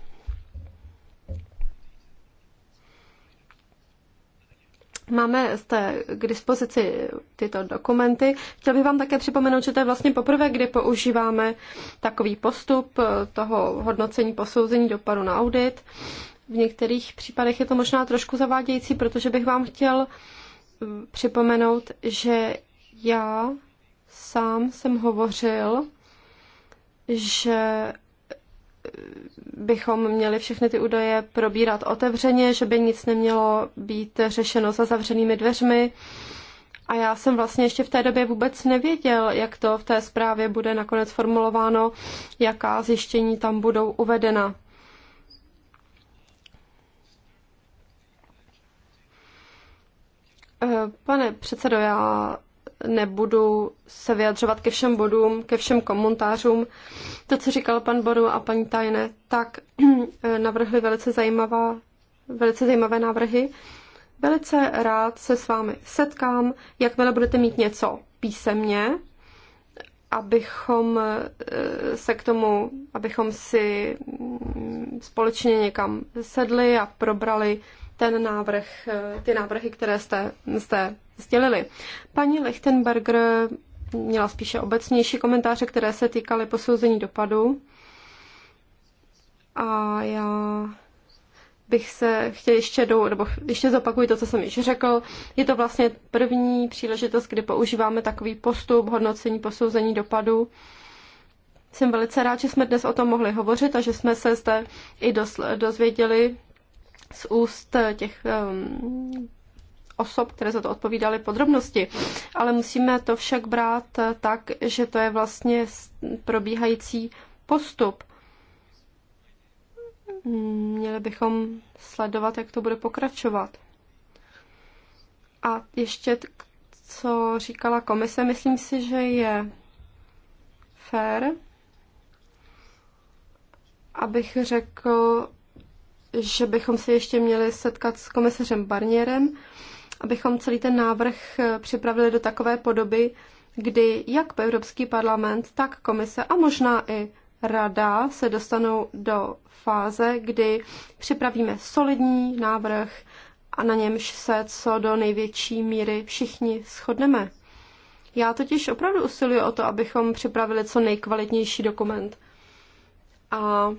C: Máme zde k dispozici tyto dokumenty. Chtěl bych vám také připomenout, že to je vlastně poprvé, kdy používáme takový postup eh, toho hodnocení posouzení dopadu na audit. V některých případech je to možná trošku zavádějící, protože bych vám chtěl mm, připomenout, že já sám jsem hovořil, že eh, bychom měli všechny ty údaje probírat otevřeně, že by nic nemělo být řešeno za zavřenými dveřmi. A já jsem vlastně ještě v té době vůbec nevěděl, jak to v té zprávě bude nakonec formulováno, jaká zjištění tam budou uvedena. Eh, pane předsedo, já nebudu se vyjadřovat ke všem bodům, ke všem komentářům. To, co říkal pan Boru a paní Tajne, tak eh, navrhli velice, zajímavá, velice zajímavé návrhy. Velice rád se s vámi setkám, jakmile budete mít něco písemně, abychom eh, se k tomu, abychom si mm, společně někam sedli a probrali ten návrh, eh, ty návrhy, které jste, jste sdělili. Paní Lichtenberger měla spíše obecnější komentáře, které se týkaly posouzení dopadu. A já bych se chtěl ještě do, nebo ještě zopakuji to, co jsem již řekl. Je to vlastně první příležitost, kdy používáme takový postup hodnocení posouzení dopadu. Jsem velice rád, že jsme dnes o tom mohli hovořit a že jsme se zde i dozvěděli z úst eh, těch ehm, osob, které za to odpovídaly podrobnosti. Ale musíme to však brát eh, tak, že to je vlastně probíhající postup. Měli bychom sledovat, jak to bude pokračovat. A ještě, co říkala komise, myslím si, že je fér, abych řekl, že bychom se ještě měli setkat s komisařem Barnierem, abychom celý ten návrh eh, připravili do takové podoby, kdy jak Evropský parlament, tak komise a možná i rada se dostanou do fáze, kdy připravíme solidní návrh a na němž se co do největší míry všichni shodneme. Já totiž opravdu usiluji o to, abychom připravili co nejkvalitnější dokument. A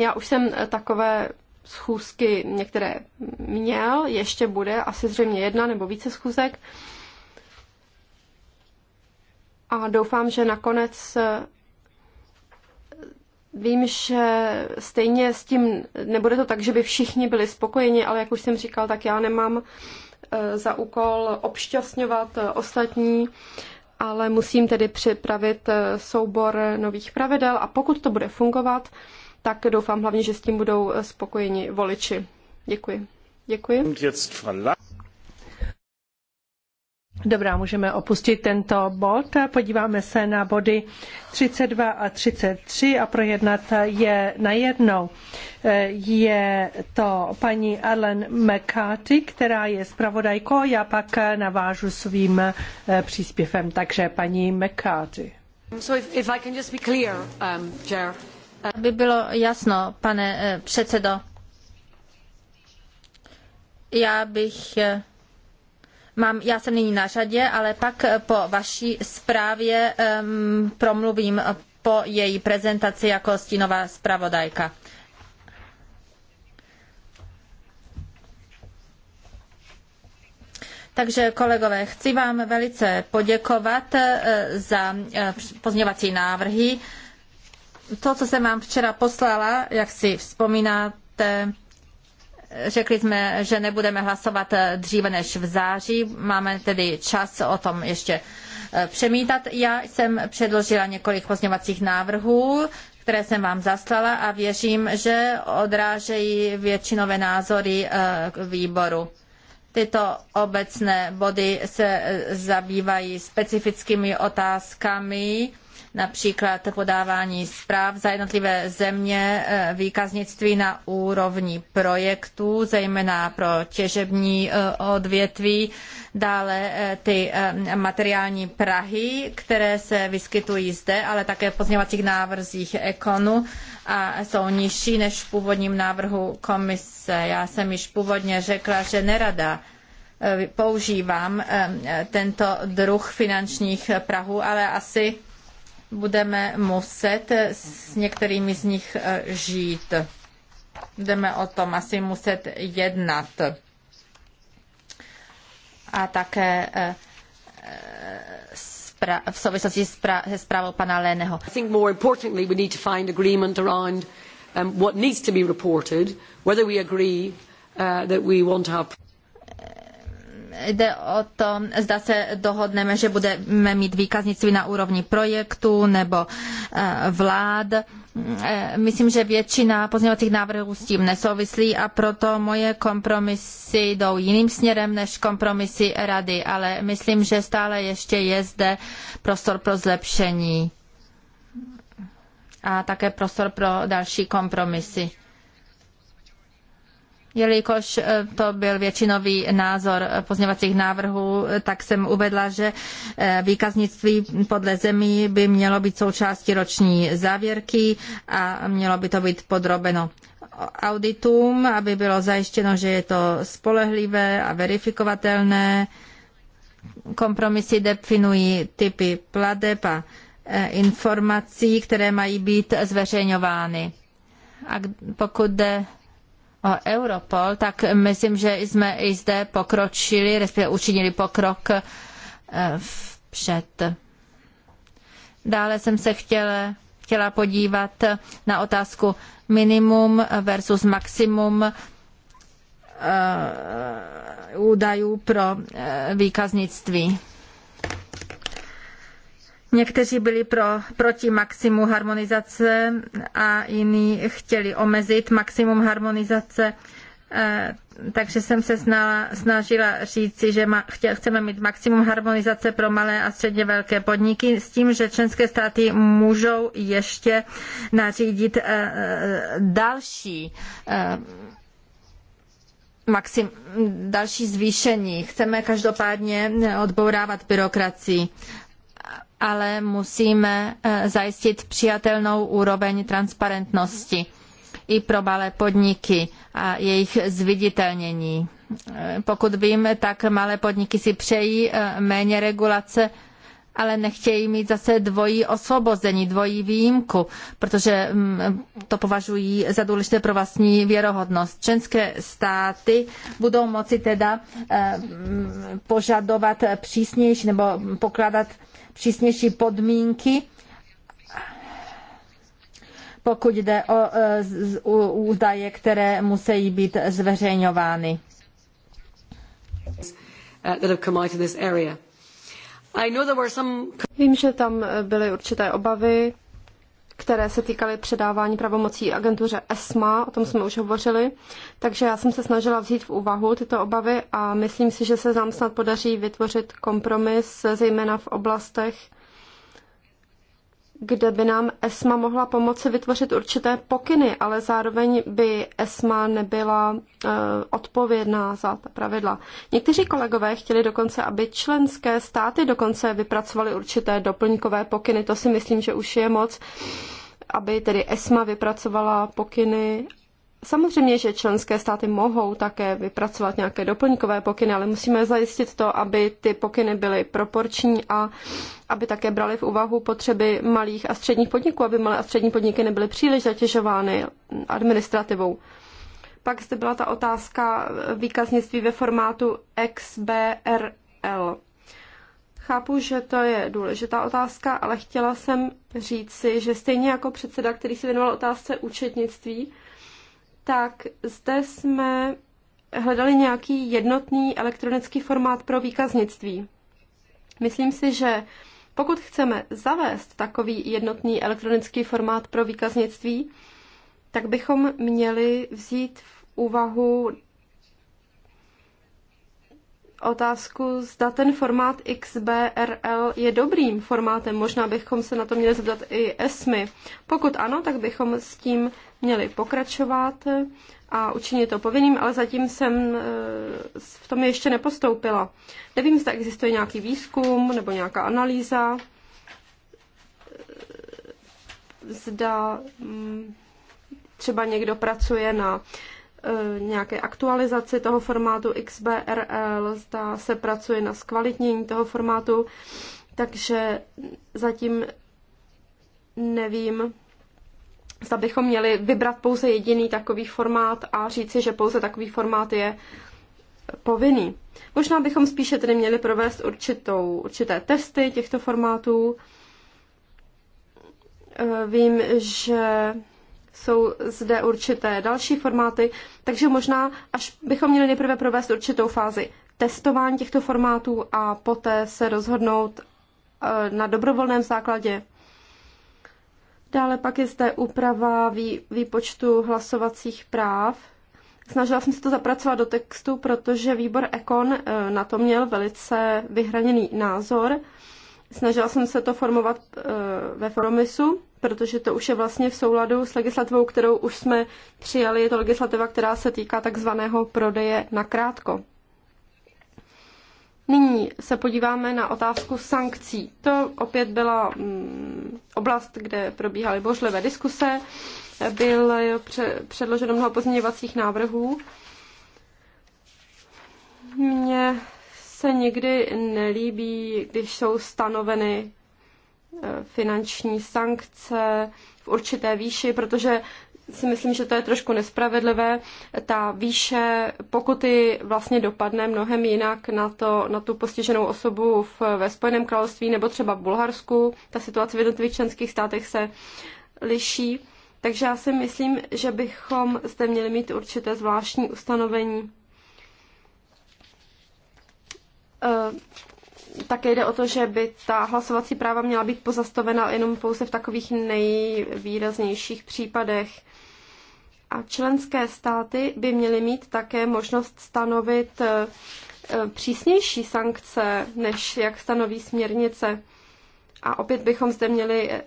C: já už jsem eh, takové schůzky některé měl, ještě bude asi zřejmě jedna nebo více schůzek. A doufám, že nakonec eh, vím, že stejně s tím nebude to tak, že by všichni byli spokojeni, ale jak už jsem říkal, tak já nemám eh, za úkol obšťastňovat ostatní, ale musím tedy připravit soubor nových pravidel a pokud to bude fungovat, tak doufám hlavně, že s tím budou eh, spokojeni voliči. Děkuji. Děkuji. Dobrá, můžeme opustit tento bod. Podíváme
B: se na body 32 a 33 a projednat je najednou. Eh, je to paní Ellen McCarthy, která je zpravodajkou, já pak navážu svým eh, příspěvem. Takže paní McCarthy. So if, if I can just be clear, um, Chair.
A: Aby bylo jasno, pane eh, předsedo, já bych eh, Mám, já jsem nyní na řadě, ale pak eh, po vaší zprávě um, promluvím po její prezentaci jako stínová zpravodajka. Takže kolegové, chci vám velice poděkovat za pozměvací návrhy to, co jsem vám včera poslala, jak si vzpomínáte, Řekli jsme, že nebudeme hlasovat dříve než v září. Máme tedy čas o tom ještě eh, přemítat. Já jsem předložila několik pozměňovacích návrhů, které jsem vám zaslala a věřím, že odrážejí většinové názory k eh, výboru. Tyto obecné body se eh, zabývají specifickými otázkami například podávání zpráv za jednotlivé země, eh, výkaznictví na úrovni projektů, zejména pro těžební eh, odvětví, dále eh, ty materiální prahy, které se vyskytují zde, ale také v pozněvacích návrzích ekonu a jsou nižší než v původním návrhu komise. Já jsem již původně řekla, že nerada používám tento druh finančních prahů, ale asi budeme muset s některými z nich eh, žít. Budeme o tom asi muset jednat. A také eh, eh, v souvislosti se
B: zprávou pana Léneho. I think more importantly we need to find agreement around um, what needs to be reported, whether we agree uh, that we want to have
A: jde o to, zda se dohodneme, že budeme mít výkaznictví na úrovni projektu nebo e, vlád. E, myslím, že většina pozměňovacích návrhů s tím nesouvislí a proto moje kompromisy jdou jiným směrem než kompromisy rady, ale myslím, že stále ještě je zde prostor pro zlepšení a také prostor pro další kompromisy. Jelikož eh, to byl většinový názor pozněvacích návrhů, tak jsem uvedla, že eh, výkaznictví podle zemí by mělo být součástí roční závěrky a mělo by to být podrobeno auditům, aby bylo zajištěno, že je to spolehlivé a verifikovatelné. Kompromisy definují typy pladeb a eh, informací, které mají být zveřejňovány. A pokud jde Europol, tak myslím, že jsme i zde pokročili, respektive učinili pokrok eh, před. Dále jsem se chtěla, chtěla podívat na otázku minimum versus maximum eh, údajů pro eh, výkaznictví. Někteří byli pro, proti maximu harmonizace a jiní chtěli omezit maximum harmonizace e, takže jsem se snažila říci, že chceme mít maximum harmonizace pro malé a středně velké podniky s tím, že členské státy můžou ještě nařídit e, e, další maxim, další zvýšení. Chceme každopádně odbourávat byrokracii ale musíme eh, zajistit přijatelnou úroveň transparentnosti i pro malé podniky a jejich zviditelnění. Eh, pokud vím, tak malé podniky si přejí eh, méně regulace, ale nechtějí mít zase dvojí osvobození, dvojí výjimku, protože mm, to považují za důležité pro vlastní věrohodnost. Členské státy budou moci teda mm, požadovat přísnější nebo pokládat přísnější podmínky pokud jde o e, údaje, které musí být zveřejňovány.
C: Uh, Vím, že tam byly určité obavy které se týkaly předávání pravomocí agentuře ESMA, o tom jsme už hovořili. Takže já jsem se snažila vzít v úvahu tyto obavy a myslím si, že se nám snad podaří vytvořit kompromis, zejména v oblastech, kde by nám ESMA mohla pomoci vytvořit určité pokyny, ale zároveň by ESMA nebyla e, odpovědná za ta pravidla. Někteří kolegové chtěli dokonce, aby členské státy dokonce vypracovaly určité doplňkové pokyny. To si myslím, že už je moc, aby tedy ESMA vypracovala pokyny Samozřejmě, že členské státy mohou také vypracovat nějaké doplňkové pokyny, ale musíme zajistit to, aby ty pokyny byly proporční a aby také brali v úvahu potřeby malých a středních podniků, aby malé a střední podniky nebyly příliš zatěžovány administrativou. Pak zde byla ta otázka výkaznictví ve formátu XBRL. Chápu, že to je důležitá otázka, ale chtěla jsem říci, že stejně jako předseda, který se věnoval otázce účetnictví, tak zde jsme hledali nějaký jednotný elektronický formát pro výkaznictví. Myslím si, že pokud chceme zavést takový jednotný elektronický formát pro výkaznictví, tak bychom měli vzít v úvahu otázku, zda ten formát XBRL je dobrým formátem. Možná bychom se na to měli zeptat i ESMY. Pokud ano, tak bychom s tím měli pokračovat a učinit to povinným, ale zatím jsem eh, v tom ještě nepostoupila. Nevím, zda existuje nějaký výzkum nebo nějaká analýza, eh, zda mm, třeba někdo pracuje na eh, nějaké aktualizaci toho formátu XBRL, zda se pracuje na zkvalitnění toho formátu, takže zatím nevím, zda bychom měli vybrat pouze jediný takový formát a říci, že pouze takový formát je povinný. Možná bychom spíše tedy měli provést určitou, určité testy těchto formátů. E, vím, že jsou zde určité další formáty, takže možná až bychom měli nejprve provést určitou fázi testování těchto formátů a poté se rozhodnout e, na dobrovolném základě, Dále pak je zde úprava vý, výpočtu hlasovacích práv. Snažila jsem se to zapracovat do textu, protože výbor Ekon eh, na to měl velice vyhraněný názor. Snažila jsem se to formovat eh, ve formisu, protože to už je vlastně v souladu s legislativou, kterou už jsme přijali. Je to legislativa, která se týká takzvaného prodeje na krátko. Nyní se podíváme na otázku sankcí. To opět byla mm, oblast, kde probíhaly božlivé diskuse. Bylo předloženo mnoho pozměňovacích návrhů. Mně se někdy nelíbí, když jsou stanoveny e, finanční sankce v určité výši, protože si myslím, že to je trošku nespravedlivé. Ta výše pokuty vlastně dopadne mnohem jinak na, to, na tu postiženou osobu v, ve Spojeném království nebo třeba v Bulharsku. Ta situace v jednotlivých členských státech se liší. Takže já si myslím, že bychom zde měli mít určité zvláštní ustanovení. Eh, také jde o to, že by ta hlasovací práva měla být pozastavena jenom pouze v takových nejvýraznějších případech. A členské státy by měly mít také možnost stanovit eh, eh, přísnější sankce, než jak stanoví směrnice. A opět bychom zde měli eh,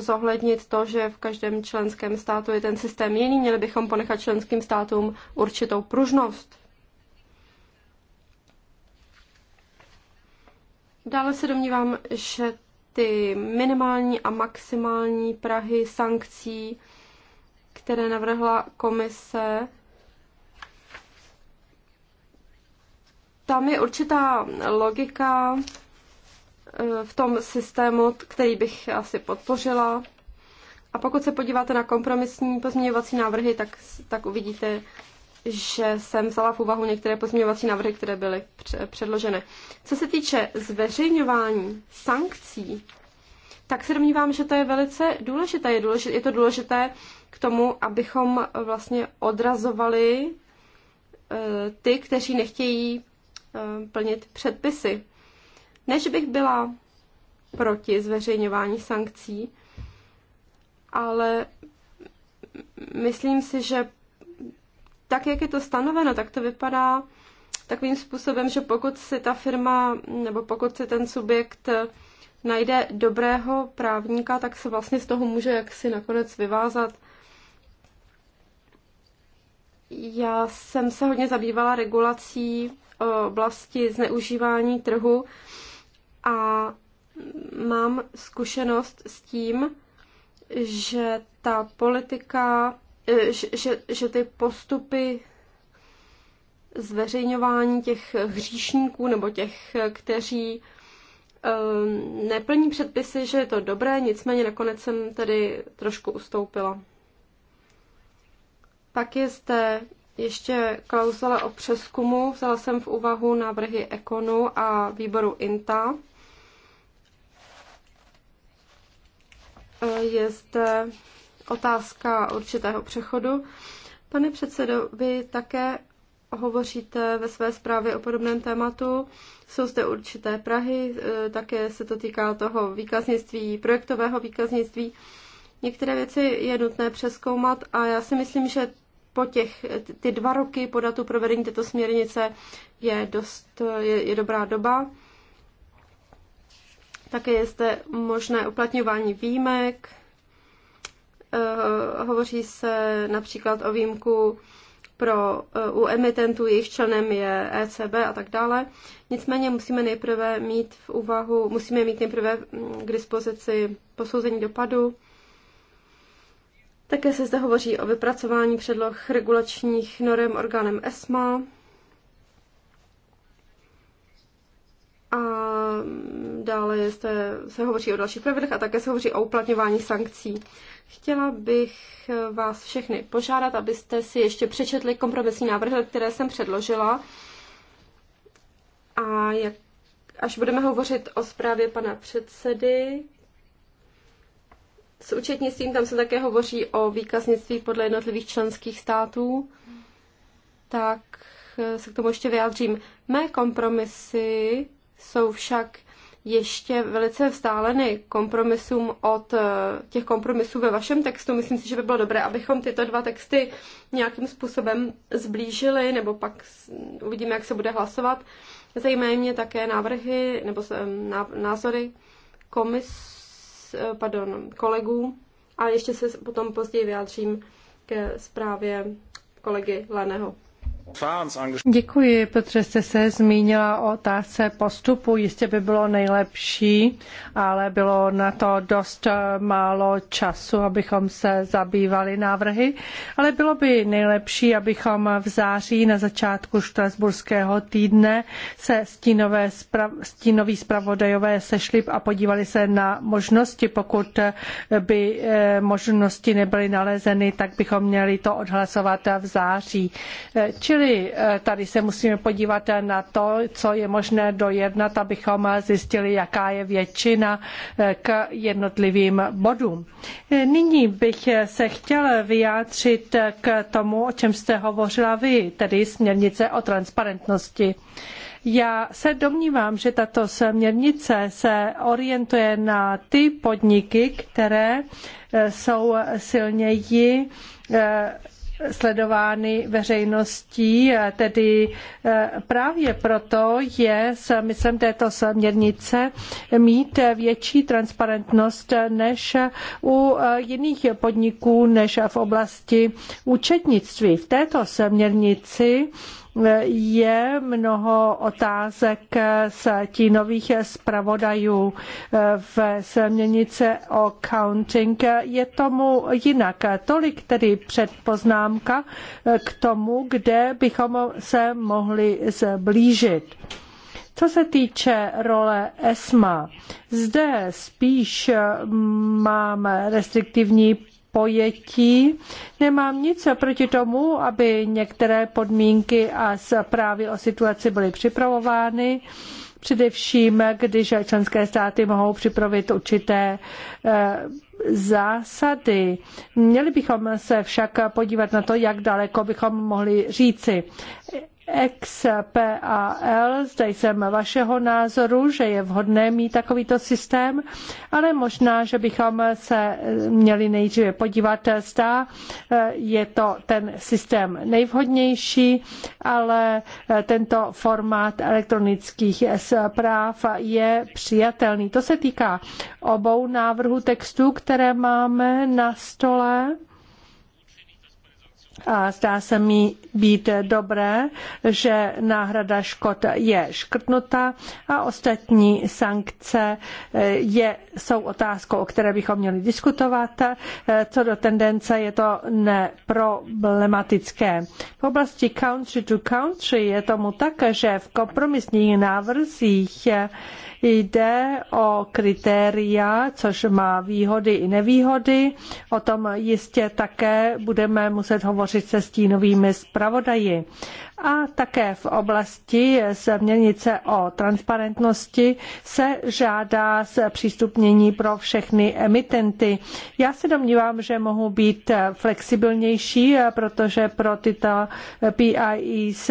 C: zohlednit to, že v každém členském státu je ten systém jiný. Měli bychom ponechat členským státům určitou pružnost. Dále se domnívám, že ty minimální a maximální prahy sankcí které navrhla komise, tam je určitá logika eh, v tom systému, který bych asi podpořila. A pokud se podíváte na kompromisní pozměňovací návrhy, tak, tak uvidíte, že jsem vzala v úvahu některé pozměňovací návrhy, které byly předloženy. Co se týče zveřejňování sankcí, tak se domnívám, že to je velice důležité. Je, důležité, je to důležité k tomu, abychom vlastně odrazovali e, ty, kteří nechtějí e, plnit předpisy. Než bych byla proti zveřejňování sankcí, ale myslím si, že tak, jak je to stanoveno, tak to vypadá takovým způsobem, že pokud si ta firma nebo pokud si ten subjekt najde dobrého právníka, tak se vlastně z toho může jaksi nakonec vyvázat. Já jsem se hodně zabývala regulací eh, oblasti zneužívání trhu a mám zkušenost s tím, že ta politika, eh, že, že, že ty postupy zveřejňování těch hříšníků nebo těch, eh, kteří Ehm, neplní předpisy, že je to dobré, nicméně nakonec jsem tedy trošku ustoupila. Pak je zde ještě klauzula o přeskumu. Vzala jsem v úvahu návrhy Ekonu a výboru INTA. Ehm, je zde otázka určitého přechodu. Pane předsedo, vy také hovoříte ve své zprávě o podobném tématu. Jsou zde určité Prahy, e, také se to týká toho výkaznictví, projektového výkaznictví. Některé věci je nutné přeskoumat a já si myslím, že po těch, ty dva roky po datu provedení této směrnice je, dost, je, je dobrá doba. Také je zde možné uplatňování výjimek. Uh, hovoří se například o výjimku pro, eh, u emitentů, jejich členem je ECB a tak dále. Nicméně musíme nejprve mít v úvahu, musíme mít nejprve mm, k dispozici posouzení dopadu. Také se zde hovoří o vypracování předloh regulačních norem orgánem ESMA. A dále je se, se hovoří o dalších pravidlech a také se hovoří o uplatňování sankcí. Chtěla bych vás všechny požádat, abyste si ještě přečetli kompromisní návrhy, které jsem předložila. A jak, až budeme hovořit o zprávě pana předsedy, s účetnictvím tam se také hovoří o výkaznictví podle jednotlivých členských států, tak se k tomu ještě vyjádřím. Mé kompromisy jsou však ještě velice vzdáleny kompromisům od eh, těch kompromisů ve vašem textu. Myslím si, že by bylo dobré, abychom tyto dva texty nějakým způsobem zblížili, nebo pak uvidíme, jak se bude hlasovat. Zajímají mě také návrhy nebo názory komis, eh, pardon, kolegů, a ještě se potom později vyjádřím ke zprávě kolegy Leného.
B: Děkuji, Petře, jste se zmínila o otázce postupu. Jistě by bylo nejlepší, ale bylo na to dost eh, málo času, abychom se zabývali návrhy. Ale bylo by nejlepší, abychom v září na začátku štrasburského týdne se stínové sprav, stínoví zpravodajové sešli a podívali se na možnosti. Pokud by eh, možnosti nebyly nalezeny, tak bychom měli to odhlasovat v září. Eh, čili Čili eh, tady se musíme podívat na to, co je možné dojednat, abychom zjistili, jaká je většina eh, k jednotlivým bodům. Eh, nyní bych se chtěl vyjádřit k tomu, o čem jste hovořila vy, tedy směrnice o transparentnosti. Já se domnívám, že tato směrnice se orientuje na ty podniky, které jsou silněji sledovány veřejností, tedy eh, právě proto je smyslem této směrnice mít větší transparentnost než u eh, jiných podniků, než v oblasti účetnictví. V této směrnici je mnoho otázek z tínových zpravodajů eh, v směnice o counting. Je tomu jinak. Tolik tedy předpoznámka eh, k tomu, kde bychom se mohli zblížit. Co se týče role ESMA, zde spíš eh, mám restriktivní pojetí. Nemám nic proti tomu, aby některé podmínky a zprávy o situaci byly připravovány především když členské státy mohou připravit určité eh, zásady. Měli bychom se však podívat na to, jak daleko bychom mohli říci. XPAL. Zde jsem vašeho názoru, že je vhodné mít takovýto systém, ale možná, že bychom se měli nejdříve podívat, zda eh, je to ten systém nejvhodnější, ale eh, tento formát elektronických zpráv je přijatelný. To se týká obou návrhů textů, které máme na stole. A zdá se mi být dobré, že náhrada škod je škrtnuta a ostatní sankce eh, je, jsou otázkou, o které bychom měli diskutovat. Eh, co do tendence je to neproblematické. V oblasti country to country je tomu tak, že v kompromisních návrzích eh, Jde o kritéria, což má výhody i nevýhody. O tom jistě také budeme muset hovořit se stínovými zpravodaji. A také v oblasti směrnice o transparentnosti se žádá přístupnění pro všechny emitenty. Já se domnívám, že mohu být flexibilnější, protože pro tyto PIEs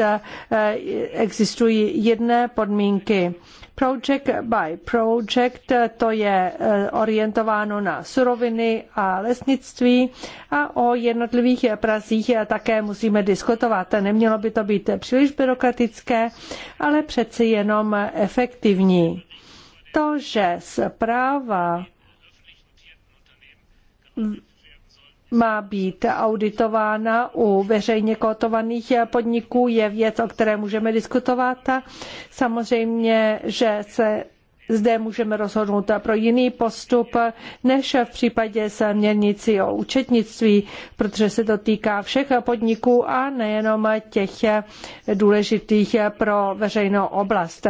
B: existují jedné podmínky. Project by Project, to je eh, orientováno na suroviny a lesnictví a o jednotlivých prazích eh, také musíme diskutovat. Nemělo by to být příliš byrokratické, ale přeci jenom efektivní. To, že zpráva má být auditována u veřejně kotovaných podniků, je věc, o které můžeme diskutovat. Samozřejmě, že se zde můžeme rozhodnout pro jiný postup než v případě směrnici o účetnictví, protože se to týká všech podniků a nejenom těch důležitých pro veřejnou oblast.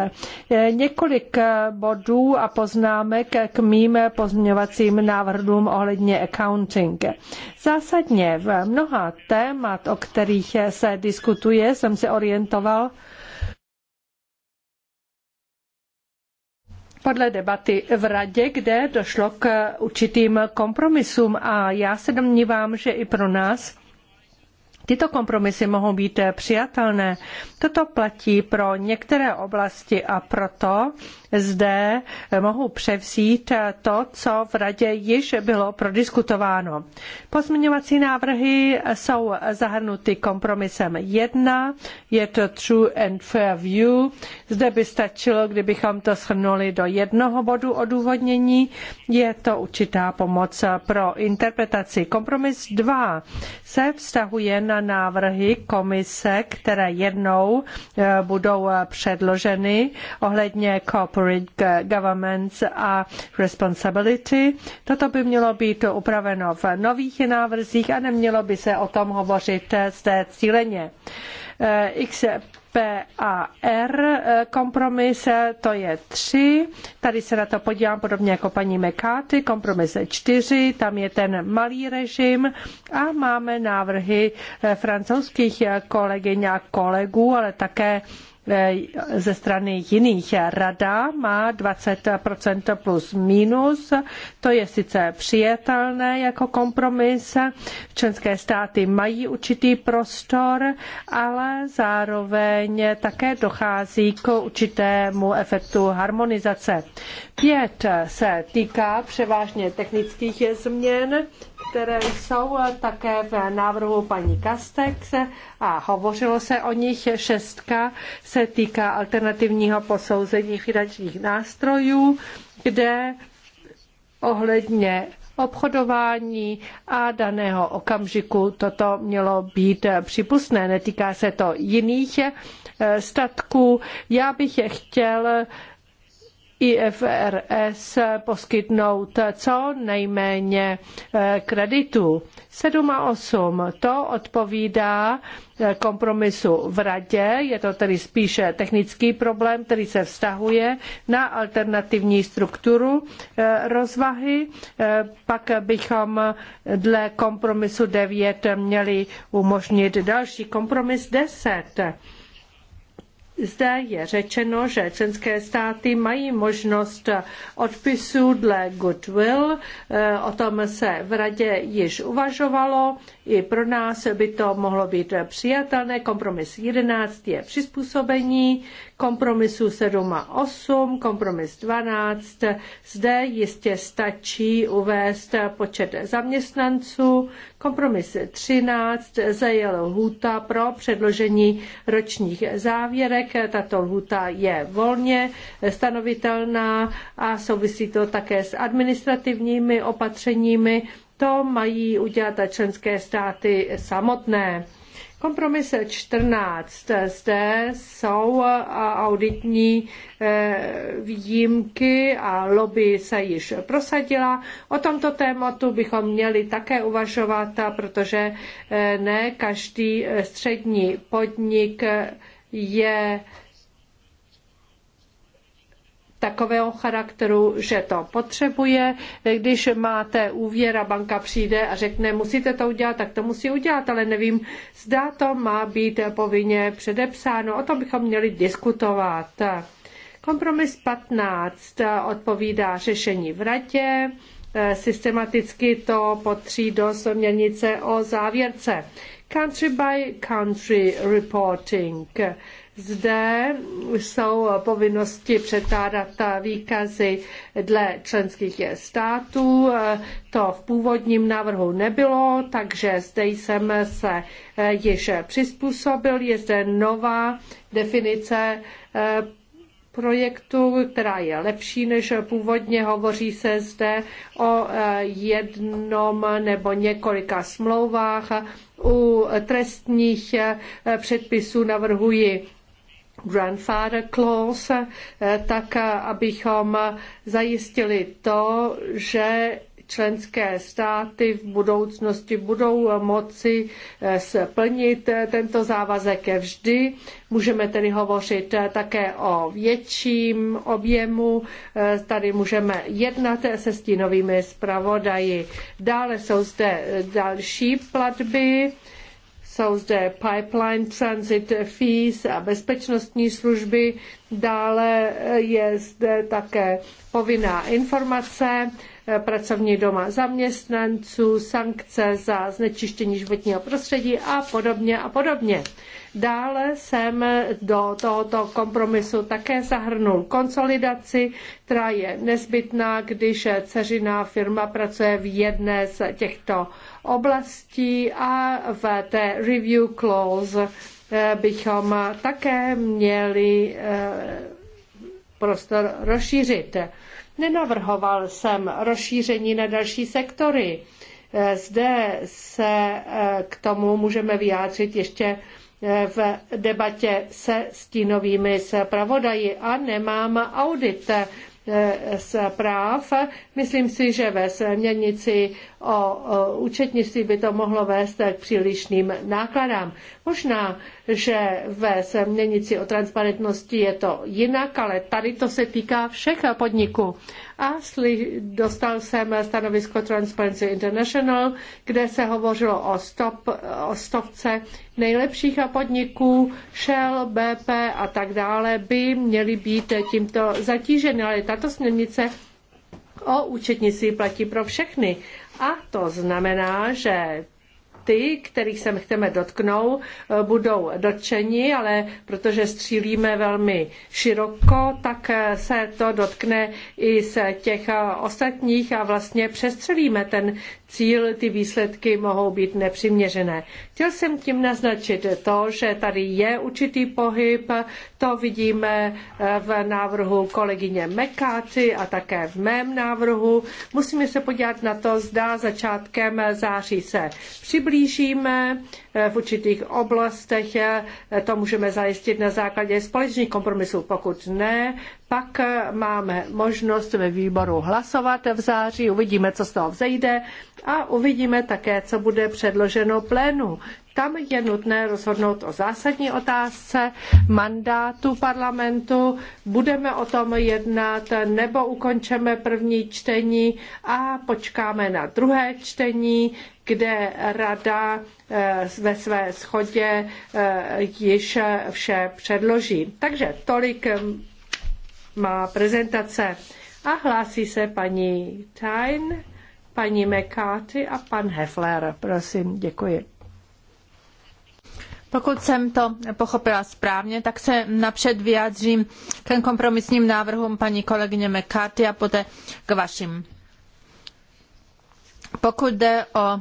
B: Několik bodů a poznámek k mým pozměňovacím návrhům ohledně accounting. Zásadně v mnoha témat, o kterých se diskutuje, jsem se orientoval podle debaty v radě, kde došlo k určitým kompromisům a já se domnívám, že i pro nás Tyto kompromisy mohou být přijatelné. Toto platí pro některé oblasti a proto zde mohu převzít to, co v radě již bylo prodiskutováno. Pozměňovací návrhy jsou zahrnuty kompromisem 1, je to true and fair view. Zde by stačilo, kdybychom to shrnuli do jednoho bodu odůvodnění. Je to určitá pomoc pro interpretaci. Kompromis 2 se vztahuje na návrhy komise, které jednou eh, budou eh, předloženy ohledně COP corporate governance a responsibility. Toto by mělo být upraveno v nových návrzích a nemělo by se o tom hovořit zde cíleně. Eh, X PAR eh, kompromis, eh, to je tři. Tady se na to podívám podobně jako paní McCarthy. kompromis čtyři. tam je ten malý režim a máme návrhy francouzských kolegyň a kolegů, ale také Eh, ze strany jiných. Rada má 20% plus minus, to je sice přijatelné jako kompromis, členské státy mají určitý prostor, ale zároveň také dochází k určitému efektu harmonizace. Pět se týká převážně technických změn, které jsou eh, také v návrhu paní Kastex eh, a hovořilo se o nich. Šestka se týká alternativního posouzení finančních nástrojů, kde ohledně obchodování a daného okamžiku toto mělo být přípustné. Netýká se to jiných eh, statků. Já bych je chtěl IFRS poskytnout co nejméně eh, kreditů. 7 a 8 to odpovídá eh, kompromisu v radě, je to tedy spíše technický problém, který se vztahuje na alternativní strukturu eh, rozvahy. Pak bychom dle kompromisu 9 měli umožnit další kompromis 10. Zde je řečeno, že členské státy mají možnost odpisů dle goodwill, eh, o tom se v radě již uvažovalo, i pro nás by to mohlo být přijatelné. Kompromis 11 je přizpůsobení, kompromisu 7 a 8, kompromis 12. Zde jistě stačí uvést počet zaměstnanců. Kompromis 13 zajel lhůta pro předložení ročních závěrek. Tato lhůta je volně stanovitelná a souvisí to také s administrativními opatřeními to mají udělat členské státy samotné. Kompromis 14. Zde jsou auditní eh, výjimky a lobby se již prosadila. O tomto tématu bychom měli také uvažovat, protože eh, ne každý eh, střední podnik je takového charakteru, že to potřebuje. Když máte úvěr a banka přijde a řekne, musíte to udělat, tak to musí udělat, ale nevím, zda to má být povinně předepsáno. O tom bychom měli diskutovat. Kompromis 15 odpovídá řešení v ratě. E, systematicky to potří do směrnice o závěrce country by country reporting. Zde jsou povinnosti překládat výkazy dle členských států. To v původním návrhu nebylo, takže zde jsem se již přizpůsobil. Je zde nová definice eh, projektu, která je lepší než původně. Hovoří se zde o eh, jednom nebo několika smlouvách u trestních eh, předpisů navrhuji grandfather clause, eh, tak eh, abychom zajistili to, že členské státy v budoucnosti budou moci eh, splnit eh, tento závazek vždy. Můžeme tedy hovořit eh, také o větším objemu. Tady můžeme jednat se stínovými zpravodaji. Dále jsou zde další platby. Jsou zde pipeline transit fees a bezpečnostní služby. Dále je zde také povinná informace pracovní doma zaměstnanců, sankce za znečištění životního prostředí a podobně a podobně. Dále jsem do tohoto kompromisu také zahrnul konsolidaci, která je nezbytná, když ceřiná firma pracuje v jedné z těchto oblastí a v té review clause eh, bychom také měli eh, prostor rozšířit. Nenavrhoval jsem rozšíření na další sektory. Eh, zde se eh, k tomu můžeme vyjádřit ještě eh, v debatě se stínovými zpravodaji a nemám audit zpráv Myslím si, že ve měnici o účetnictví by to mohlo vést k přílišným nákladám. Možná, že ve měnici o transparentnosti je to jinak, ale tady to se týká všech podniků. A dostal jsem stanovisko Transparency International, kde se hovořilo o, stop, o stovce nejlepších podniků, Shell, BP a tak dále by měly být tímto zatíženy, ale tato směrnice o účetnictví platí pro všechny. A to znamená, že ty, kterých se chceme dotknout, eh, budou dotčeni, ale protože střílíme velmi široko, tak eh, se to dotkne i z těch eh, ostatních a vlastně přestřelíme ten cíl, ty výsledky mohou být nepřiměřené. Chtěl jsem tím naznačit to, že tady je určitý pohyb, to vidíme v návrhu kolegyně Mekáty a také v mém návrhu. Musíme se podívat na to, zda začátkem září se přiblíží přihlížíme eh, v určitých oblastech, eh, to můžeme zajistit na základě společných kompromisů. Pokud ne, pak eh, máme možnost ve výboru hlasovat v září, uvidíme, co z toho vzejde a uvidíme také, co bude předloženo plénu. Tam je nutné rozhodnout o zásadní otázce mandátu parlamentu. Budeme o tom jednat nebo ukončeme první čtení a počkáme na druhé čtení kde rada eh, ve své schodě eh, již vše předloží. Takže tolik eh, má prezentace. A hlásí se paní Tain, paní McCarthy a pan Hefler. Prosím, děkuji. Pokud jsem to pochopila správně, tak se napřed vyjádřím
A: k kompromisním návrhům paní kolegyně McCarthy a poté k vašim. Pokud jde o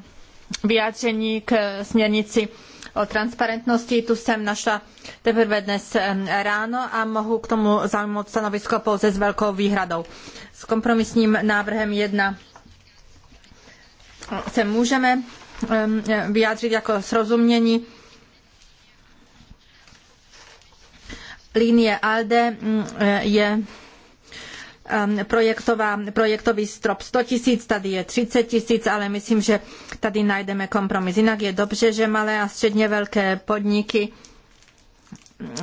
A: vyjádření k směrnici o transparentnosti. Tu jsem našla teprve dnes ráno a mohu k tomu zaujmout stanovisko pouze s velkou výhradou. S kompromisním návrhem 1 se můžeme vyjádřit jako srozumění. Linie ALDE mm, je Um, projektová, projektový strop 100 tisíc, tady je 30 tisíc, ale myslím, že tady najdeme kompromis. Jinak je dobře, že malé a středně velké podniky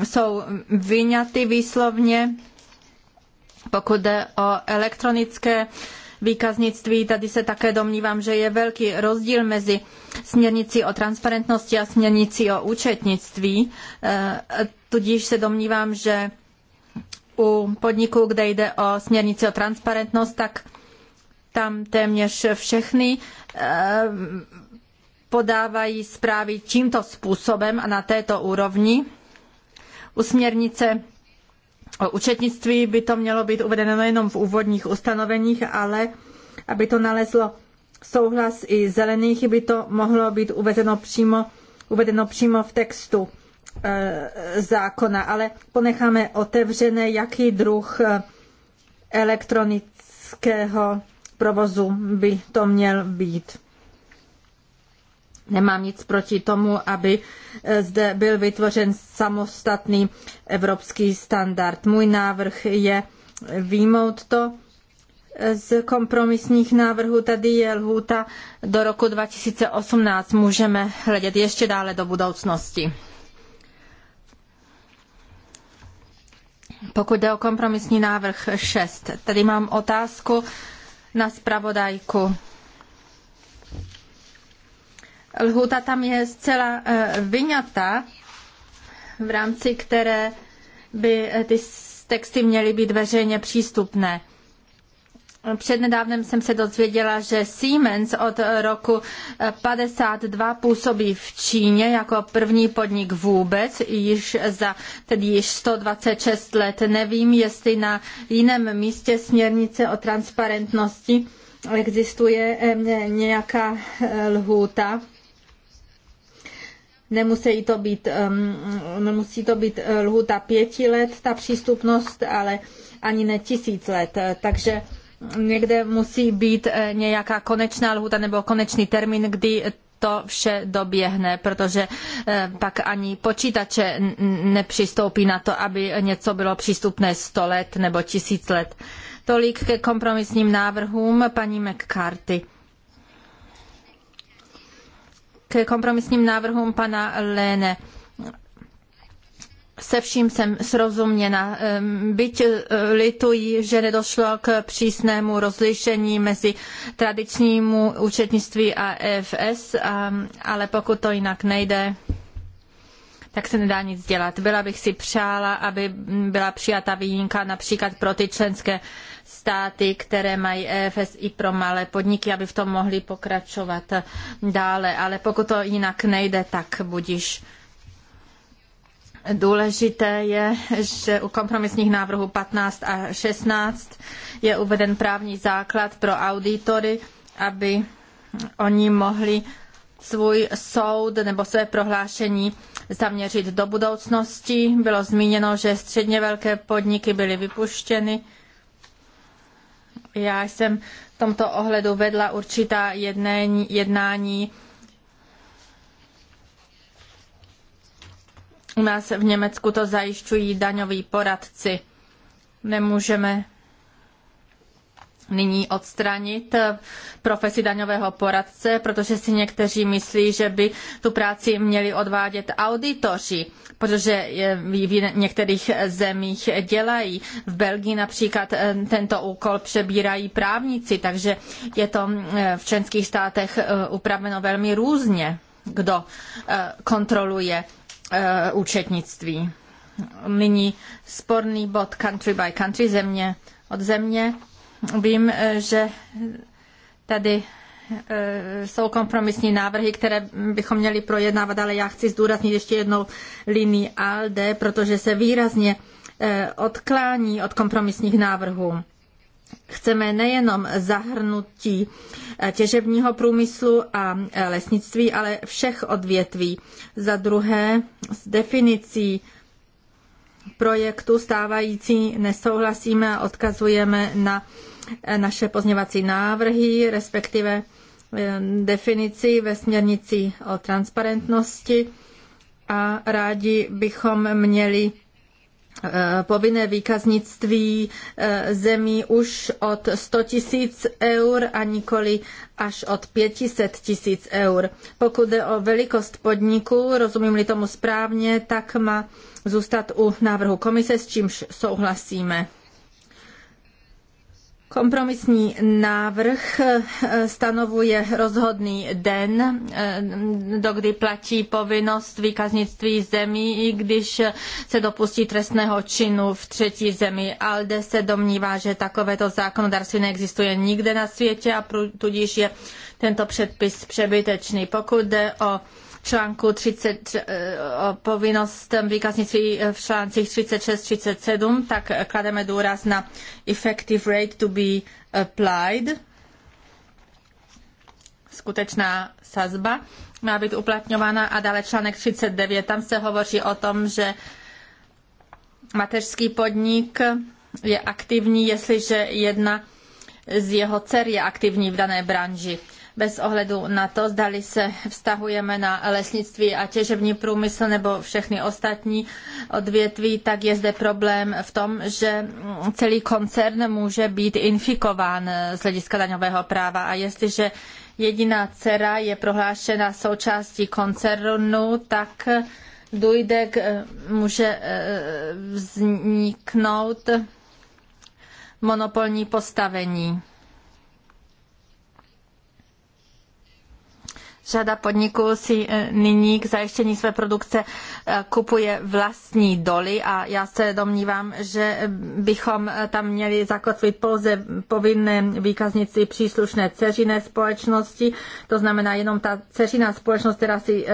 A: jsou vyňaty výslovně, pokud jde o elektronické výkaznictví. Tady se také domnívám, že je velký rozdíl mezi směrnicí o transparentnosti a směrnicí o účetnictví. E, tudíž se domnívám, že u podniků, kde jde o směrnici o transparentnost, tak tam téměř všechny eh, podávají zprávy tímto způsobem a na této úrovni. U směrnice o účetnictví by to mělo být uvedeno nejenom v úvodních ustanoveních, ale aby to nalezlo souhlas i zelených, by to mohlo být uvedeno přímo, uvedeno přímo v textu zákona, ale ponecháme otevřené, jaký druh eh, elektronického provozu by to měl být. Nemám nic proti tomu, aby eh, zde byl vytvořen samostatný evropský standard. Můj návrh je výmout to eh, z kompromisních návrhů. Tady je lhůta do roku 2018. Můžeme hledět ještě dále do budoucnosti. Pokud jde o kompromisní návrh 6, tady mám otázku na zpravodajku. Lhuta tam je zcela eh, vyňata, v rámci které by eh, ty texty měly být veřejně přístupné. Přednedávnem jsem se dozvěděla, že Siemens od roku 52 působí v Číně jako první podnik vůbec, již za tedy již 126 let. Nevím, jestli na jiném místě směrnice o transparentnosti existuje nějaká eh, lhůta. Nemusí to být, nemusí to být eh, lhůta pěti let, ta přístupnost, ale ani ne tisíc let. Takže někde musí být eh, nějaká konečná lhuta nebo konečný termín, kdy to vše doběhne, protože eh, pak ani počítače nepřistoupí na to, aby něco bylo přístupné 100 let nebo tisíc let. Tolik ke kompromisním návrhům paní McCarthy. Ke kompromisním návrhům pana Lene se vším jsem srozuměna. Byť eh, lituji, že nedošlo k přísnému rozlišení mezi tradičnímu účetnictví a EFS, ale pokud to jinak nejde, tak se nedá nic dělat. Byla bych si přála, aby byla přijata výjimka například pro ty členské státy, které mají EFS i pro malé podniky, aby v tom mohli pokračovat dále. Ale pokud to jinak nejde, tak budíš. Důležité je, že u kompromisních návrhů 15 a 16 je uveden právní základ pro auditory, aby oni mohli svůj soud nebo své prohlášení zaměřit do budoucnosti. Bylo zmíněno, že středně velké podniky byly vypuštěny. Já jsem v tomto ohledu vedla určitá jednání, jednání U nás v Německu to zajišťují daňoví poradci. Nemůžeme nyní odstranit profesi daňového poradce, protože si někteří myslí, že by tu práci měli odvádět auditoři, protože v některých zemích dělají. V Belgii například eh, tento úkol přebírají právníci, takže je to eh, v členských státech eh, upraveno velmi různě, kdo kontroluje Eh, účetnictví. Nyní sporný bod country by country, země od země. Vím, eh, že tady eh, jsou kompromisní návrhy, které bychom měli projednávat, ale já chci zdůraznit ještě jednou linii ALDE, protože se výrazně odklání od kompromisních návrhů chceme nejenom zahrnutí eh, těžebního průmyslu a eh, lesnictví, ale všech odvětví. Za druhé s definicí projektu stávající nesouhlasíme a odkazujeme na eh, naše pozněvací návrhy, respektive definici ve směrnici o transparentnosti a rádi bychom měli Eh, povinné výkaznictví eh, zemí už od 100 tisíc eur a nikoli až od 500 tisíc eur. Pokud jde o velikost podniku, rozumím-li tomu správně, tak má zůstat u návrhu komise, s čímž souhlasíme. Kompromisní návrh eh, stanovuje rozhodný den, eh, dokdy platí povinnost výkaznictví zemí, i když se dopustí trestného činu v třetí zemi. ALDE se domnívá, že takovéto zákonodárství neexistuje nikde na světě a tudíž je tento předpis přebytečný. Pokud jde o článku 30, eh, o povinnost výkaznictví eh, v článcích 36-37, tak eh, klademe důraz na effective rate to be applied, skutečná sazba má být uplatňována a dále článek 39, tam se hovoří o tom, že mateřský podnik je aktivní, jestliže jedna z jeho dcer je aktivní v dané branži bez ohledu na to, zdali se vztahujeme na lesnictví a těžební průmysl nebo všechny ostatní odvětví, tak je zde problém v tom, že celý koncern může být infikován z hlediska daňového práva a jestliže jediná dcera je prohlášena součástí koncernu, tak dojde k, může eh, vzniknout monopolní postavení. Řada podniků si e, nyní k zajištění své produkce e, kupuje vlastní doly a já se domnívám, že bychom e, tam měli zakotvit pouze povinné výkaznictví příslušné ceřiné společnosti, to znamená jenom ta ceřiná společnost, která si,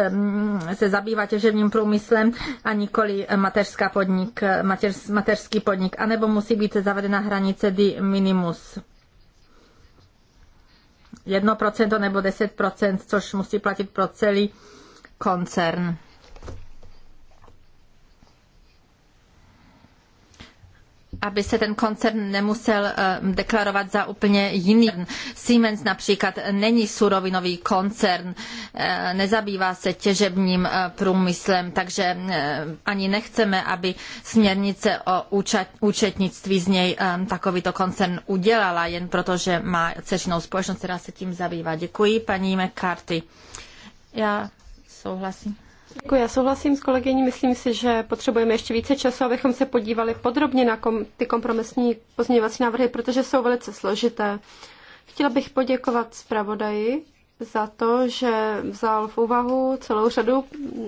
A: se zabývá těžebním průmyslem a nikoli mateřská podnik, mateř, mateřský podnik, anebo musí být zavedena hranice di minimus. 1% nebo 10%, což musí platit pro celý koncern. aby se ten koncern nemusel eh, deklarovat za úplně jiný. Siemens například není surovinový koncern, eh, nezabývá se těžebním eh, průmyslem, takže ani nechceme, aby směrnice o účetnictví z něj takovýto koncern udělala, jen proto, že má ceřinou společnost, která se tím zabývá. Děkuji, paní McCarthy. Já souhlasím
C: já souhlasím s kolegyní. Myslím si, že potřebujeme ještě více času, abychom se podívali podrobně na kom, ty kompromisní pozměňovací návrhy, protože jsou velice složité. Chtěla bych poděkovat zpravodaji za to, že vzal v úvahu celou řadu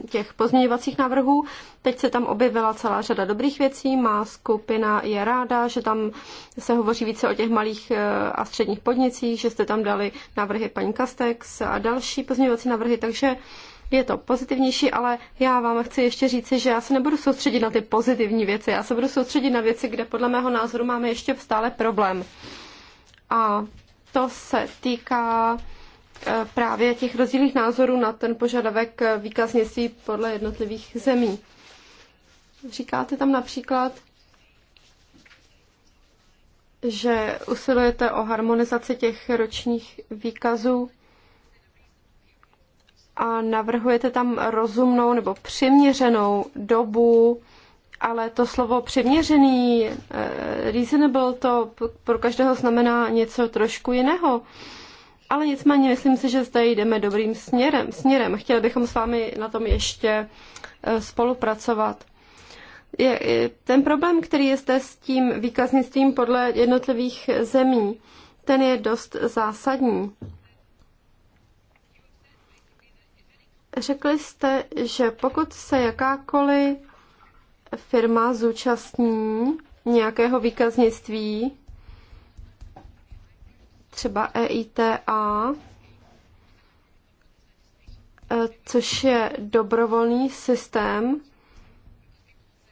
C: těch pozměňovacích návrhů. Teď se tam objevila celá řada dobrých věcí. Má skupina je ráda, že tam se hovoří více o těch malých eh, a středních podnicích, že jste tam dali návrhy paní Kastex a další pozměňovací návrhy, takže je to pozitivnější, ale já vám chci ještě říci, že já se nebudu soustředit na ty pozitivní věci, já se budu soustředit na věci, kde podle mého názoru máme ještě stále problém. A to se týká e, právě těch rozdílných názorů na ten požadavek výkaznictví podle jednotlivých zemí. Říkáte tam například, že usilujete o harmonizaci těch ročních výkazů a navrhujete tam rozumnou nebo přiměřenou dobu, ale to slovo přiměřený, eh, reasonable, to pro každého znamená něco trošku jiného. Ale nicméně myslím si, že zde jdeme dobrým směrem. směrem. Chtěli bychom s vámi na tom ještě eh, spolupracovat. Je, ten problém, který je zde s tím výkaznictvím podle jednotlivých zemí, ten je dost zásadní. Řekli jste, že pokud se jakákoliv firma zúčastní nějakého výkaznictví, třeba EITA, eh, což je dobrovolný systém,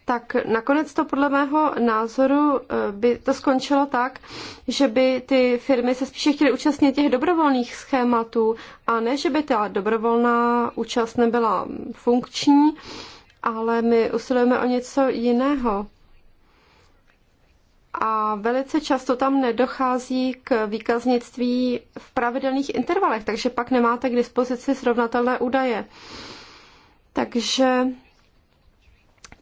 C: tak nakonec to podle mého názoru eh, by to skončilo tak, že by ty firmy se spíše chtěly účastnit těch dobrovolných schématů a ne, že by ta dobrovolná účast nebyla funkční, ale my usilujeme o něco jiného. A velice často tam nedochází k výkaznictví v pravidelných intervalech, takže pak nemáte k dispozici srovnatelné údaje. Takže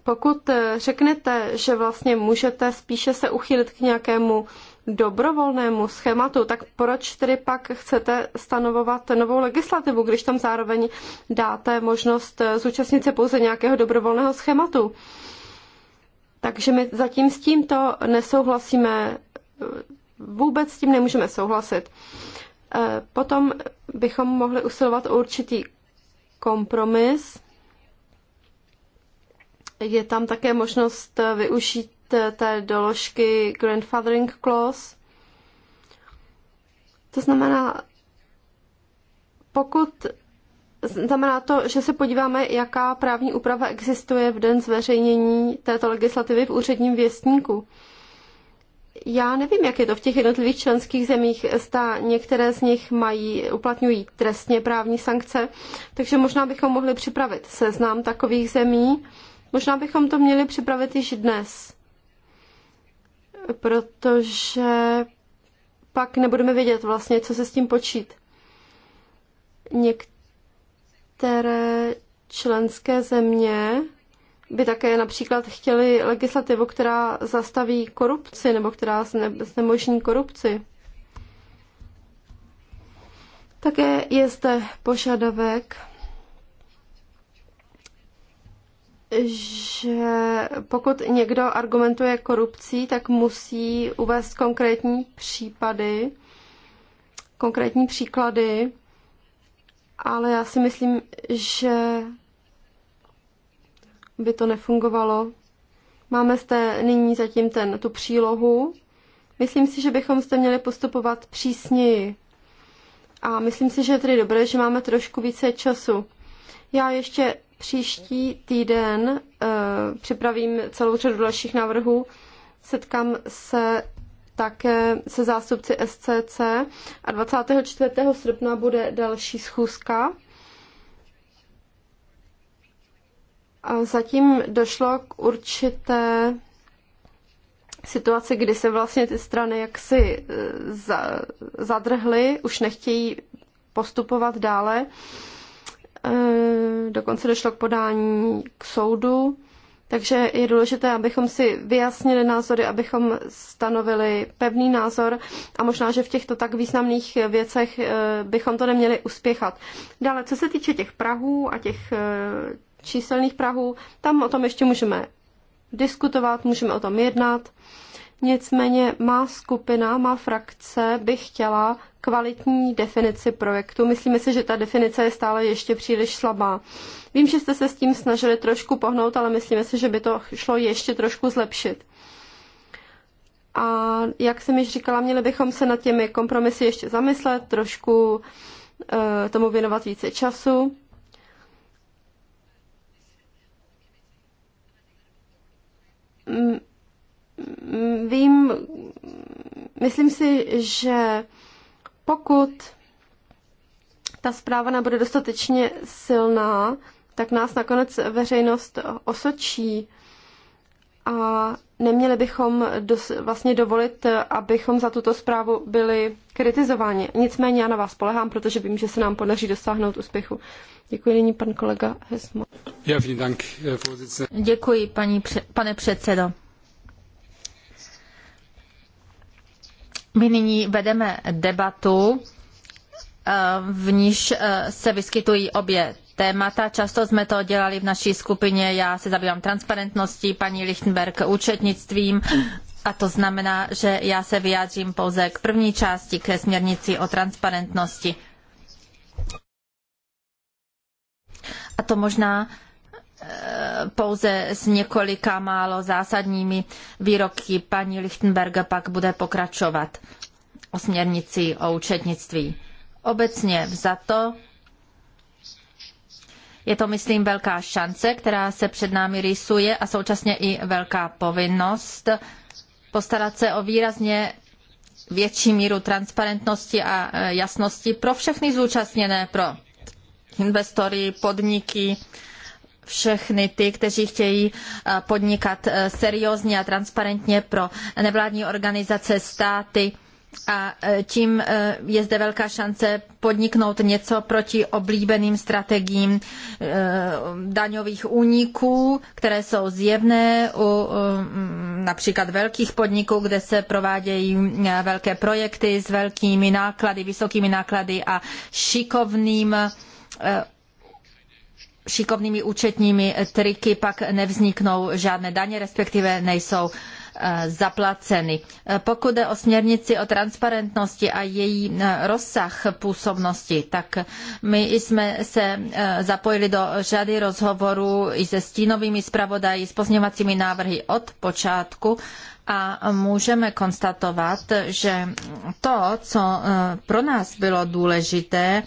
C: pokud eh, řeknete, že vlastně můžete spíše se uchylit k nějakému dobrovolnému schématu, tak proč tedy pak chcete stanovovat novou legislativu, když tam zároveň dáte možnost eh, zúčastnit se pouze nějakého dobrovolného schématu? Takže my zatím s tímto nesouhlasíme, eh, vůbec s tím nemůžeme souhlasit. Potom bychom mohli usilovat o určitý kompromis, je tam také možnost eh, využít eh, té doložky grandfathering clause. To znamená, pokud Znamená to, že se podíváme, jaká právní úprava existuje v den zveřejnění této legislativy v úředním věstníku. Já nevím, jak je to v těch jednotlivých členských zemích. Zda některé z nich mají, uplatňují trestně právní sankce, takže možná bychom mohli připravit seznam takových zemí Možná bychom to měli připravit již dnes, protože pak nebudeme vědět vlastně, co se s tím počít. Některé členské země by také například chtěli legislativu, která zastaví korupci nebo která znemožní korupci. Také je zde požadavek že pokud někdo argumentuje korupcí, tak musí uvést konkrétní případy, konkrétní příklady, ale já si myslím, že by to nefungovalo. Máme zde nyní zatím ten, tu přílohu. Myslím si, že bychom zde měli postupovat přísněji. A myslím si, že je tedy dobré, že máme trošku více času. Já ještě Příští týden uh, připravím celou řadu dalších návrhů. Setkám se také se zástupci SCC a 24. srpna bude další schůzka. A zatím došlo k určité situaci, kdy se vlastně ty strany jaksi eh, zadrhly, už nechtějí postupovat dále. Eh, dokonce došlo k podání k soudu, takže je důležité, abychom si vyjasnili názory, abychom stanovili pevný názor a možná, že v těchto tak významných věcech eh, bychom to neměli uspěchat. Dále, co se týče těch Prahů a těch eh, číselných Prahů, tam o tom ještě můžeme diskutovat, můžeme o tom jednat. Nicméně má skupina, má frakce by chtěla kvalitní definici projektu. Myslíme si, že ta definice je stále ještě příliš slabá. Vím, že jste se s tím snažili trošku pohnout, ale myslíme si, že by to šlo ještě trošku zlepšit. A jak jsem již říkala, měli bychom se nad těmi kompromisy ještě zamyslet, trošku e, tomu věnovat více času. Mm, vím, myslím si, že pokud ta zpráva nebude dostatečně silná, tak nás nakonec veřejnost osočí a neměli bychom dos, vlastně dovolit, abychom za tuto zprávu byli kritizováni. Nicméně já na vás polehám, protože vím, že se nám podaří dosáhnout úspěchu. Děkuji nyní pan kolega Hesmo. Děkuji, paní, pane předsedo.
A: My nyní vedeme debatu, eh, v níž eh, se vyskytují obě témata. Často jsme to dělali v naší skupině. Já se zabývám transparentností, paní Lichtenberg účetnictvím. A to znamená, že já se vyjádřím pouze k první části, ke směrnici o transparentnosti. A to možná Eh, pouze s několika málo zásadními výroky paní Lichtenberga pak bude pokračovat o směrnici o účetnictví. Obecně vzato je to, myslím, velká šance, která se před námi rýsuje a současně i velká povinnost postarat se o výrazně větší míru transparentnosti a eh, jasnosti pro všechny zúčastněné, pro investory, podniky, všechny ty, kteří chtějí eh, podnikat eh, seriózně a transparentně pro nevládní organizace, státy, a eh, tím je zde velká šance podniknout něco proti oblíbeným strategiím daňových úniků, které jsou zjevné u mm, například velkých podniků, kde se provádějí velké projekty s velkými náklady, vysokými náklady a šikovným šikovnými účetními triky pak nevzniknou žádné daně, respektive nejsou e, zaplaceny. E, pokud jde o směrnici o transparentnosti a její e, rozsah působnosti, tak my jsme se zapojili do řady rozhovorů i se stínovými zpravodaji s pozněvacími návrhy od počátku a můžeme konstatovat, že to, co pro nás bylo důležité,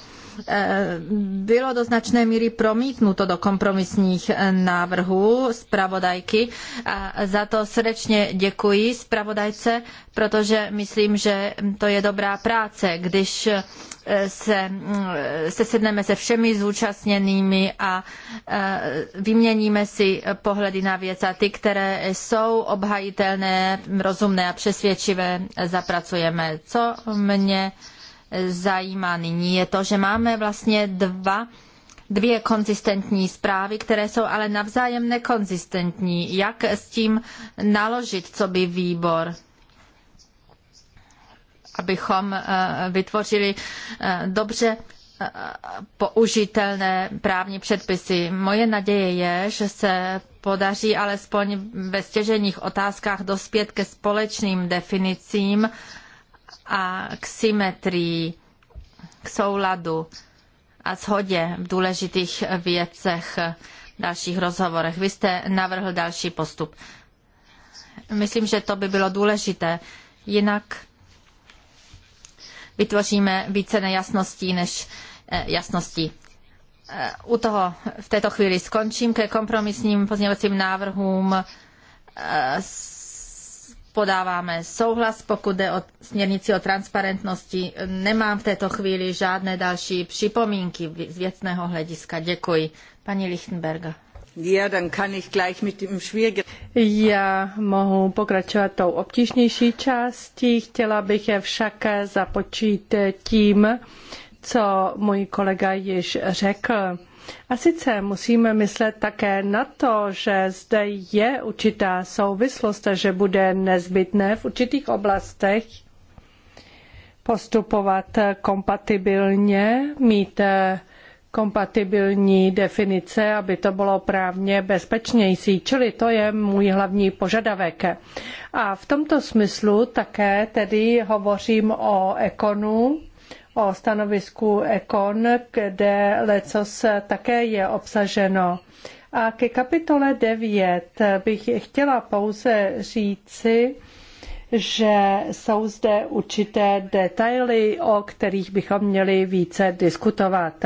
A: Eh, bylo do značné míry promítnuto do kompromisních eh, návrhů zpravodajky a za to srdečně děkuji zpravodajce, protože myslím, že to je dobrá práce, když eh, se, se sedneme se všemi zúčastněnými a vyměníme si pohledy na věc a ty, které jsou obhajitelné, rozumné a přesvědčivé, zapracujeme. Co mě zajímá nyní, je to, že máme vlastně dva dvě konzistentní zprávy, které jsou ale navzájem nekonzistentní. Jak s tím naložit, co by výbor? Abychom eh, vytvořili eh, dobře eh, použitelné právní předpisy. Moje naděje je, že se podaří alespoň ve stěženích otázkách dospět ke společným definicím a k symetrii, k souladu a shodě v důležitých věcech, dalších rozhovorech. Vy jste navrhl další postup. Myslím, že to by bylo důležité. Jinak vytvoříme více nejasností než eh, jasností. Eh, u toho v této chvíli skončím ke kompromisním pozměňovacím návrhům eh, podáváme souhlas, pokud jde o směrnici o transparentnosti. Nemám v této chvíli žádné další připomínky z věcného hlediska. Děkuji. Paní Lichtenberger.
B: Ja, mohu pokračovat tou obtížnější části. Chtěla bych je však započít tím, co můj kolega již řekl. A sice musíme myslet také na to, že zde je určitá souvislost a že bude nezbytné v určitých oblastech postupovat kompatibilně, mít kompatibilní definice, aby to bylo právně bezpečnější. Čili to je můj hlavní požadavek. A v tomto smyslu také tedy hovořím o ekonu, o stanovisku Econ, kde lecos také je obsaženo. A ke kapitole 9 bych chtěla pouze říci, že jsou zde určité detaily, o kterých bychom měli více diskutovat.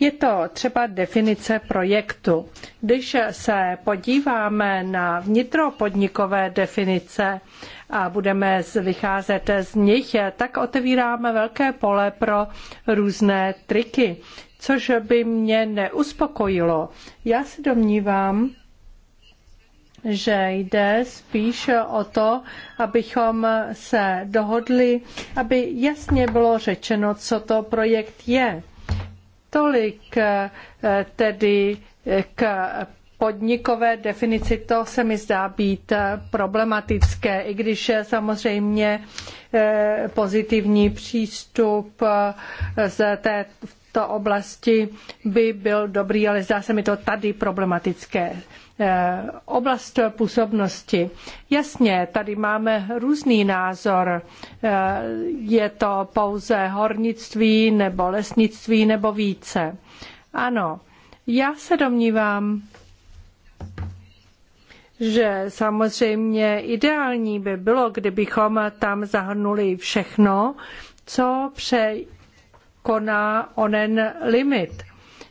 B: Je to třeba definice projektu. Když se podíváme na vnitropodnikové definice a budeme vycházet z nich, tak otevíráme velké pole pro různé triky, což by mě neuspokojilo. Já se domnívám, že jde spíš o to, abychom se dohodli, aby jasně bylo řečeno, co to projekt je. Tolik eh, tedy k podnikové definici, to se mi zdá být eh, problematické, i když samozřejmě eh, pozitivní přístup eh, z té, v této oblasti by byl dobrý, ale zdá se mi to tady problematické. Oblast působnosti. Jasně, tady máme různý názor. Je to pouze hornictví nebo lesnictví nebo více. Ano, já se domnívám, že samozřejmě ideální by bylo, kdybychom tam zahrnuli všechno, co překoná onen limit.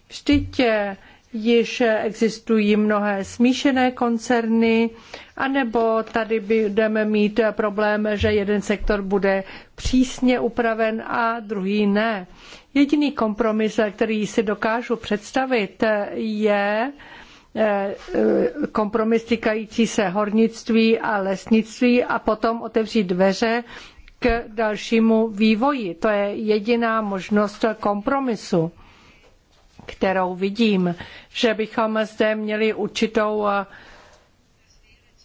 B: Vždyť eh, již existují mnohé smíšené koncerny, anebo tady budeme mít problém, že jeden sektor bude přísně upraven a druhý ne. Jediný kompromis, který si dokážu představit, eh, je, Eh, eh, kompromis týkající se hornictví a lesnictví a potom otevřít dveře k dalšímu vývoji. To je jediná možnost kompromisu, kterou vidím, že bychom zde měli určitou eh,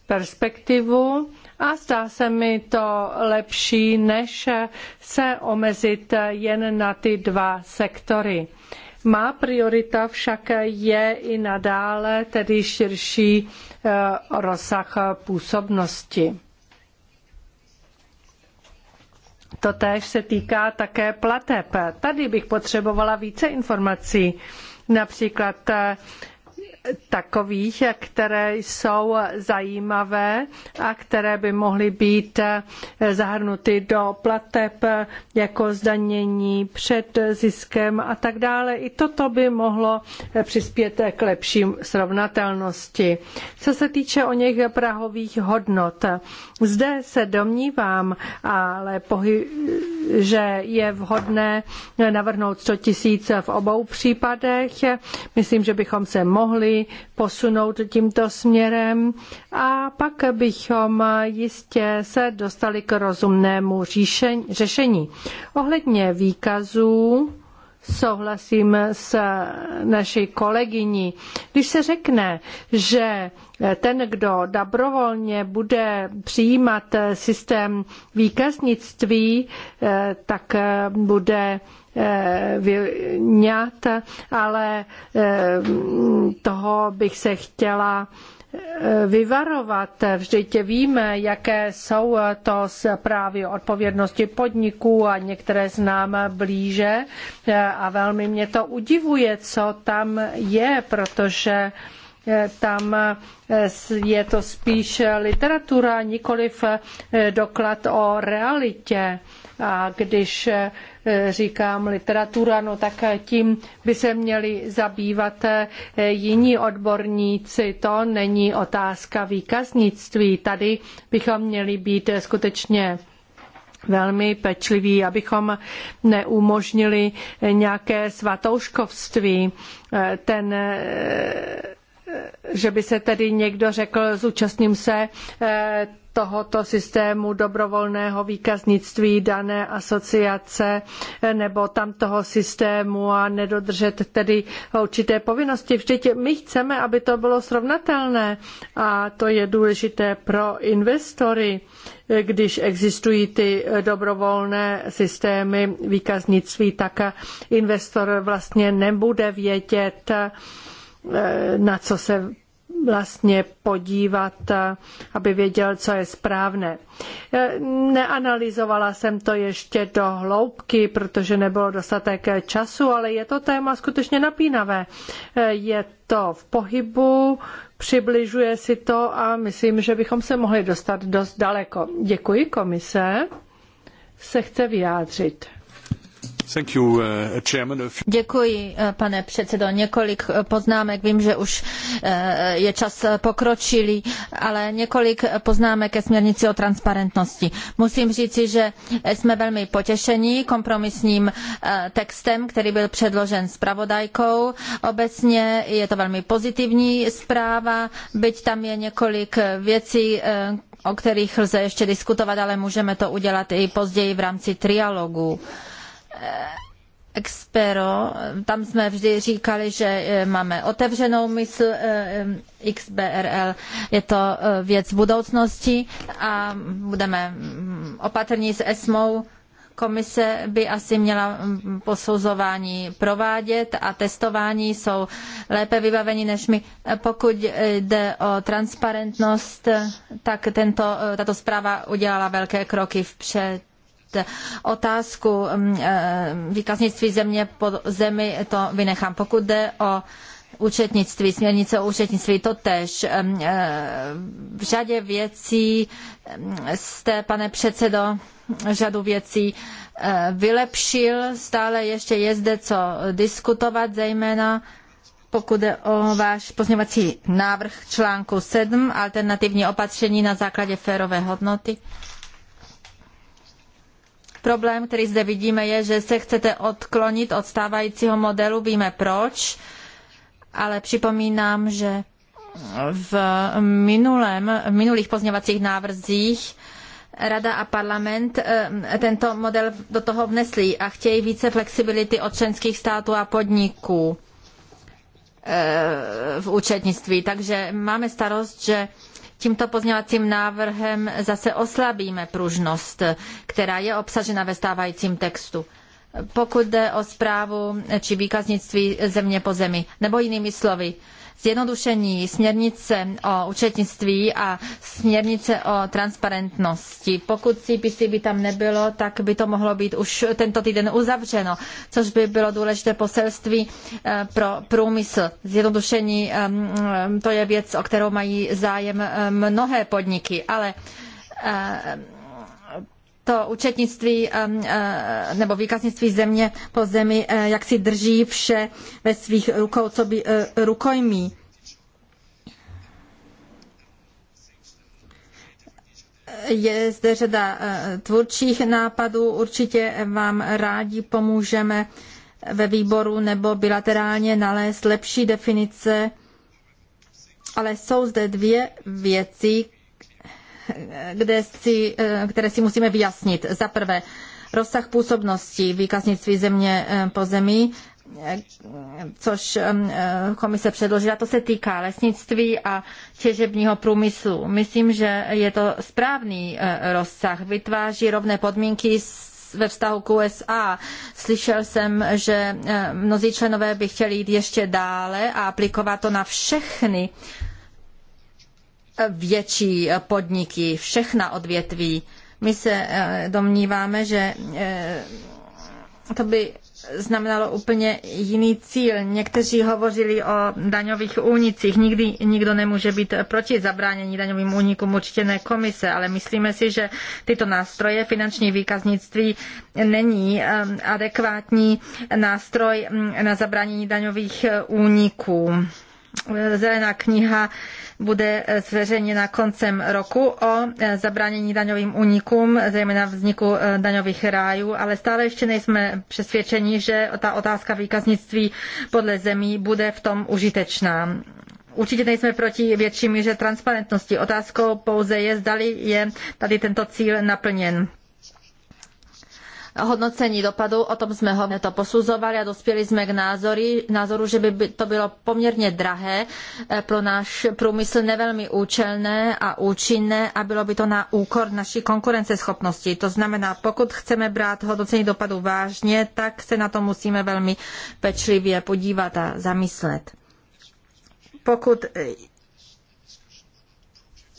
B: perspektivu a zdá se mi to lepší, než se omezit jen na ty dva sektory. Má priorita však je i nadále tedy širší eh, rozsah působnosti. Totéž se týká také plateb. Tady bych potřebovala více informací, například eh, takových, které jsou zajímavé a které by mohly být zahrnuty do plateb jako zdanění před ziskem a tak dále. I toto by mohlo přispět k lepší srovnatelnosti. Co se týče o něch prahových hodnot, zde se domnívám, ale pohy- že je vhodné navrhnout 100 tisíc v obou případech. Myslím, že bychom se mohli posunout tímto směrem a pak bychom jistě se dostali k rozumnému řešení. Ohledně výkazů souhlasím s naší kolegyní. Když se řekne, že ten, kdo dobrovolně bude přijímat systém výkaznictví, eh, tak bude vyňat, ale eh, toho bych se chtěla eh, vyvarovat. Vždyť víme, jaké jsou to právě odpovědnosti podniků a některé znám blíže eh, a velmi mě to udivuje, co tam je, protože tam je to spíš literatura, nikoliv doklad o realitě. A když eh, říkám literatura, no tak eh, tím by se měli zabývat eh, jiní odborníci. To není otázka výkaznictví. Tady bychom měli být skutečně velmi pečliví, abychom neumožnili nějaké svatouškovství. Ten že by se tedy někdo řekl, zúčastním se tohoto systému dobrovolného výkaznictví dané asociace nebo tamtoho systému a nedodržet tedy určité povinnosti. Vždyť my chceme, aby to bylo srovnatelné a to je důležité pro investory, když existují ty dobrovolné systémy výkaznictví, tak investor vlastně nebude vědět, na co se vlastně podívat, aby věděl, co je správné. E, Neanalyzovala jsem to ještě do hloubky, protože nebylo dostatek času, ale je to téma skutečně napínavé. E, je to v pohybu, přibližuje si to a myslím, že bychom se mohli dostat dost daleko. Děkuji komise. Se chce vyjádřit. Uh,
A: Děkuji, uh, pane předsedo. Několik uh, poznámek. Vím, že už je čas pokročilý, ale několik poznámek ke směrnici o transparentnosti. Musím říci, že jsme velmi potěšeni kompromisním textem, který byl předložen zpravodajkou. Obecně je to velmi pozitivní zpráva, byť tam je několik věcí, o kterých lze ještě diskutovat, ale můžeme to udělat i později v rámci trialogu. Expero, eh, tam jsme vždy říkali, že eh, máme otevřenou mysl eh, XBRL, je to věc budoucnosti a budeme mm, opatrní s ESMou, komise by asi měla mm, posuzování provádět a testování jsou lépe vybaveni než my. Pokud jde o transparentnost, tak tento, tato zpráva udělala velké kroky vpřed Otázku mm, eh, výkaznictví země po zemi to vynechám. Pokud jde o účetnictví, směrnice o účetnictví, to tež. Eh, v řadě věcí mm, jste, pane předsedo, řadu věcí eh, vylepšil, stále ještě je zde co diskutovat, zejména pokud je o váš pozměňovací návrh článku 7, alternativní opatření na základě férové hodnoty. Problém, který zde vidíme, je, že se chcete odklonit od stávajícího modelu, víme proč, ale připomínám, že v, minulém, v minulých pozněvacích návrzích Rada a parlament eh, tento model do toho vnesli a chtějí více flexibility od členských států a podniků eh, v účetnictví. Takže máme starost, že Tímto pozměňovacím návrhem zase oslabíme pružnost, která je obsažena ve stávajícím textu pokud jde o správu či výkaznictví země po zemi. Nebo jinými slovy, zjednodušení směrnice o účetnictví a směrnice o transparentnosti. Pokud CPC by tam nebylo, tak by to mohlo být už tento týden uzavřeno, což by bylo důležité poselství eh, pro průmysl. Zjednodušení eh, eh, to je věc, o kterou mají zájem mnohé podniky, ale to účetnictví eh, nebo výkaznictví země po zemi, eh, jak si drží vše ve svých rukou, co by eh, rukojmí. Je zde řada tvůrčích nápadů, určitě vám rádi pomůžeme ve výboru nebo bilaterálně nalézt lepší definice, ale jsou zde dvě věci, kde si, eh, které si musíme vyjasnit. Za prvé, rozsah působnosti výkaznictví země eh, po zemi, eh, což komise předložila, to se týká lesnictví a těžebního průmyslu. Myslím, že je to správný rozsah. Vytváří rovné podmínky ve vztahu k USA. Slyšel jsem, že mnozí členové by chtěli jít ještě dále a aplikovat to na všechny větší podniky, všechna odvětví. My se eh, domníváme, že eh, to by znamenalo úplně jiný cíl. Někteří hovořili o daňových únicích. Nikdy nikdo nemůže být proti zabránění daňovým únikům, určitě ne komise, ale myslíme si, že tyto nástroje finanční výkaznictví není eh, adekvátní nástroj mm, na zabránění daňových úniků zelená kniha bude zveřejněna koncem roku o zabránění daňovým únikům, zejména vzniku eh, daňových rájů, ale stále ještě nejsme přesvědčeni, že ta otázka výkaznictví podle zemí bude v tom užitečná. Určitě nejsme proti větší míře transparentnosti. Otázkou pouze je, zdali je tady tento cíl naplněn hodnocení dopadu, o tom jsme ho to posuzovali a dospěli jsme k názory, názoru, že by to bylo poměrně drahé eh, pro náš průmysl, nevelmi účelné a účinné a bylo by to na úkor naší konkurenceschopnosti. To znamená, pokud chceme brát hodnocení dopadu vážně, tak se na to musíme velmi pečlivě podívat a zamyslet.
B: Pokud eh,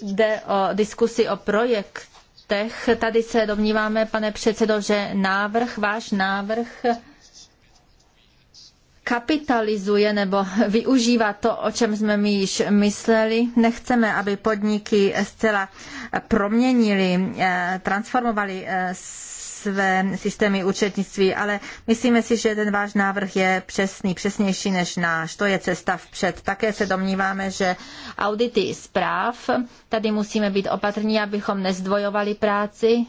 A: jde o diskusi o projekt, počtech. Tady se domníváme, pane předsedo, že návrh, váš návrh kapitalizuje nebo využívá to, o čem jsme my již mysleli. Nechceme, aby podniky zcela proměnili, eh, transformovali eh, své systémy účetnictví, ale myslíme si, že ten váš návrh je přesný, přesnější než náš. To je cesta vpřed. Také se domníváme, že audity zpráv, tady musíme být opatrní, abychom nezdvojovali práci.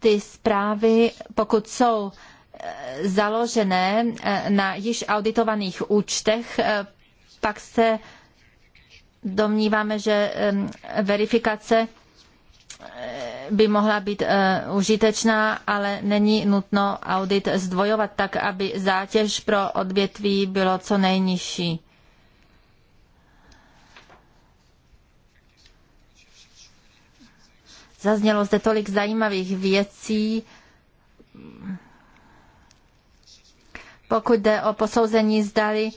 A: Ty zprávy, pokud jsou eh, založené eh, na již auditovaných účtech, eh, pak se domníváme, že verifikace Eh, by mohla být eh, užitečná, ale není nutno audit zdvojovat tak, aby zátěž pro odvětví bylo co nejnižší. Zaznělo zde tolik zajímavých věcí. Pokud jde o posouzení zdali,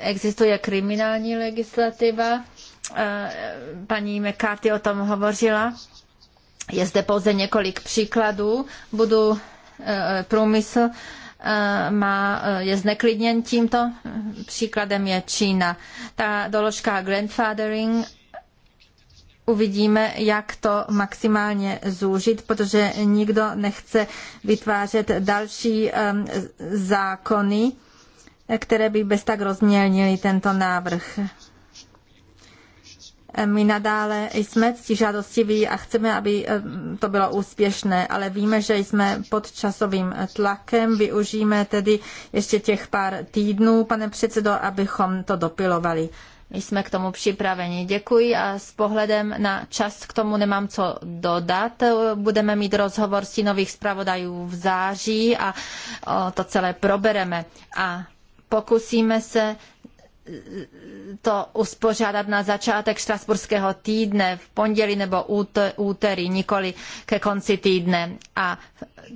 A: existuje kriminální legislativa. Eh, paní McCarthy o tom hovořila. Je zde pouze několik příkladů. Budu eh, průmysl eh, má, je zneklidněn tímto. Příkladem je Čína. Ta doložka grandfathering uvidíme, jak to maximálně zúžit, protože nikdo nechce vytvářet další zákony, které by bez tak rozmělnily tento návrh. My nadále jsme ctižádostiví a chceme, aby eh, to bylo úspěšné, ale víme, že jsme pod časovým tlakem. Využijeme tedy ještě těch pár týdnů, pane předsedo, abychom to dopilovali. jsme k tomu připraveni. Děkuji a s pohledem na čas k tomu nemám co dodat. Budeme mít rozhovor s nových zpravodajů v září a eh, to celé probereme. A pokusíme se to uspořádat na začátek štrasburského týdne v pondělí nebo úterý, nikoli ke konci týdne. A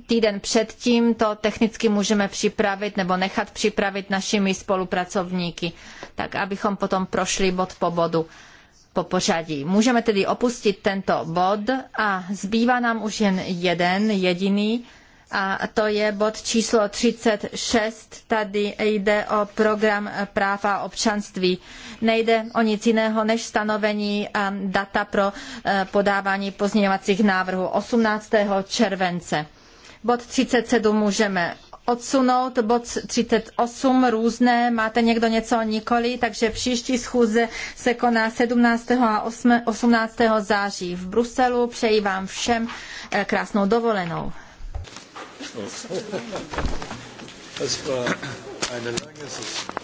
A: týden předtím to technicky můžeme připravit nebo nechat připravit našimi spolupracovníky, tak abychom potom prošli bod po bodu po pořadí. Můžeme tedy opustit tento bod a zbývá nám už jen jeden jediný a to je bod číslo 36. Tady jde o program práv a občanství. Nejde o nic jiného než stanovení um, data pro uh, podávání pozměňovacích návrhů 18. července. Bod 37 můžeme odsunout bod 38 různé, máte někdo něco nikoli, takže příští schůze se koná 17. a 18. září v Bruselu. Přeji vám všem eh, krásnou dovolenou. Das war eine lange Sitzung.